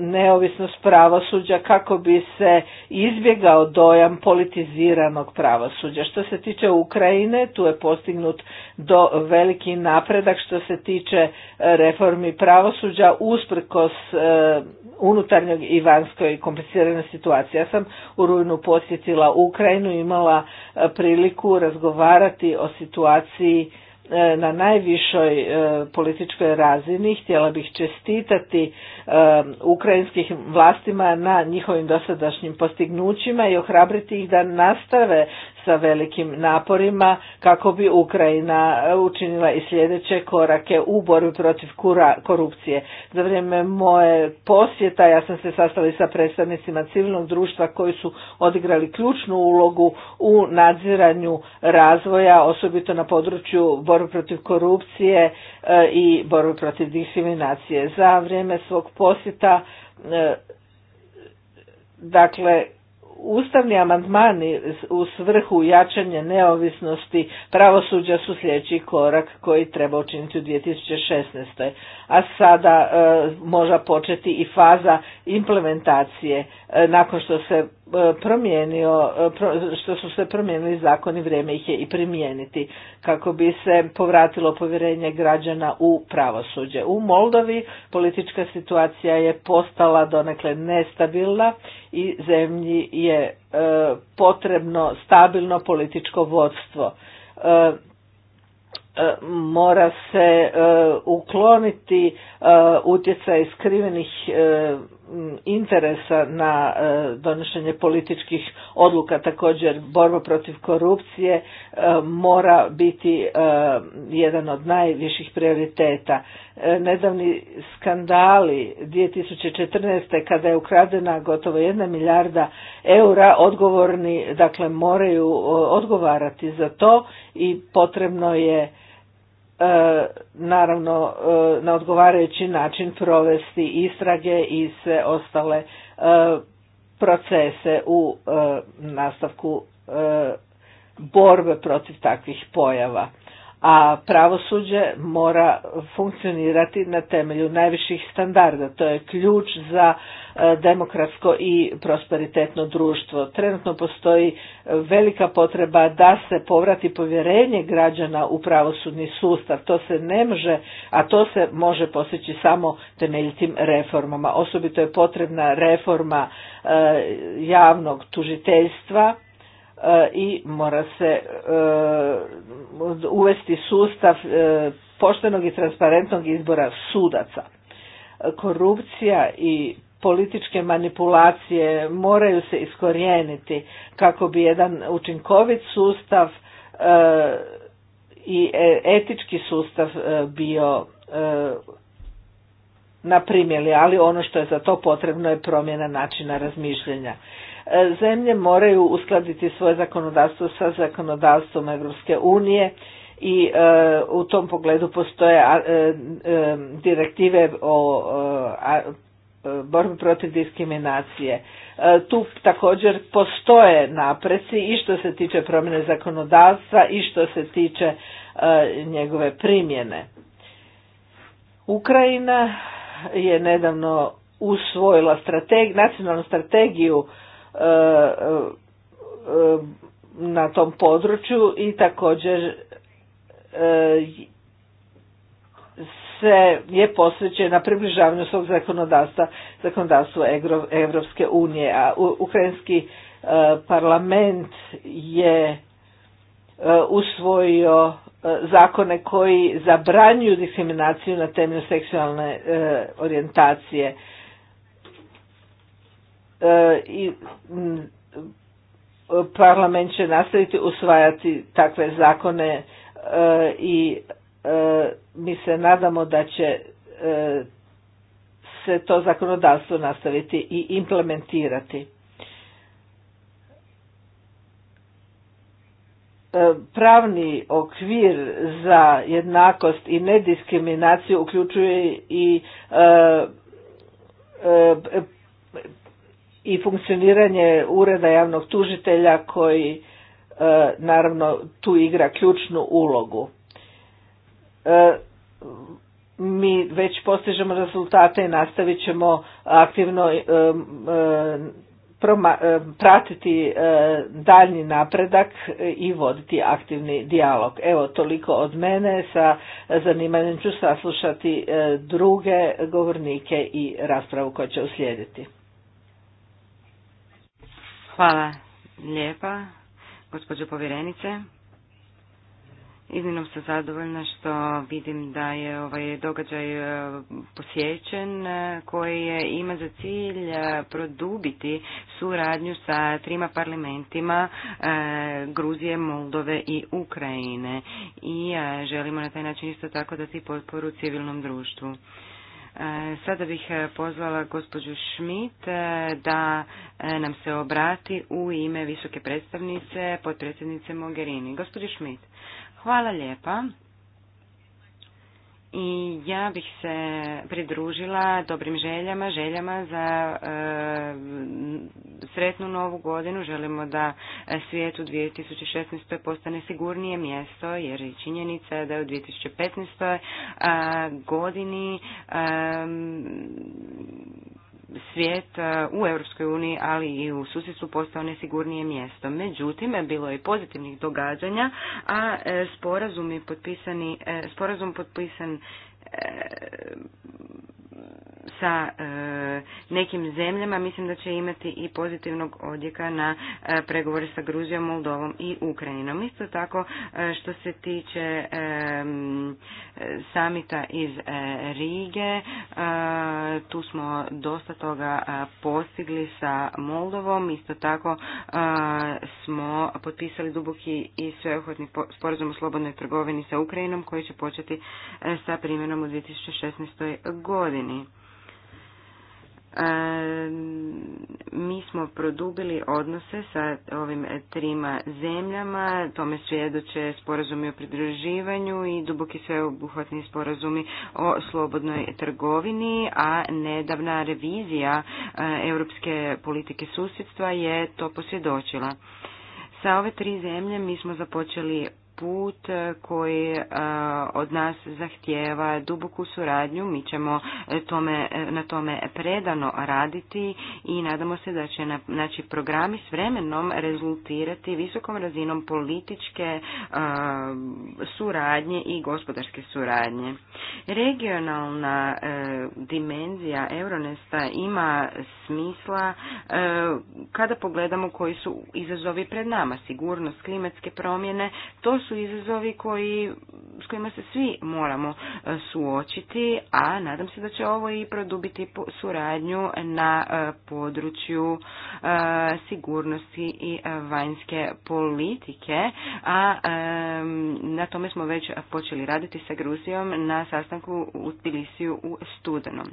Speaker 1: neovisnost pravosuđa kako bi se izbjegao dojam politiziranog pravosuđa. Što se tiče Ukrajine, tu je postignut do veliki napredak što se tiče e, reformi pravosuđa usprkos e, unutarnjoj i vanjskoj kompliciranoj situaciji. Ja sam u rujnu posjetila Ukrajinu i imala priliku razgovarati o situaciji E, na najvišoj e, političkoj razini. Htjela bih čestitati e, ukrajinskim vlastima na njihovim dosadašnjim postignućima i ohrabriti ih da nastave sa velikim naporima kako bi Ukrajina e, učinila i sljedeće korake u borbi protiv korupcije. Za vrijeme moje posjeta ja sam se sastala sa predstavnicima civilnog društva koji su odigrali ključnu ulogu u nadziranju razvoja, osobito na području borbe protiv korupcije e, i borbe protiv diskriminacije. Za vrijeme svog posjeta e, dakle ustavni amandmani u svrhu jačanja neovisnosti pravosuđa su sljedeći korak koji treba učiniti u 2016. A sada e, može početi i faza implementacije e, nakon što se E, promijenio, e, što su se promijenili zakoni, vrijeme ih je i primijeniti kako bi se povratilo povjerenje građana u pravosuđe. U Moldovi politička situacija je postala donekle nestabilna i zemlji je e, potrebno stabilno političko vodstvo. Mora se ukloniti utjecaj skrivenih interesa na e, donošenje političkih odluka također borba protiv korupcije e, mora biti e, jedan od najviših prioriteta. Nedavni skandali 2014. kada je ukradena gotovo jedna milijarda eura odgovorni dakle moraju odgovarati za to i potrebno je E, naravno e, na odgovarajući način provesti istrage i sve ostale e, procese u nastavku borbe protiv takvih pojava a pravosuđe mora funkcionirati na temelju najviših standarda. To je ključ za e, demokratsko i prosperitetno društvo. Trenutno postoji velika potreba da se povrati povjerenje građana u pravosudni sustav. To se ne može, a to se može postići samo temeljitim reformama. Osobito je potrebna reforma e, javnog tužiteljstva, E, i mora se e, uvesti sustav e, poštenog i transparentnog izbora sudaca. Korupcija i političke manipulacije moraju se iskorijeniti kako bi jedan učinkovit sustav i etički sustav bio na ali ono što je za to potrebno je promjena načina razmišljanja. E, zemlje moraju uskladiti svoje zakonodavstvo sa zakonodavstvom Evropske unije i e, u tom pogledu postoje e, direktive o borbi protiv diskriminacije. tu također postoje napreci i što se tiče promjene zakonodavstva i što se tiče njegove primjene. Ukrajina je nedavno usvojila nacionalnu strategiju E, e, na tom području i također e, se je posvećena približavanju svog zakonodavstva zakonodavstvu Europske unije, a ukrajinski parlament je usvojio zakone koji zabranjuju diskriminaciju na temelju seksualne orijentacije E, i parlament će nastaviti usvajati takve zakone e, i e, mi se nadamo da će se to zakonodavstvo nastaviti i implementirati. Pravni okvir za jednakost i nediskriminaciju uključuje i i funkcioniranje ureda javnog tužitelja koji e, naravno tu igra ključnu ulogu. E, mi već postižemo rezultate i nastavit ćemo aktivno e, pratiti daljni napredak i voditi aktivni dijalog. Evo toliko od mene, sa zanimanjem ću saslušati druge govornike i raspravu koja će uslijediti.
Speaker 2: Hvala lijepa, gospođo povjerenice. Iznimno sam zadovoljna što vidim da je ovaj događaj e, posjećen e, koji ima za cilj e, produbiti suradnju sa trima parlamentima Gruzije, Moldove i Ukrajine i želimo na taj način isto tako dati potporu civilnom društvu. Sada bih e, pozvala gospođu Šmit e, da e, nam se obrati u ime visoke predstavnice, potpredsjednice Mogherini. Gospođo Šmit, hvala lijepa i ja bih se pridružila dobrim željama, željama za e, sretnu novu godinu. Želimo da svijet u 2016. postane sigurnije mjesto jer i činjenica je da je u 2015. godini svijet e, u Europskoj uniji, ali i u susjedstvu postao nesigurnije mjesto. Međutim, bilo je i pozitivnih događanja, a e, sporazum je potpisani, e, sporazum potpisan sa e, nekim zemljama mislim da će imati i pozitivnog odjeka na e, pregovore sa Gruzijom, Moldovom i Ukrajinom. Isto tako e, što se tiče samita iz Rige, tu smo dosta toga postigli sa Moldovom, isto tako smo potpisali duboki i sveohvatni sporazum o slobodnoj trgovini sa Ukrajinom koji će početi sa primjenom u 2016. godini mi smo produbili odnose sa ovim trima zemljama, tome svjedoče sporazumi o pridruživanju i duboki sveobuhvatni sporazumi o slobodnoj trgovini, a nedavna revizija e, europske politike susjedstva je to posvjedočila. Sa ove tri zemlje mi smo započeli put koji e, od nas zahtjeva duboku suradnju. Mi ćemo e, e, na tome predano raditi i nadamo se da će znači, programi s vremenom rezultirati visokom razinom političke suradnje i gospodarske suradnje. Regionalna dimenzija Euronesta ima smisla kada pogledamo koji su izazovi pred nama. Sigurnost, klimatske promjene, to su izazovi koji, s kojima se svi moramo e, suočiti, a nadam se da će ovo i produbiti suradnju na e, području e, sigurnosti i vanjske politike, a na tome smo već počeli raditi sa Gruzijom na sastanku u Tbilisiju u Studenom.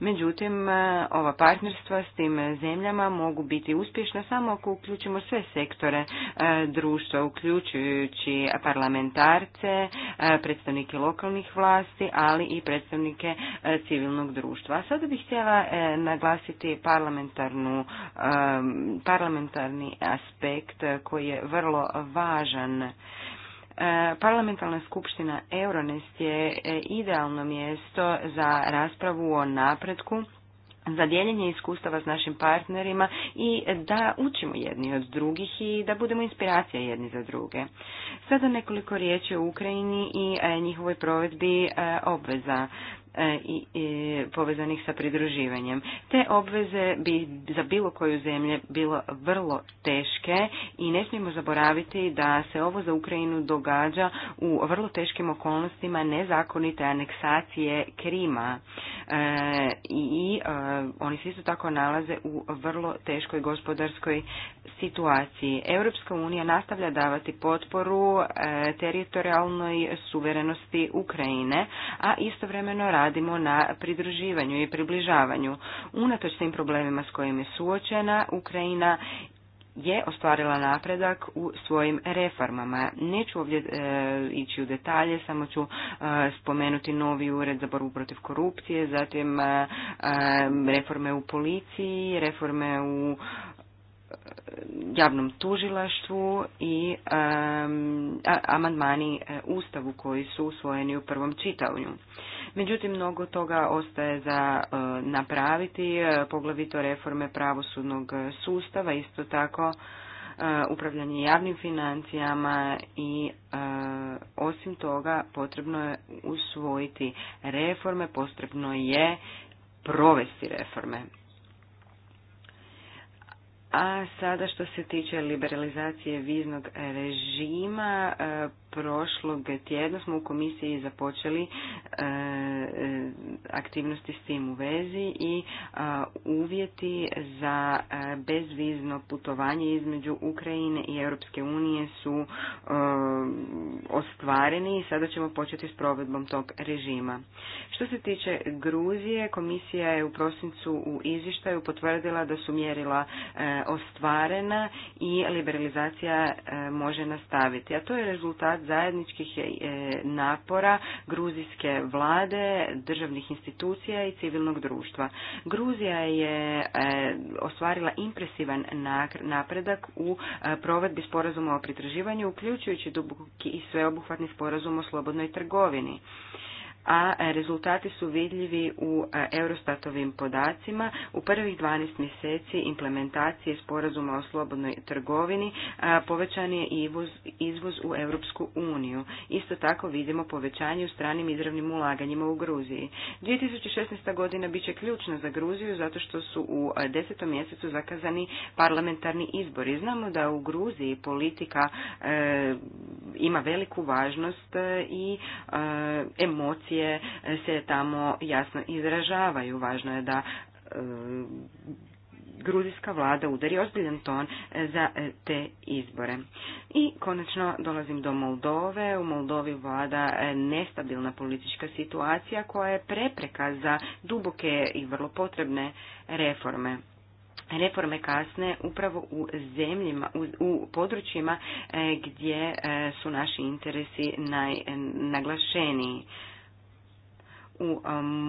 Speaker 2: Međutim, ova partnerstva s tim zemljama mogu biti uspješna samo ako uključimo sve sektore društva, uključujući parlamentarce, e, predstavnike lokalnih vlasti, ali i predstavnike e, civilnog društva. A sada bih htjela e, naglasiti parlamentarnu, parlamentarni aspekt koji je vrlo važan. Parlamentarna skupština Euronest je idealno mjesto za raspravu o napretku za dijeljenje iskustava s našim partnerima i da učimo jedni od drugih i da budemo inspiracija jedni za druge. Sada nekoliko riječi o Ukrajini i e, njihovoj provedbi e, obveza. E, i, povezanih sa pridruživanjem. Te obveze bi za bilo koju zemlje bilo vrlo teške i ne smijemo zaboraviti da se ovo za Ukrajinu događa u vrlo teškim okolnostima nezakonite aneksacije Krima e, i e, oni se isto tako nalaze u vrlo teškoj gospodarskoj situaciji. Europska unija nastavlja davati potporu teritorijalnoj suverenosti Ukrajine, a istovremeno radi radimo na pridruživanju i približavanju. Unatoč svim problemima s kojim je suočena, Ukrajina je ostvarila napredak u svojim reformama. Neću ovdje e, ići u detalje, samo ću e, spomenuti novi ured za borbu protiv korupcije, zatim e, reforme u policiji, reforme u javnom tužilaštvu i amandmani e, Ustavu koji su usvojeni u prvom čitanju. Međutim, mnogo toga ostaje za e, napraviti, e, poglavito reforme pravosudnog sustava, isto tako upravljanje javnim financijama i osim toga potrebno je usvojiti reforme, potrebno je provesti reforme. A sada što se tiče liberalizacije viznog režima, prošlog tjedna smo u komisiji započeli e, e, aktivnosti s tim u vezi i e, uvjeti za bezvizno putovanje između Ukrajine i Europske unije su ostvareni i sada ćemo početi s provedbom tog režima. Što se tiče Gruzije, komisija je u prosincu u izvještaju potvrdila da su mjerila ostvarena i liberalizacija može nastaviti, a to je rezultat zajedničkih e, napora gruzijske vlade, državnih institucija i civilnog društva. Gruzija je e, ostvarila impresivan napredak u e, provedbi sporazuma o pritraživanju, uključujući duboki i sveobuhvatni sporazum o slobodnoj trgovini a rezultati su vidljivi u e, Eurostatovim podacima. U prvih 12 mjeseci implementacije sporazuma o slobodnoj trgovini e, povećan je izvoz u Europsku uniju. Isto tako vidimo povećanje u stranim izravnim ulaganjima u Gruziji. 2016. godina bit će ključna za Gruziju zato što su u e, desetom mjesecu zakazani parlamentarni izbori. Znamo da u Gruziji politika ima veliku važnost i emocije E, se tamo jasno izražavaju. Važno je da e, gruzijska vlada udari ozbiljan ton e, za te izbore. I konačno dolazim do Moldove. U Moldovi vlada nestabilna politička situacija koja je prepreka za duboke i vrlo potrebne reforme. Reforme kasne upravo u zemljima, u, u područjima gdje su naši interesi najnaglašeniji u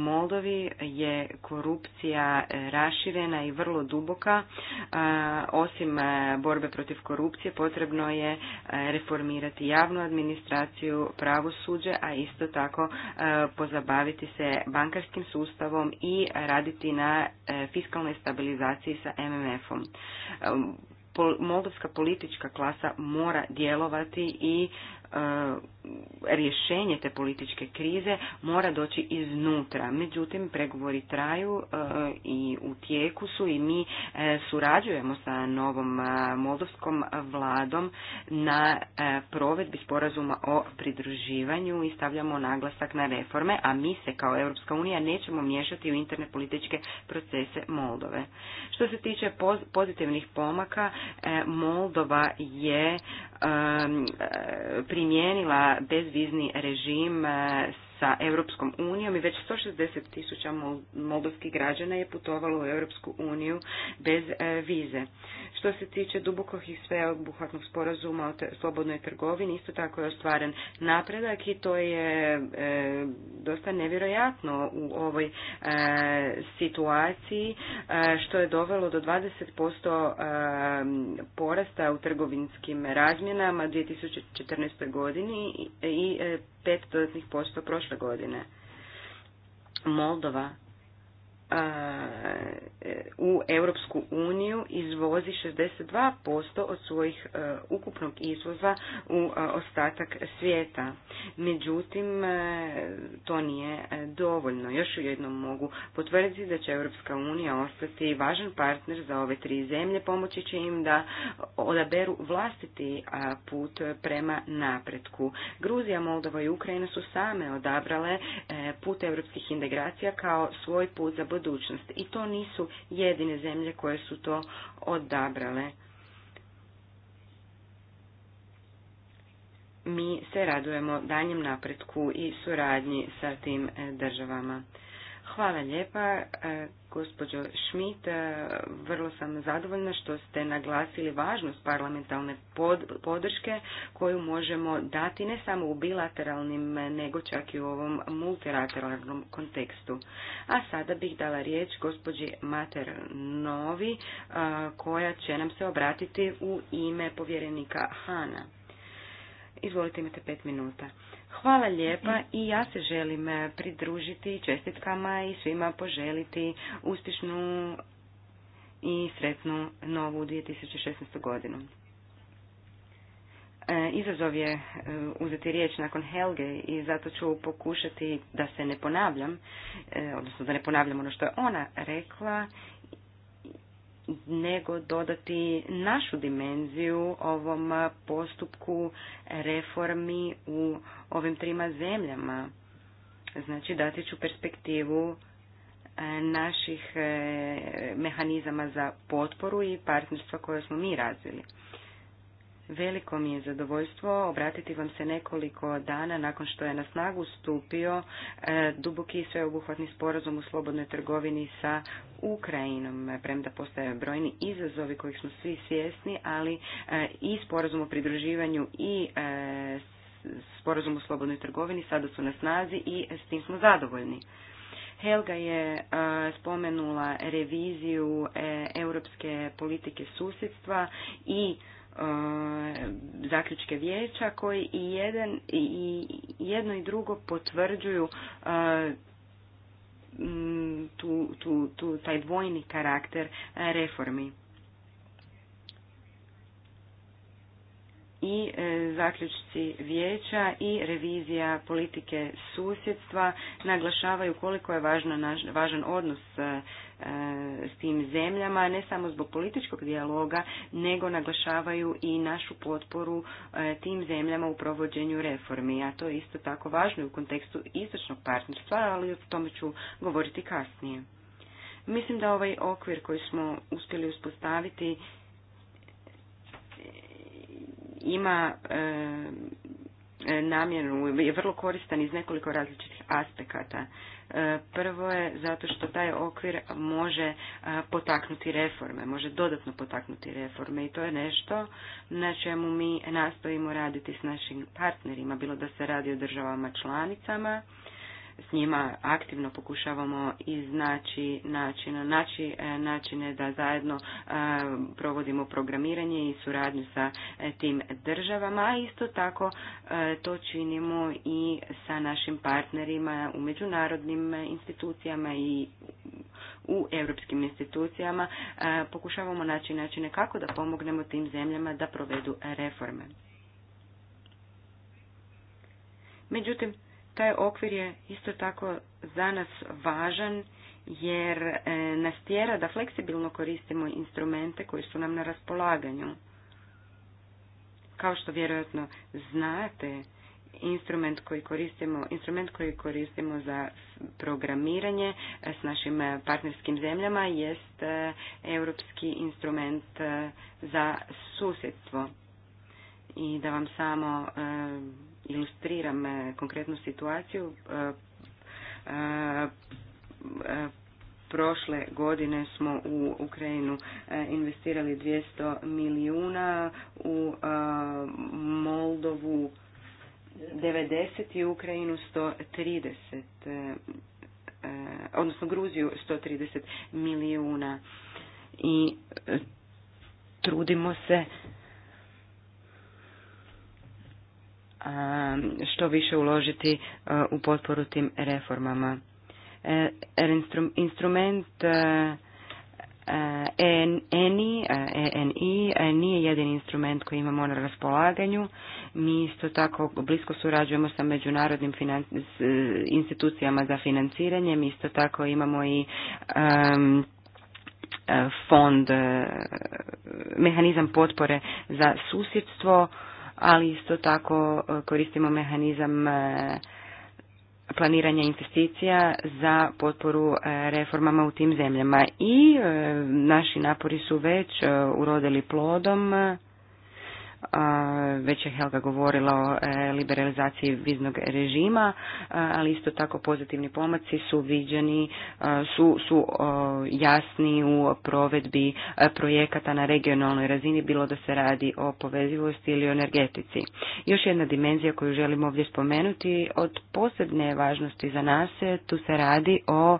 Speaker 2: Moldovi je korupcija e, raširena i vrlo duboka. E, osim e, borbe protiv korupcije potrebno je reformirati javnu administraciju, pravosuđe, a isto tako pozabaviti se bankarskim sustavom i raditi na fiskalnoj stabilizaciji sa MMF-om. Moldovska politička klasa mora djelovati i E, rješenje te političke krize mora doći iznutra. Međutim, pregovori traju e, i u tijeku su i mi e, surađujemo sa novom moldovskom vladom na provedbi sporazuma o pridruživanju i stavljamo naglasak na reforme, a mi se kao Europska unija nećemo miješati u interne političke procese Moldove. Što se tiče pozitivnih pomaka, Moldova je primijenila bezvizni režim eh, sa Europskom unijom i već 160 tisuća moldovskih građana je putovalo u Europsku uniju bez e, vize. Što se tiče dubokog i sveobuhvatnog sporazuma o slobodnoj trgovini, isto tako je ostvaren napredak i to je e, dosta nevjerojatno u ovoj e, situaciji, što je dovelo do 20% porasta u trgovinskim razmjenama 2014. godini i 5 dodatnih posto prošle godine. Moldova E, u Europsku uniju izvozi 62% od svojih e, ukupnog izvoza u e, ostatak svijeta. Međutim, to nije dovoljno. Još jednom mogu potvrditi da će Europska unija ostati važan partner za ove tri zemlje, pomoći će im da odaberu vlastiti put prema napretku. Gruzija, Moldova i Ukrajina su same odabrale put europskih integracija kao svoj put za budućnost budućnost. I to nisu jedine zemlje koje su to odabrale. Mi se radujemo danjem napretku i suradnji sa tim e, državama. Hvala lijepa, e, gospođo Schmidt. E, vrlo sam zadovoljna što ste naglasili važnost parlamentalne podrške koju možemo dati ne samo u bilateralnim, nego čak i u ovom multilateralnom kontekstu. A sada bih dala riječ gospođi Mater Novi, e, koja će nam se obratiti u ime povjerenika Hana. Izvolite, imate pet minuta. Hvala lijepa i ja se želim eh, pridružiti čestitkama i svima poželiti uspješnu i sretnu novu 2016. godinu. Eh, izazov je eh, uzeti riječ nakon Helge i zato ću pokušati da se ne ponavljam, odnosno da ne ponavljam ono što je ona rekla nego dodati našu dimenziju ovom postupku reformi u ovim trima zemljama. Znači dati ću perspektivu e, naših e, mehanizama za potporu i partnerstva koje smo mi razvili. Veliko mi je zadovoljstvo obratiti vam se nekoliko dana nakon što je na snagu stupio e, duboki i sveobuhvatni sporazum u slobodnoj trgovini sa Ukrajinom, premda postoje brojni izazovi kojih smo svi svjesni, ali e, i sporazum o pridruživanju i e, sporazum u slobodnoj trgovini sada su na snazi i s tim smo zadovoljni. Helga je spomenula reviziju europske politike susjedstva i E, zaključke vijeća koji i, jedan, i jedno i drugo potvrđuju e, tu, tu, tu, taj dvojni karakter reformi. i e, zaključci vijeća i revizija politike susjedstva naglašavaju koliko je važan odnos E, s tim zemljama, ne samo zbog političkog dijaloga, nego naglašavaju i našu potporu e, tim zemljama u provođenju reformi. A to je isto tako važno u kontekstu istočnog partnerstva, ali o tome ću govoriti kasnije. Mislim da ovaj okvir koji smo uspjeli uspostaviti ima e, namjenu, je vrlo koristan iz nekoliko različitih aspekata. E, prvo je zato što taj okvir može e, potaknuti reforme, može dodatno potaknuti reforme i to je nešto na čemu mi nastojimo raditi s našim partnerima, bilo da se radi o državama članicama, s njima aktivno pokušavamo iznaći način, naći e, načine da zajedno e, provodimo programiranje i suradnju sa e, tim državama, a isto tako to činimo i sa našim partnerima u međunarodnim institucijama i u europskim institucijama. Pokušavamo naći načine kako da pomognemo tim zemljama da provedu reforme. Međutim, taj okvir je isto tako za nas važan jer e, nas tjera da fleksibilno koristimo instrumente koji su nam na raspolaganju. Kao što vjerojatno znate, instrument koji koristimo, instrument koji koristimo za programiranje e, s našim e, partnerskim zemljama jest europski instrument za susjedstvo. I da vam samo ilustriram konkretnu situaciju, e, e, e, prošle godine smo u Ukrajinu investirali 200 milijuna, u Moldovu 90 i Ukrajinu 130, odnosno Gruziju 130 milijuna i trudimo se Um, što više uložiti uh, u potporu tim reformama. Uh, instrument ENI, uh, ENI nije jedini instrument koji imamo na raspolaganju. Mi isto tako blisko surađujemo sa međunarodnim institucijama za financiranje. Mi isto tako imamo i um, fond, mehanizam potpore za susjedstvo ali isto tako e, koristimo mehanizam e, planiranja investicija za potporu e, reformama u tim zemljama. I naši napori su već urodili plodom već je Helga govorila o e, liberalizaciji viznog režima, ali isto tako pozitivni pomaci su viđeni, su, su jasni u provedbi e, projekata na regionalnoj razini, bilo da se radi o povezivosti ili o energetici. Još jedna dimenzija koju želim ovdje spomenuti od posebne važnosti za nas, tu se radi o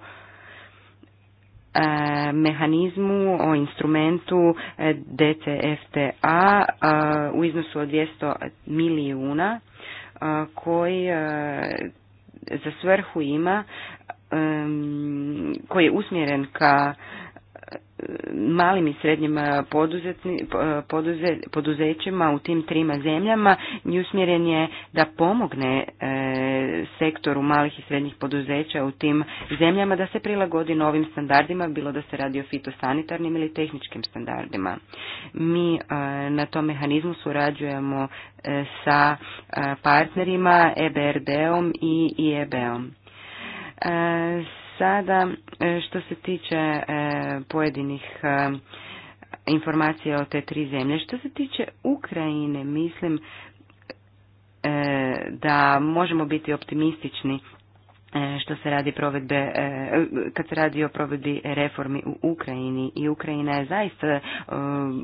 Speaker 2: E, mehanizmu, o instrumentu e, DCFTA e, u iznosu od 200 milijuna koji za svrhu ima koji je usmjeren ka malim i srednjim e, e, poduzećima u tim trima zemljama i usmjeren je da pomogne e, sektoru malih i srednjih poduzeća u tim zemljama da se prilagodi novim standardima, bilo da se radi o fitosanitarnim ili tehničkim standardima. Mi na tom mehanizmu surađujemo sa partnerima EBRD-om i IEB-om. Sada, e, što se tiče e, pojedinih e, informacija o te tri zemlje, što se tiče Ukrajine, mislim da možemo biti optimistični što se radi provedbe, kad se radi o provedbi reformi u Ukrajini i Ukrajina je zaista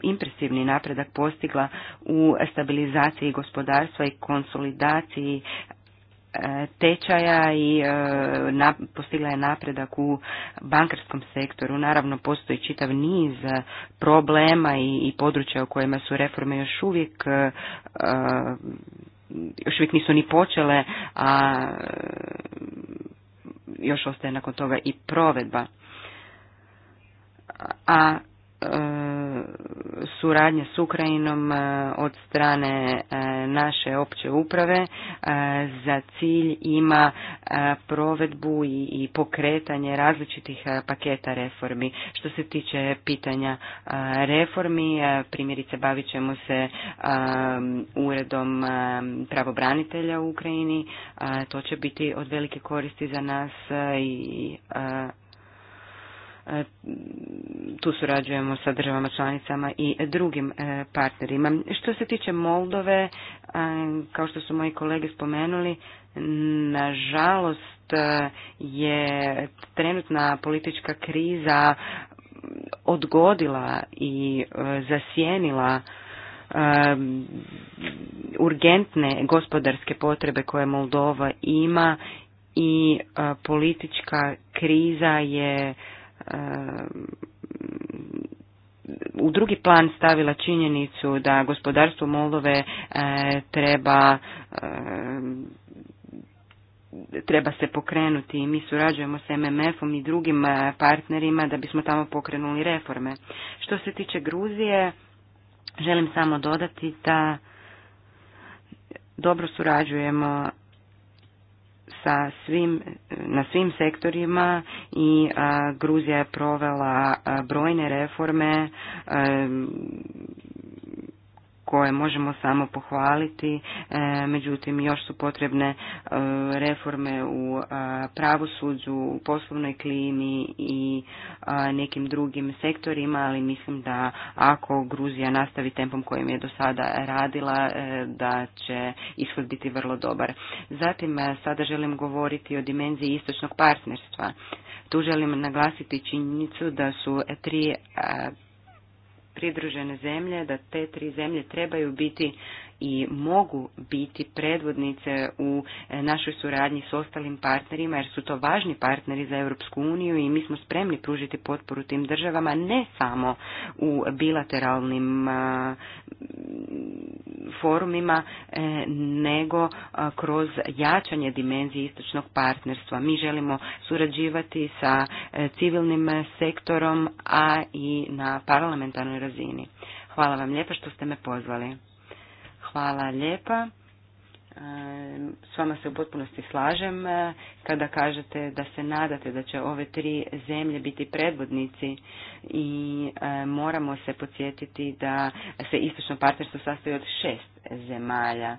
Speaker 2: impresivni napredak postigla u stabilizaciji gospodarstva i konsolidaciji tečaja i e, postigla je napredak u bankarskom sektoru. Naravno, postoji čitav niz problema i područja u kojima su reforme još uvijek e, e, još uvijek nisu ni počele, a još ostaje nakon toga i provedba. A suradnje s Ukrajinom e, od strane e, naše opće uprave e, za cilj ima provedbu i pokretanje različitih paketa reformi. Što se tiče pitanja reformi, primjerice bavit ćemo se uredom pravobranitelja u Ukrajini. To će biti od velike koristi za nas i E, tu surađujemo sa državama članicama i drugim e, partnerima. Što se tiče Moldove, e, kao što su moji kolege spomenuli, nažalost je trenutna politička kriza odgodila i zasjenila urgentne gospodarske potrebe koje Moldova ima i politička kriza je u drugi plan stavila činjenicu da gospodarstvo Moldove e, treba e, treba se pokrenuti i mi surađujemo s MMF-om i drugim e, partnerima da bismo tamo pokrenuli reforme. Što se tiče Gruzije, želim samo dodati da dobro surađujemo sa svim, na svim sektorima i Gruzija je provela brojne reforme koje možemo samo pohvaliti, e, međutim još su potrebne e, reforme u e, pravosuđu, u poslovnoj klimi i nekim drugim sektorima, ali mislim da ako Gruzija nastavi tempom kojim je do sada radila, da će ishod biti vrlo dobar. Zatim sada želim govoriti o dimenziji istočnog partnerstva. Tu želim naglasiti činjenicu da su tri pridružene zemlje, da te tri zemlje trebaju biti i mogu biti predvodnice u e, našoj suradnji s ostalim partnerima jer su to važni partneri za Europsku uniju i mi smo spremni pružiti potporu tim državama ne samo u bilateralnim e, forumima e, nego kroz jačanje dimenzije istočnog partnerstva. Mi želimo surađivati sa civilnim sektorom, a i na parlamentarnoj razini. Hvala vam lijepa što ste me pozvali. Hvala lijepa. E, s vama se u potpunosti slažem e, kada kažete da se nadate da će ove tri zemlje biti predvodnici i e, moramo se podsjetiti da se istočno partnerstvo sastoji od šest zemalja.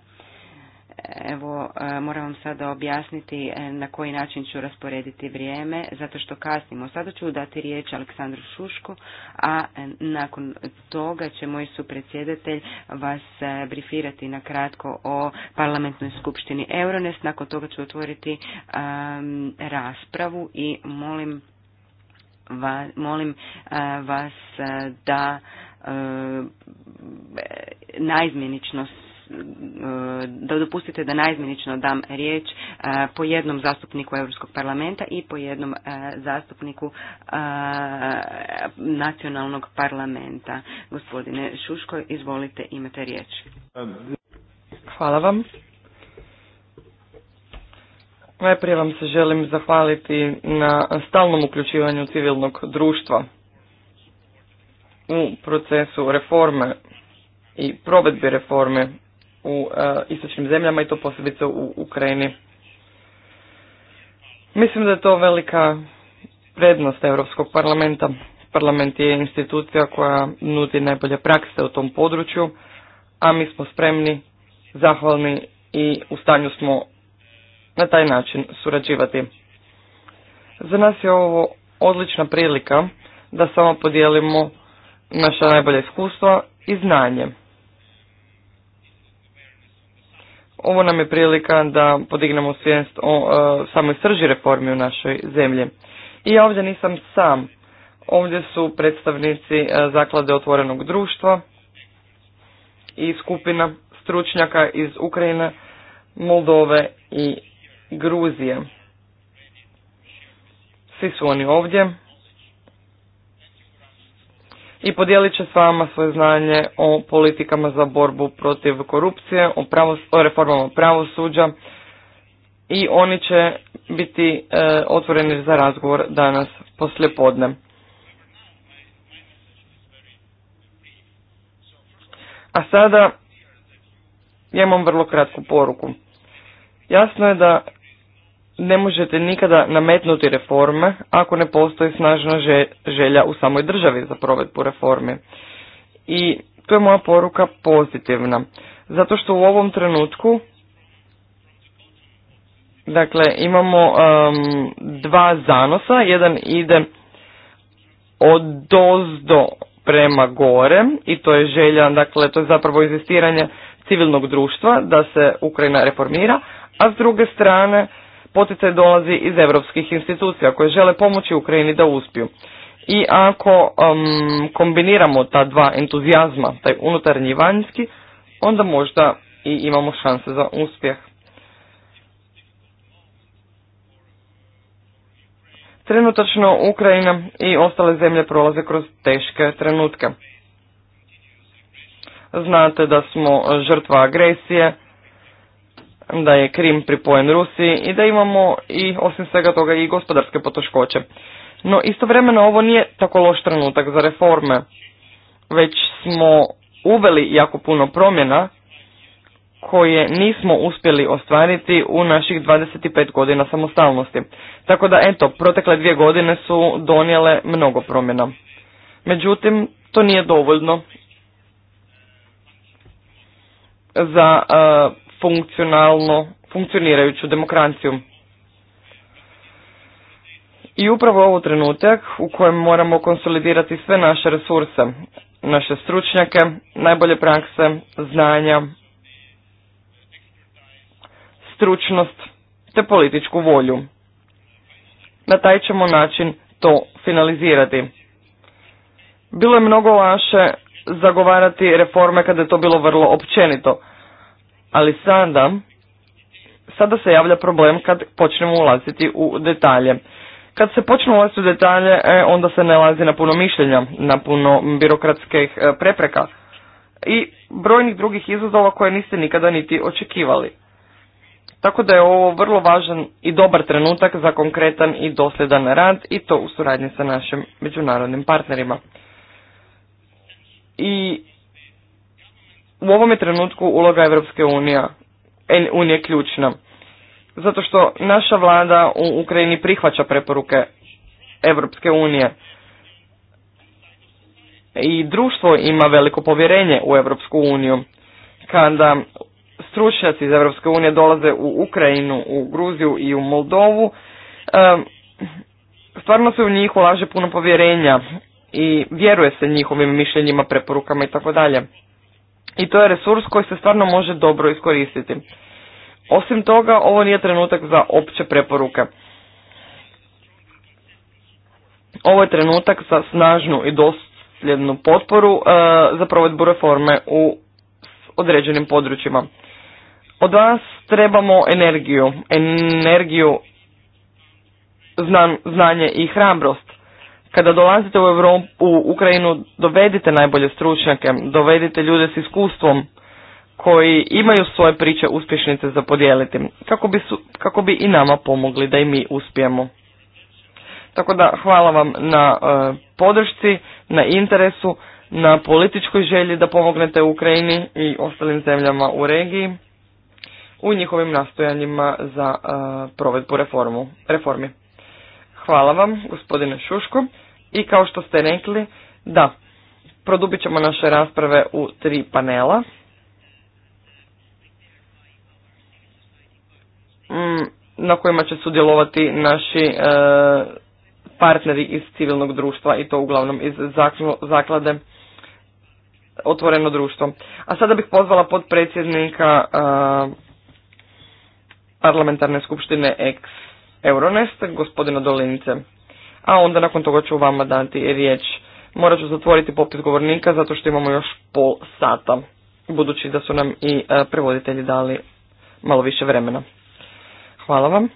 Speaker 2: Evo, e, moram vam sada objasniti e, na koji način ću rasporediti vrijeme, zato što kasnimo. Sada ću dati riječ Aleksandru Šušku, a e, nakon toga će moj supredsjedatelj vas brifirati na kratko o parlamentnoj skupštini Euronest. Nakon toga ću otvoriti raspravu i molim, molim vas da uh, naizmjeničnost E, da dopustite da najizmjenično dam riječ e, po jednom zastupniku Europskog parlamenta i po jednom e, zastupniku nacionalnog parlamenta. Gospodine Šuško, izvolite, imate riječ. Hvala vam.
Speaker 4: Najprije vam se želim zahvaliti na stalnom uključivanju civilnog društva u procesu reforme i provedbi reforme u e, istočnim zemljama i to posebice u Ukrajini. Mislim da je to velika prednost Europskog parlamenta. Parlament je institucija koja nudi najbolje prakse u tom području, a mi smo spremni, zahvalni i u stanju smo na taj način surađivati. Za nas je ovo odlična prilika da samo podijelimo naša najbolja iskustva i znanje. Ovo nam je prilika da podignemo svijest o e, samoj srži reformi u našoj zemlji. I ja ovdje nisam sam. Ovdje su predstavnici e, zaklade otvorenog društva i skupina stručnjaka iz Ukrajine, Moldove i Gruzije. Svi su oni ovdje i podijelit će s vama svoje znanje o politikama za borbu protiv korupcije, o, o reformama pravosuđa i oni će biti e, otvoreni za razgovor danas poslijepodne. A sada imam vrlo kratku poruku. Jasno je da ne možete nikada nametnuti reforme ako ne postoji snažna želja u samoj državi za provedbu reforme. I to je moja poruka pozitivna. Zato što u ovom trenutku dakle imamo um, dva zanosa, jedan ide od dozdo prema gore i to je želja, dakle to je zapravo izistiranje civilnog društva da se Ukrajina reformira, a s druge strane Poticaj dolazi iz europskih institucija koje žele pomoći Ukrajini da uspiju. I ako um, kombiniramo ta dva entuzijazma, taj unutarnji i vanjski, onda možda i imamo šanse za uspjeh. Trenutačno Ukrajina i ostale zemlje prolaze kroz teške trenutke. Znate da smo žrtva agresije, da je Krim pripojen Rusiji i da imamo i osim svega toga i gospodarske poteškoće. No istovremeno ovo nije tako loš trenutak za reforme, već smo uveli jako puno promjena koje nismo uspjeli ostvariti u naših 25 godina samostalnosti. Tako da eto, protekle dvije godine su donijele mnogo promjena. Međutim, to nije dovoljno za e, funkcionalno, funkcionirajuću demokraciju. I upravo ovo trenutak u kojem moramo konsolidirati sve naše resurse, naše stručnjake, najbolje prakse, znanja, stručnost te političku volju. Na taj ćemo način to finalizirati. Bilo je mnogo laše zagovarati reforme kada je to bilo vrlo općenito. Ali sada, sada se javlja problem kad počnemo ulaziti u detalje. Kad se počne ulaziti u detalje, e, onda se nalazi na puno mišljenja, na puno birokratskih e, prepreka i brojnih drugih izazova koje niste nikada niti očekivali. Tako da je ovo vrlo važan i dobar trenutak za konkretan i dosljedan rad i to u suradnji sa našim međunarodnim partnerima. I u ovome trenutku uloga Europske unije, unije ključna. Zato što naša vlada u Ukrajini prihvaća preporuke Europske unije. I društvo ima veliko povjerenje u Europsku uniju. Kada stručnjaci iz Europske unije dolaze u Ukrajinu, u Gruziju i u Moldovu, stvarno se u njih ulaže puno povjerenja i vjeruje se njihovim mišljenjima, preporukama i tako dalje i to je resurs koji se stvarno može dobro iskoristiti. Osim toga, ovo nije trenutak za opće preporuke. Ovo je trenutak za snažnu i dosljednu potporu e, za provedbu reforme u određenim područjima. Od vas trebamo energiju, energiju, znanje i hrabrost. Kada dolazite u, Evropu, u Ukrajinu, dovedite najbolje stručnjake, dovedite ljude s iskustvom koji imaju svoje priče uspješnice za podijeliti, kako bi, su, kako bi i nama pomogli da i mi uspijemo. Tako da hvala vam na e, podršci, na interesu, na političkoj želji da pomognete Ukrajini i ostalim zemljama u regiji u njihovim nastojanjima za e, provedbu reformu, reformi. Hvala vam, gospodine Šuško. I kao što ste rekli, da, produbit ćemo naše rasprave u tri panela. Mm, na kojima će sudjelovati naši e, partneri iz civilnog društva i to uglavnom iz zaklade Otvoreno društvo. A sada bih pozvala potpredsjednika e, parlamentarne skupštine EKS. Euronest, gospodina Dolinice. A onda nakon toga ću vama dati riječ. Morat ću zatvoriti popis govornika zato što imamo još pol sata, budući da su nam i e, prevoditelji dali malo više vremena. Hvala vam.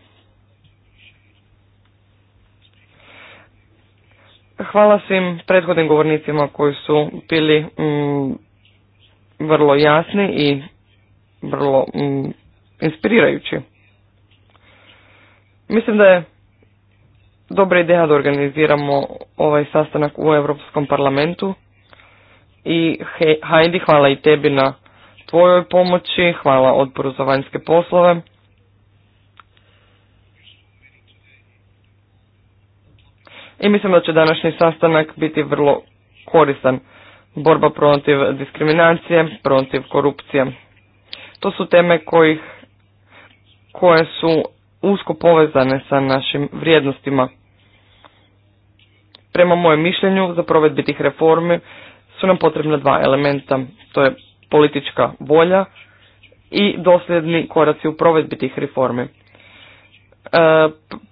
Speaker 4: Hvala svim prethodnim govornicima koji su bili mm, vrlo jasni i vrlo mm, inspirirajući. Mislim da je dobra ideja da organiziramo ovaj sastanak u Europskom parlamentu. I Heidi, hvala i tebi na tvojoj pomoći, hvala odboru za vanjske poslove. I mislim da će današnji sastanak biti vrlo koristan. Borba protiv diskriminacije, protiv korupcije. To su teme kojih, koje su usko povezane sa našim vrijednostima. Prema mojem mišljenju, za provedbi tih reformi su nam potrebna dva elementa. To je politička volja i dosljedni koraci u provedbi tih reformi. E,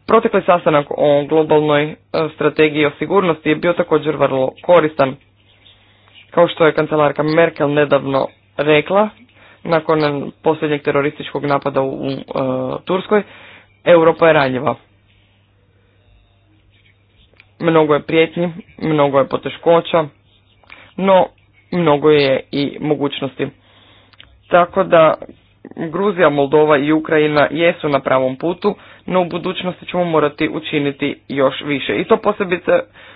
Speaker 4: protekli sastanak o globalnoj e, strategiji o sigurnosti je bio također vrlo koristan. Kao što je kancelarka Merkel nedavno rekla, nakon posljednjeg terorističkog napada u, e, Turskoj, Europa je ranjiva. Mnogo je prijetnji, mnogo je poteškoća, no mnogo je i mogućnosti. Tako da Gruzija, Moldova i Ukrajina jesu na pravom putu, no u budućnosti ćemo morati učiniti još više. I to posebice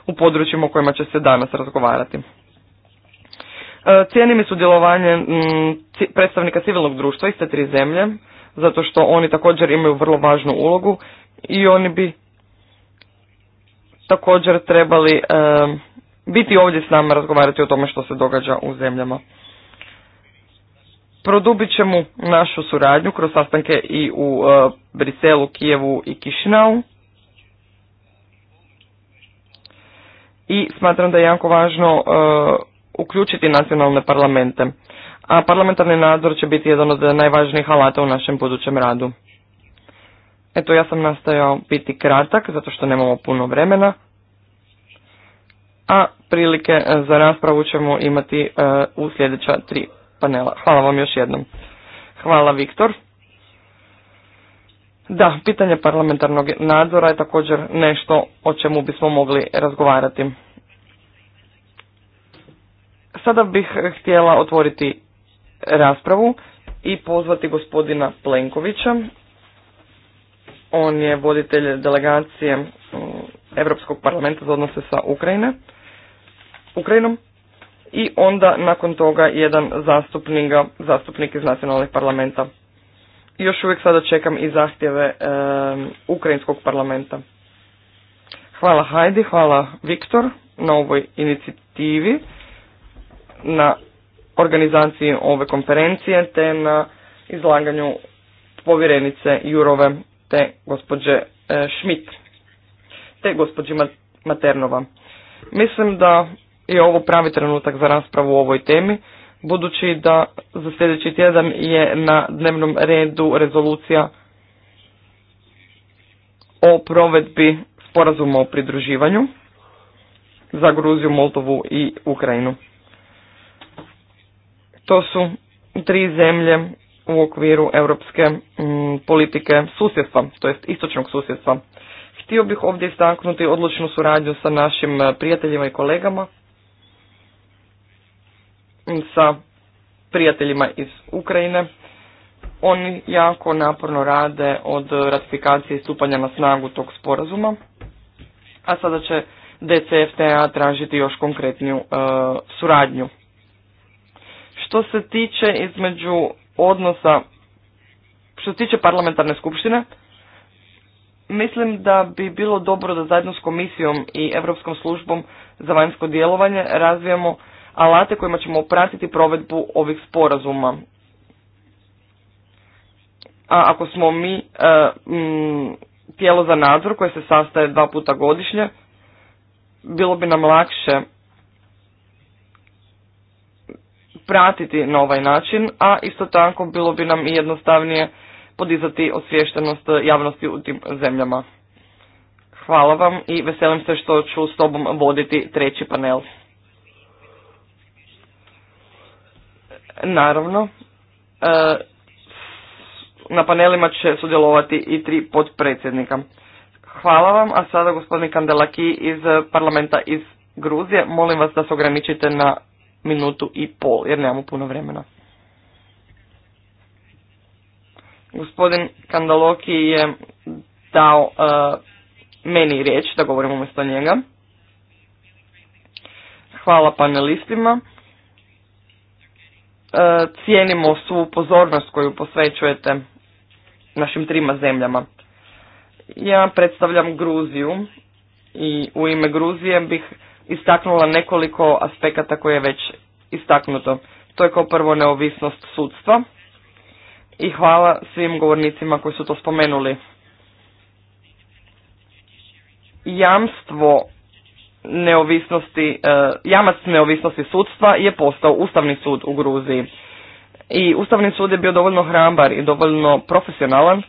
Speaker 4: u područjima o kojima će se danas razgovarati. E, cijenim sudjelovanje predstavnika civilnog društva iz te tri zemlje zato što oni također imaju vrlo važnu ulogu i oni bi također trebali e, biti ovdje s nama razgovarati o tome što se događa u zemljama. Produbit ćemo našu suradnju kroz sastanke i u e, Briselu, Kijevu i Kišinau. I smatram da je jako važno e, uključiti nacionalne parlamente a parlamentarni nadzor će biti jedan od najvažnijih alata u našem budućem radu. Eto, ja sam nastojao biti kratak, zato što nemamo puno vremena, a prilike e, za raspravu ćemo imati e, u sljedeća tri panela. Hvala vam još jednom. Hvala, Viktor. Da, pitanje parlamentarnog nadzora je također nešto o čemu bismo mogli razgovarati. Sada bih htjela otvoriti raspravu i pozvati gospodina Plenkovića. On je voditelj delegacije mm, Europskog parlamenta za odnose sa Ukrajine, Ukrajinom i onda nakon toga jedan zastupnik, zastupnik iz nacionalnih parlamenta. još uvijek sada čekam i zahtjeve Ukrajinskog parlamenta. Hvala Hajdi, hvala Viktor na ovoj inicijativi, na organizaciji ove konferencije te na izlaganju povjerenice Jurove te gospođe e, Schmidt te gospođe Maternova. Mislim da je ovo pravi trenutak za raspravu o ovoj temi, budući da za sljedeći tjedan je na dnevnom redu rezolucija o provedbi sporazuma o pridruživanju za Gruziju, Moldovu i Ukrajinu. To su tri zemlje u okviru europske mm, politike susjedstva, to jest istočnog susjedstva. Htio bih ovdje istaknuti odlučnu suradnju sa našim e, prijateljima i kolegama, mm, sa prijateljima iz Ukrajine. Oni jako naporno rade od ratifikacije i stupanja na snagu tog sporazuma, a sada će DCFTA tražiti još konkretniju e, suradnju što se tiče između odnosa, što se tiče parlamentarne skupštine, mislim da bi bilo dobro da zajedno s komisijom i Europskom službom za vanjsko djelovanje razvijemo alate kojima ćemo pratiti provedbu ovih sporazuma. A ako smo mi e, tijelo za nadzor koje se sastaje dva puta godišnje, bilo bi nam lakše pratiti na ovaj način, a isto tako bilo bi nam i jednostavnije podizati osviještenost javnosti u tim zemljama. Hvala vam i veselim se što ću s tobom voditi treći panel. Naravno, e, na panelima će sudjelovati i tri podpredsjednika. Hvala vam, a sada gospodin Kandelaki iz parlamenta iz Gruzije, molim vas da se ograničite na minutu i pol, jer nemamo puno vremena. Gospodin Kandaloki je dao uh, meni riječ, da govorim umjesto njega. Hvala panelistima. Uh, cijenimo svu pozornost koju posvećujete našim trima zemljama. Ja predstavljam Gruziju i u ime Gruzije bih istaknula nekoliko aspekata koje je već istaknuto. To je kao prvo neovisnost sudstva i hvala svim govornicima koji su to spomenuli. Jamstvo neovisnosti, e, jamac neovisnosti sudstva je postao Ustavni sud u Gruziji. I Ustavni sud je bio dovoljno hrambar i dovoljno profesionalan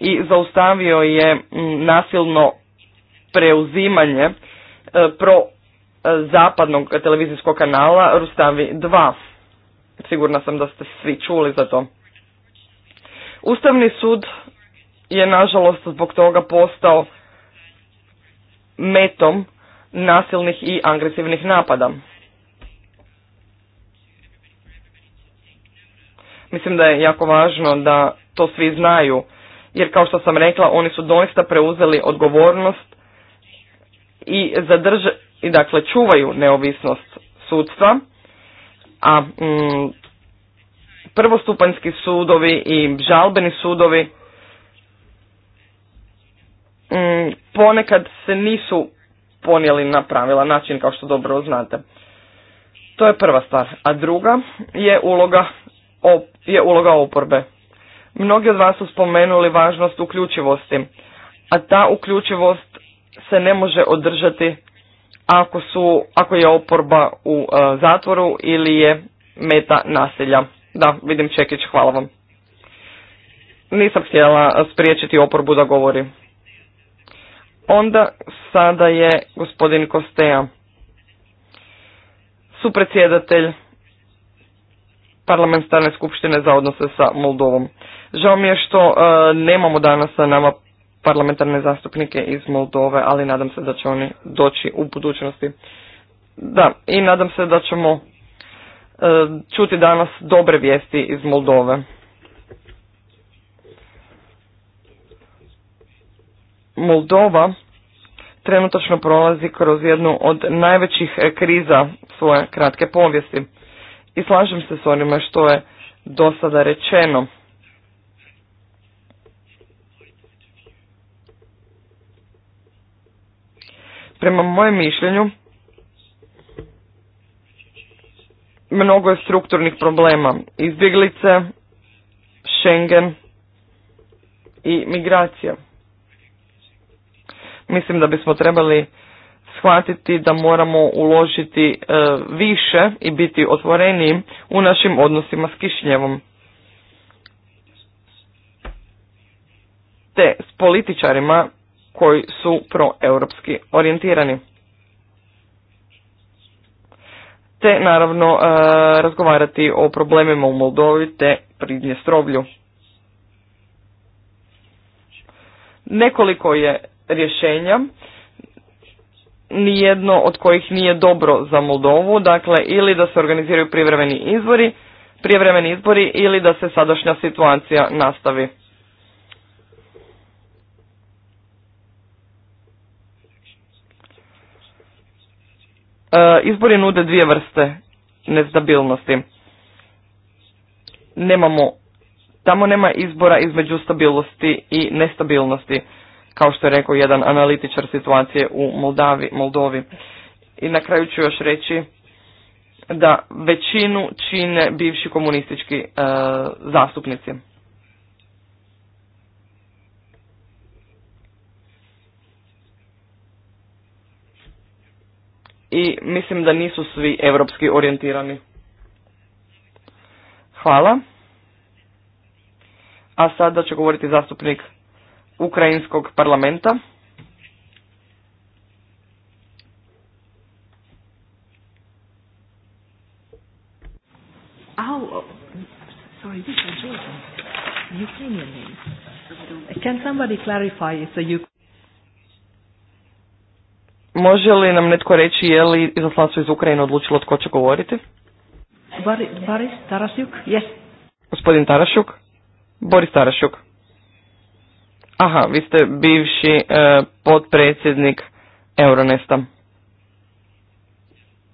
Speaker 4: i zaustavio je nasilno preuzimanje E, pro e, zapadnog televizijskog kanala Rustavi 2. Sigurna sam da ste svi čuli za to. Ustavni sud je nažalost zbog toga postao metom nasilnih i agresivnih napada. Mislim da je jako važno da to svi znaju, jer kao što sam rekla, oni su doista preuzeli odgovornost i zadrže i dakle čuvaju neovisnost sudstva, a mm, prvostupanjski sudovi i žalbeni sudovi mm, ponekad se nisu ponijeli na pravila način kao što dobro znate. To je prva stvar. A druga je uloga, op, je uloga oporbe. Mnogi od vas su spomenuli važnost uključivosti, a ta uključivost se ne može održati ako, su, ako je oporba u e, zatvoru ili je meta nasilja. Da, vidim Čekić, hvala vam. Nisam htjela spriječiti oporbu da govori. Onda sada je gospodin Kosteja, supredsjedatelj parlamentarne skupštine za odnose sa Moldovom. Žao mi je što e, nemamo danas sa nama parlamentarne zastupnike iz Moldove, ali nadam se da će oni doći u budućnosti. Da, i nadam se da ćemo e, čuti danas dobre vijesti iz Moldove. Moldova trenutačno prolazi kroz jednu od najvećih e, kriza svoje kratke povijesti. I slažem se s onima što je do sada rečeno. Prema mojem mišljenju, mnogo je strukturnih problema. Izbjeglice, Schengen i migracija. Mislim da bismo trebali shvatiti da moramo uložiti e, više i biti otvoreniji u našim odnosima s Kišnjevom. Te s političarima koji su proeuropski orijentirani. Te naravno e, razgovarati o problemima u Moldovi te Pridnjestrovlju. Nekoliko je rješenja, nijedno od kojih nije dobro za Moldovu, dakle ili da se organiziraju privremeni izbori, prijevremeni izbori ili da se sadašnja situacija nastavi. Eh, izbori nude dvije vrste nestabilnosti. Nemamo, tamo nema izbora između stabilnosti i nestabilnosti, kao što je rekao jedan analitičar situacije u Moldavi, Moldovi. I na kraju ću još reći da većinu čine bivši komunistički eh, zastupnici. i mislim da nisu svi evropski orijentirani. Hvala. A sada će govoriti zastupnik Ukrajinskog parlamenta.
Speaker 1: Au, oh, sorry, Can somebody clarify
Speaker 4: Može li nam netko reći je li izaslanstvo iz Ukrajine odlučilo tko će govoriti?
Speaker 1: Boris, Boris Tarasjuk,
Speaker 4: Gospodin Tarašuk? Boris Tarašuk. Aha, vi ste bivši e, potpredsjednik Euronesta.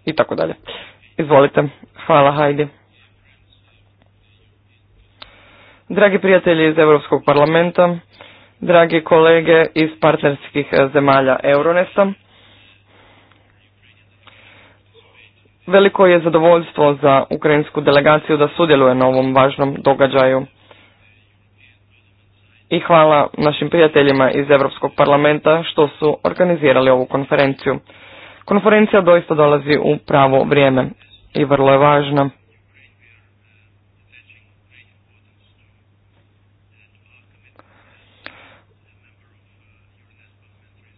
Speaker 4: I tako dalje. Izvolite. Hvala, hajde. Dragi prijatelji iz Europskog parlamenta, dragi kolege iz partnerskih e, zemalja Euronesta, Veliko je zadovoljstvo za ukrajinsku delegaciju da sudjeluje na ovom važnom događaju. I hvala našim prijateljima iz Europskog parlamenta što su organizirali ovu konferenciju. Konferencija doista dolazi u pravo vrijeme i vrlo je važna.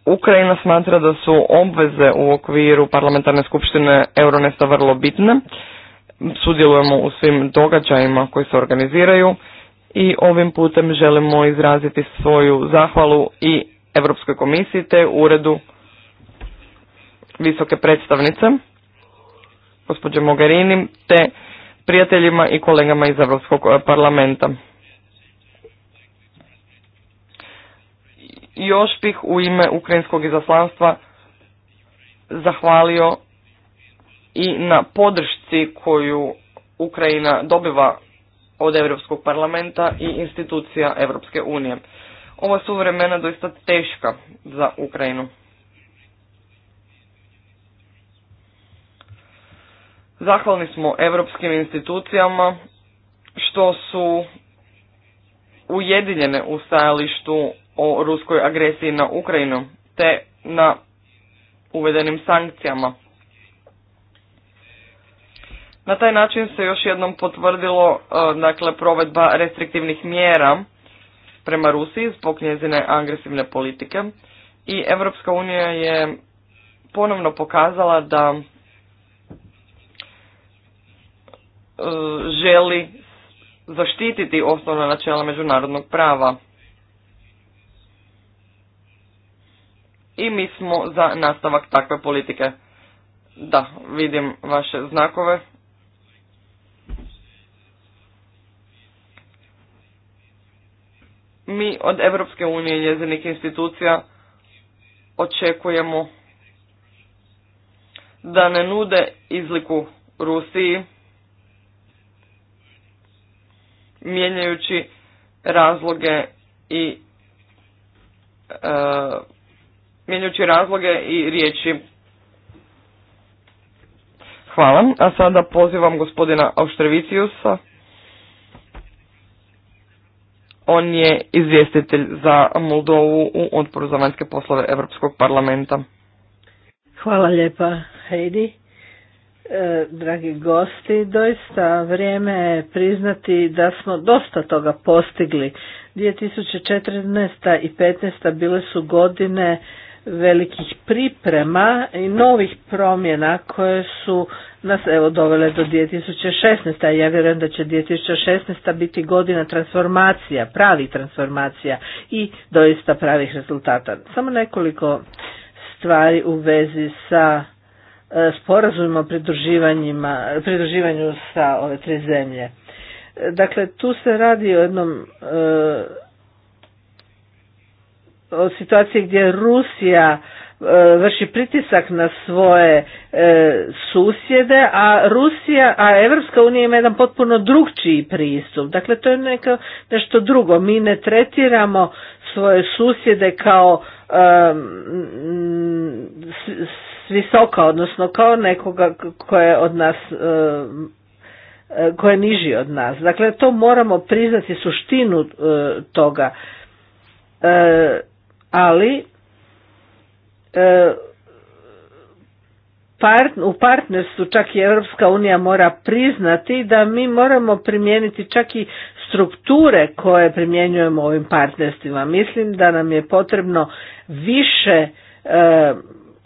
Speaker 4: Ukrajina smatra da su obveze u okviru parlamentarne skupštine Euronesta vrlo bitne. Sudjelujemo u svim događajima koji se organiziraju i ovim putem želimo izraziti svoju zahvalu i Europskoj komisiji te uredu visoke predstavnice, gospođe Mogherini, te prijateljima i kolegama iz Europskog eh, parlamenta. još bih u ime ukrajinskog izaslanstva zahvalio i na podršci koju Ukrajina dobiva od Europskog parlamenta i institucija Europske unije. Ova su vremena doista teška za Ukrajinu. Zahvalni smo europskim institucijama što su ujedinjene u stajalištu o ruskoj agresiji na Ukrajinu te na uvedenim sankcijama. Na taj način se još jednom potvrdilo e, dakle provedba restriktivnih mjera prema Rusiji zbog njezine agresivne politike i Europska unija je ponovno pokazala da e, želi zaštititi osnovna načela međunarodnog prava. i mi smo za nastavak takve politike. Da, vidim vaše znakove. Mi od Europske unije i njezinih institucija očekujemo da ne nude izliku Rusiji mijenjajući razloge i e, Mijenjući razloge i riječi. Hvala. A sada pozivam gospodina Auštrevicijusa. On je izvjestitelj za Moldovu u odporu za vanjske poslove Europskog parlamenta.
Speaker 1: Hvala lijepa Heidi. E, dragi gosti, doista vrijeme je priznati da smo dosta toga postigli. 2014. i 2015. bile su godine velikih priprema i novih promjena koje su nas evo dovele do 2016. Ja vjerujem da će 2016. biti godina transformacija, pravih transformacija i doista pravih rezultata. Samo nekoliko stvari u vezi sa e, sporazumima o pridruživanju sa ove tri zemlje. Dakle, tu se radi o jednom e, Situacije gdje Rusija e, vrši pritisak na svoje e, susjede, a Rusija, a Evropska unija ima jedan potpuno drugčiji pristup. Dakle, to je nešto drugo. Mi ne tretiramo svoje susjede kao e, visoka, odnosno kao nekoga koje je od nas e, koje je niži od nas. Dakle, to moramo priznati suštinu e, toga ali e, u partnerstvu čak i Europska unija mora priznati da mi moramo primijeniti čak i strukture koje primjenjujemo ovim partnerstvima. Mislim da nam je potrebno više e,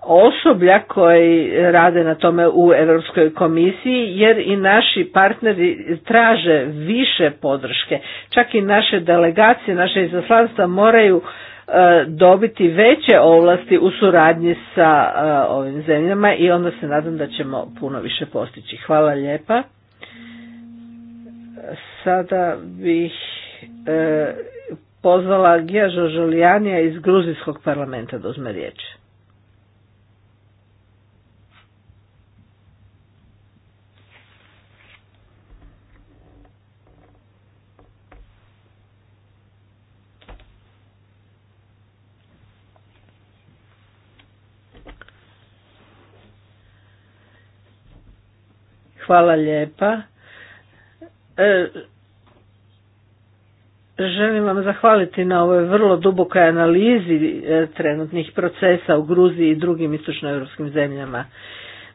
Speaker 1: osoblja koji rade na tome u Europskoj komisiji jer i naši partneri traže više podrške. Čak i naše delegacije, naše izaslanstva moraju E, dobiti veće ovlasti u suradnji sa e, ovim zemljama i onda se nadam da ćemo puno više postići. Hvala lijepa. Sada bih e, pozvala Gija Žožolijanija iz Gruzijskog parlamenta da uzme riječ. Hvala lijepa. E, želim vam zahvaliti na ovoj vrlo dubokoj analizi e, trenutnih procesa u Gruziji i drugim istočnoevropskim zemljama.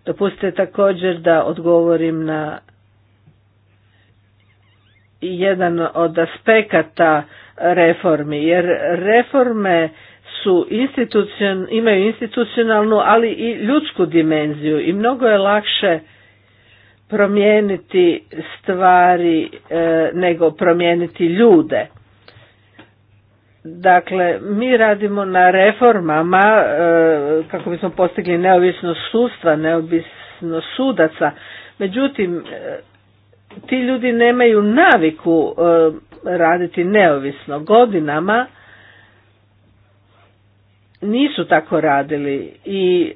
Speaker 1: Dopustite također da odgovorim na jedan od aspekata reformi, jer reforme su institucion, imaju institucionalnu, ali i ljudsku dimenziju i mnogo je lakše promijeniti stvari e, nego promijeniti ljude. Dakle, mi radimo na reformama e, kako bismo postigli neovisnost sudstva, neovisnost sudaca. Međutim, e, ti ljudi nemaju naviku raditi neovisno godinama nisu tako radili i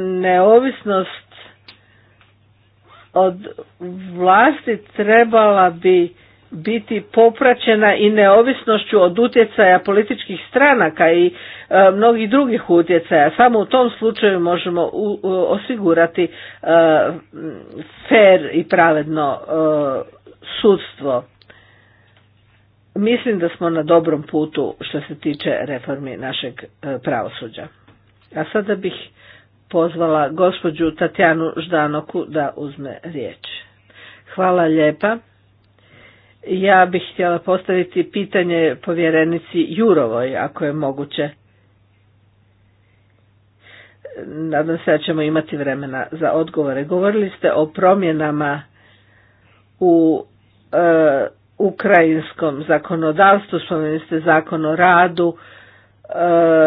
Speaker 1: neovisnost od vlasti trebala bi biti popraćena i neovisnošću od utjecaja političkih stranaka i e, mnogih drugih utjecaja. Samo u tom slučaju možemo osigurati e, fer i pravedno e, sudstvo. Mislim da smo na dobrom putu što se tiče reformi našeg e, pravosuđa. A sada bih pozvala gospođu Tatjanu Ždanoku da uzme riječ. Hvala lijepa. Ja bih htjela postaviti pitanje povjerenici Jurovoj, ako je moguće. Nadam se da ćemo imati vremena za odgovore. Govorili ste o promjenama u e, ukrajinskom zakonodavstvu, spomenuli ste zakon o radu, E,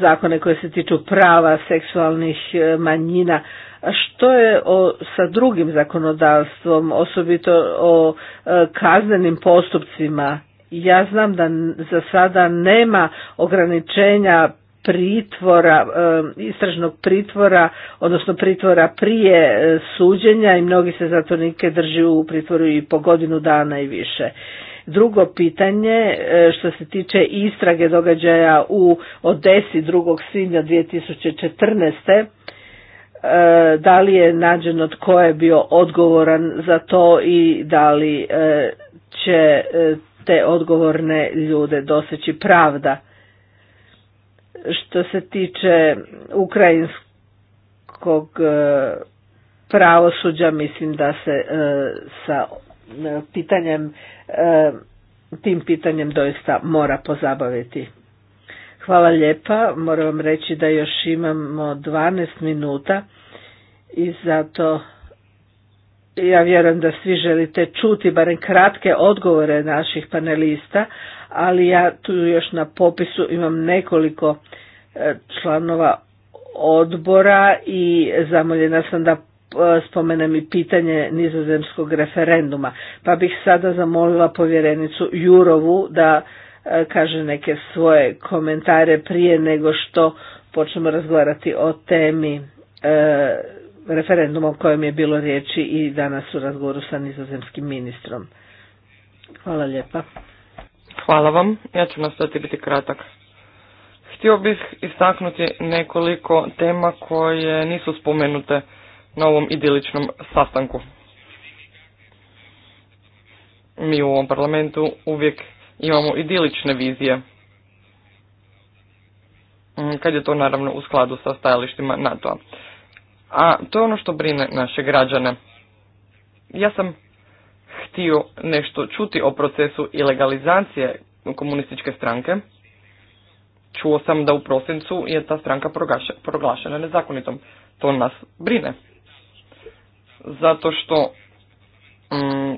Speaker 1: zakone koje se tiču prava seksualnih e, manjina. što je o, sa drugim zakonodavstvom, osobito o e, kaznenim postupcima? Ja znam da za sada nema ograničenja pritvora, istražnog pritvora, odnosno pritvora prije suđenja i mnogi se zatvornike drži u pritvoru i po godinu dana i više. Drugo pitanje e, što se tiče istrage događaja u Odesi 2. svibnja 2014 e, da li je nađeno tko je bio odgovoran za to i da li e, će te odgovorne ljude doseći pravda. Što se tiče ukrajinskog pravosuđa, mislim da se sa E, pitanjem, e, tim pitanjem doista mora pozabaviti. Hvala lijepa, moram vam reći da još imamo 12 minuta i zato ja vjerujem da svi želite čuti barem kratke odgovore naših panelista, ali ja tu još na popisu imam nekoliko e, članova odbora i zamoljena sam da E, spomenem i pitanje nizozemskog referenduma. Pa bih sada zamolila povjerenicu Jurovu da e, kaže neke svoje komentare prije nego što počnemo razgovarati o temi e, referenduma o kojem je bilo riječi i danas u razgovoru sa nizozemskim ministrom. Hvala lijepa.
Speaker 4: Hvala vam. Ja ću nastati biti kratak. Htio bih istaknuti nekoliko tema koje nisu spomenute na ovom idiličnom sastanku. Mi u ovom parlamentu uvijek imamo idilične vizije, mm, kad je to naravno u skladu sa stajalištima NATO-a. A to je ono što brine naše građane. Ja sam htio nešto čuti o procesu ilegalizacije komunističke stranke. Čuo sam da u prosincu je ta stranka proglašena nezakonitom. To nas brine zato što mm,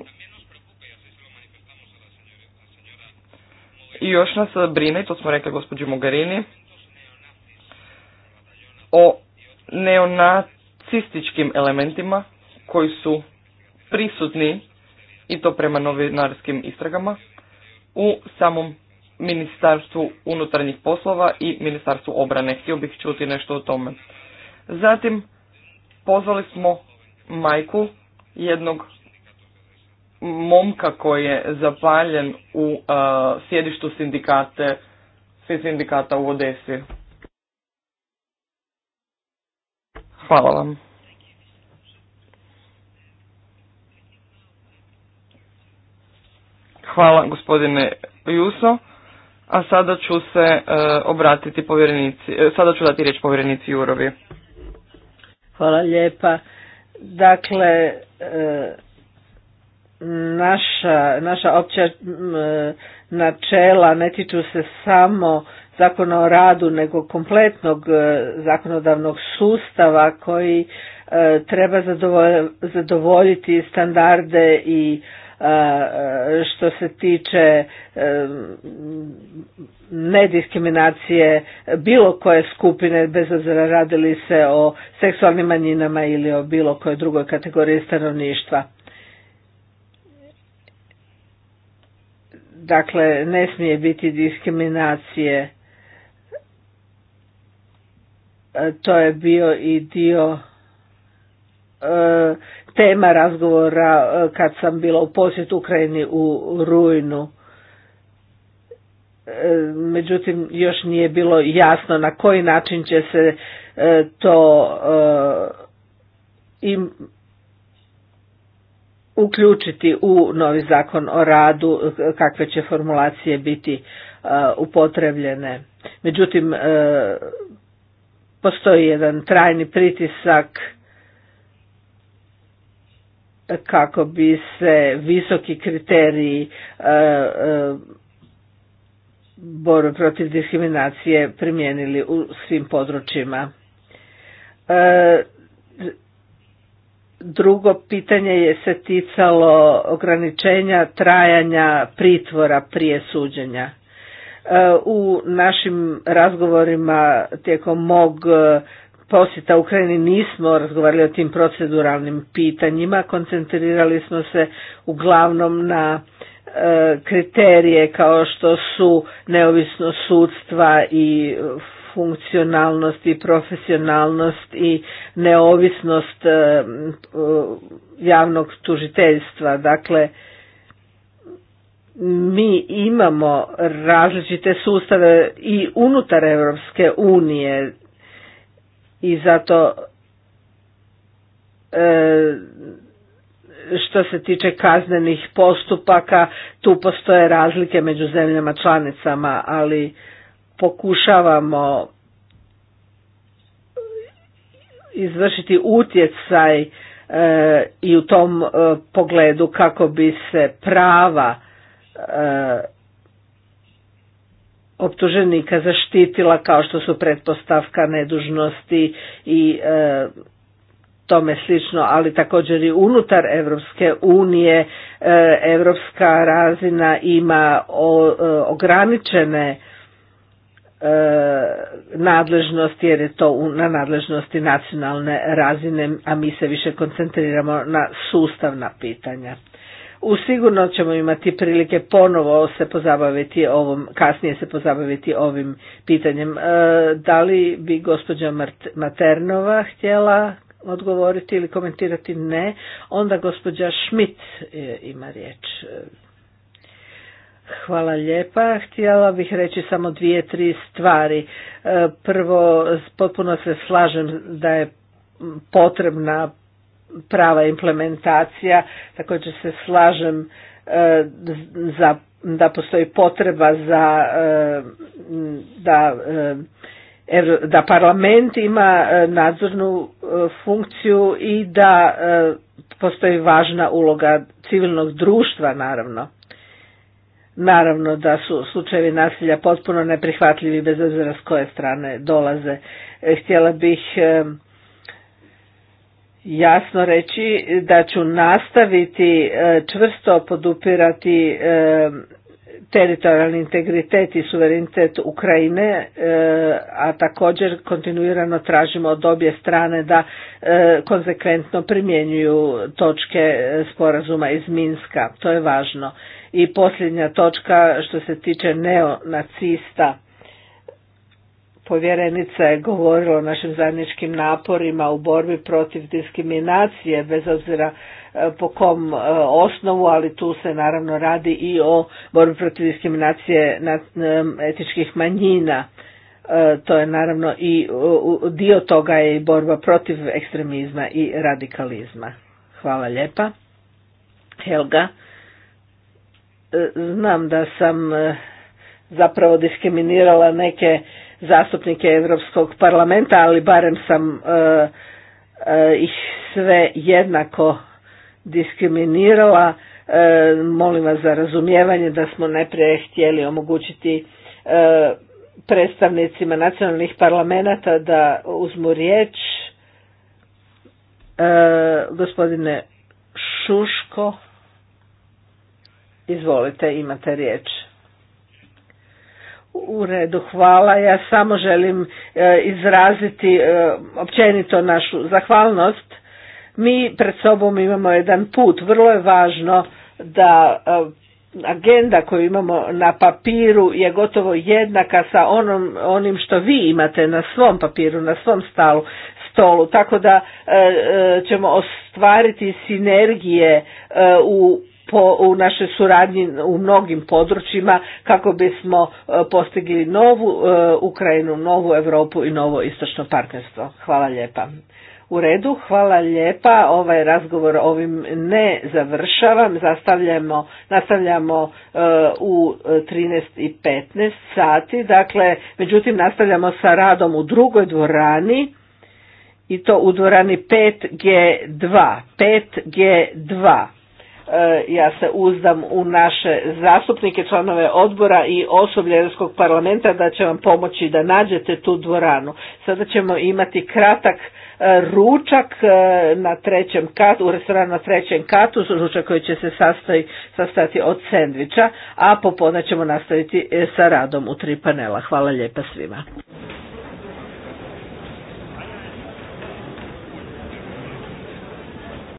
Speaker 4: i još nas brine, i to smo rekli gospođi Mogherini, o neonacističkim elementima koji su prisutni i to prema novinarskim istragama u samom Ministarstvu unutarnjih poslova i Ministarstvu obrane. Htio bih čuti nešto o tome. Zatim pozvali smo majku jednog momka koji je zapaljen u uh, sjedištu sindikate, svi sindikata u Odesi. Hvala vam. Hvala gospodine Juso. A sada ću se uh, obratiti povjerenici, eh, sada ću dati riječ povjerenici Jurovi.
Speaker 1: Hvala lijepa. Dakle, e, naša, naša opća načela ne tiču se samo zakona o radu, nego kompletnog e, zakonodavnog sustava koji e, treba zadovoljiti standarde i E, e, što se tiče e, nediskriminacije bilo koje skupine, bez obzira radili se o seksualnim manjinama ili o bilo kojoj drugoj kategoriji stanovništva. Dakle, ne smije biti diskriminacije. To je bio i dio tema razgovora e, kad sam bila u posjetu Ukrajini u rujnu. E, međutim, još nije bilo jasno na koji način će se e, to im uključiti u novi zakon o radu, kakve će formulacije biti upotrebljene. Međutim, postoji jedan trajni pritisak kako bi se visoki kriteriji e, e, borbe protiv diskriminacije primijenili u svim područjima. E, drugo pitanje je se ticalo ograničenja trajanja pritvora prije suđenja. U našim razgovorima tijekom mog posjeta Ukrajini nismo razgovarali o tim proceduralnim pitanjima, koncentrirali smo se uglavnom na e, kriterije kao što su neovisnost sudstva i funkcionalnost i profesionalnost i neovisnost e, javnog tužiteljstva. Dakle, mi imamo različite sustave i unutar Europske unije i zato e, što se tiče kaznenih postupaka tu postoje razlike među zemljama članicama ali pokušavamo izvršiti utjecaj e, i u tom e, pogledu kako bi se prava optuženika zaštitila kao što su pretpostavka nedužnosti i e, tome slično, ali također i unutar Europske unije europska razina ima e, ograničene e, nadležnosti jer je to na nadležnosti nacionalne razine, a mi se više koncentriramo na sustavna pitanja u sigurno ćemo imati prilike ponovo se pozabaviti ovom, kasnije se pozabaviti ovim pitanjem. E, da li bi gospođa Maternova htjela odgovoriti ili komentirati? Ne. Onda gospođa Šmit e, ima riječ. E, hvala lijepa. Htjela bih reći samo dvije, tri stvari. Prvo, potpuno se slažem da je potrebna prava implementacija. Također se slažem e, za, da postoji potreba za e, da e, da parlament ima nadzornu funkciju i da postoji važna uloga civilnog društva naravno. Naravno da su slučajevi nasilja potpuno neprihvatljivi bez obzira s koje strane dolaze. Htjela bih jasno reći da ću nastaviti e, čvrsto podupirati e, teritorijalni integritet i suverenitet Ukrajine, e, a također kontinuirano tražimo od obje strane da konsekventno primjenjuju točke sporazuma iz Minska. To je važno. I posljednja točka što se tiče neonacista povjerenica je govorila o našim zajedničkim naporima u borbi protiv diskriminacije bez obzira e, po kom e, osnovu, ali tu se naravno radi i o borbi protiv diskriminacije e, etičkih manjina. To je naravno i dio toga je i borba protiv ekstremizma i radikalizma. Hvala lijepa. Helga, znam da sam zapravo diskriminirala neke zastupnike Europskog parlamenta, ali barem sam e, e, ih sve jednako diskriminirala. E, molim vas za razumijevanje da smo najprije htjeli omogućiti predstavnicima nacionalnih parlamenta da uzmu riječ. Gospodine Šuško, izvolite, imate riječ. U redu, hvala. Ja samo želim e, izraziti e, općenito našu zahvalnost. Mi pred sobom imamo jedan put. Vrlo je važno da e, agenda koju imamo na papiru je gotovo jednaka sa onom, onim što vi imate na svom papiru, na svom stalu, stolu. Tako da ćemo ostvariti sinergije u po, u našoj suradnji u mnogim područjima kako bismo e, postigli novu e, Ukrajinu, novu Europu i novo istočno partnerstvo. Hvala lijepa. U redu, hvala lijepa. Ovaj razgovor ovim ne završavam. Zastavljamo, nastavljamo e, u 13 i 15 sati. Dakle, međutim nastavljamo sa radom u drugoj dvorani i to u dvorani 5G2, 5G2. E, ja se uzdam u naše zastupnike, članove odbora i osoblje Europskog parlamenta da će vam pomoći da nađete tu dvoranu. Sada ćemo imati kratak e, ručak e, na trećem katu, u restoranu na trećem katu, ručak koji će se sastoji, sastati od sendviča, a popodne ćemo nastaviti sa radom u tri panela. Hvala lijepa svima.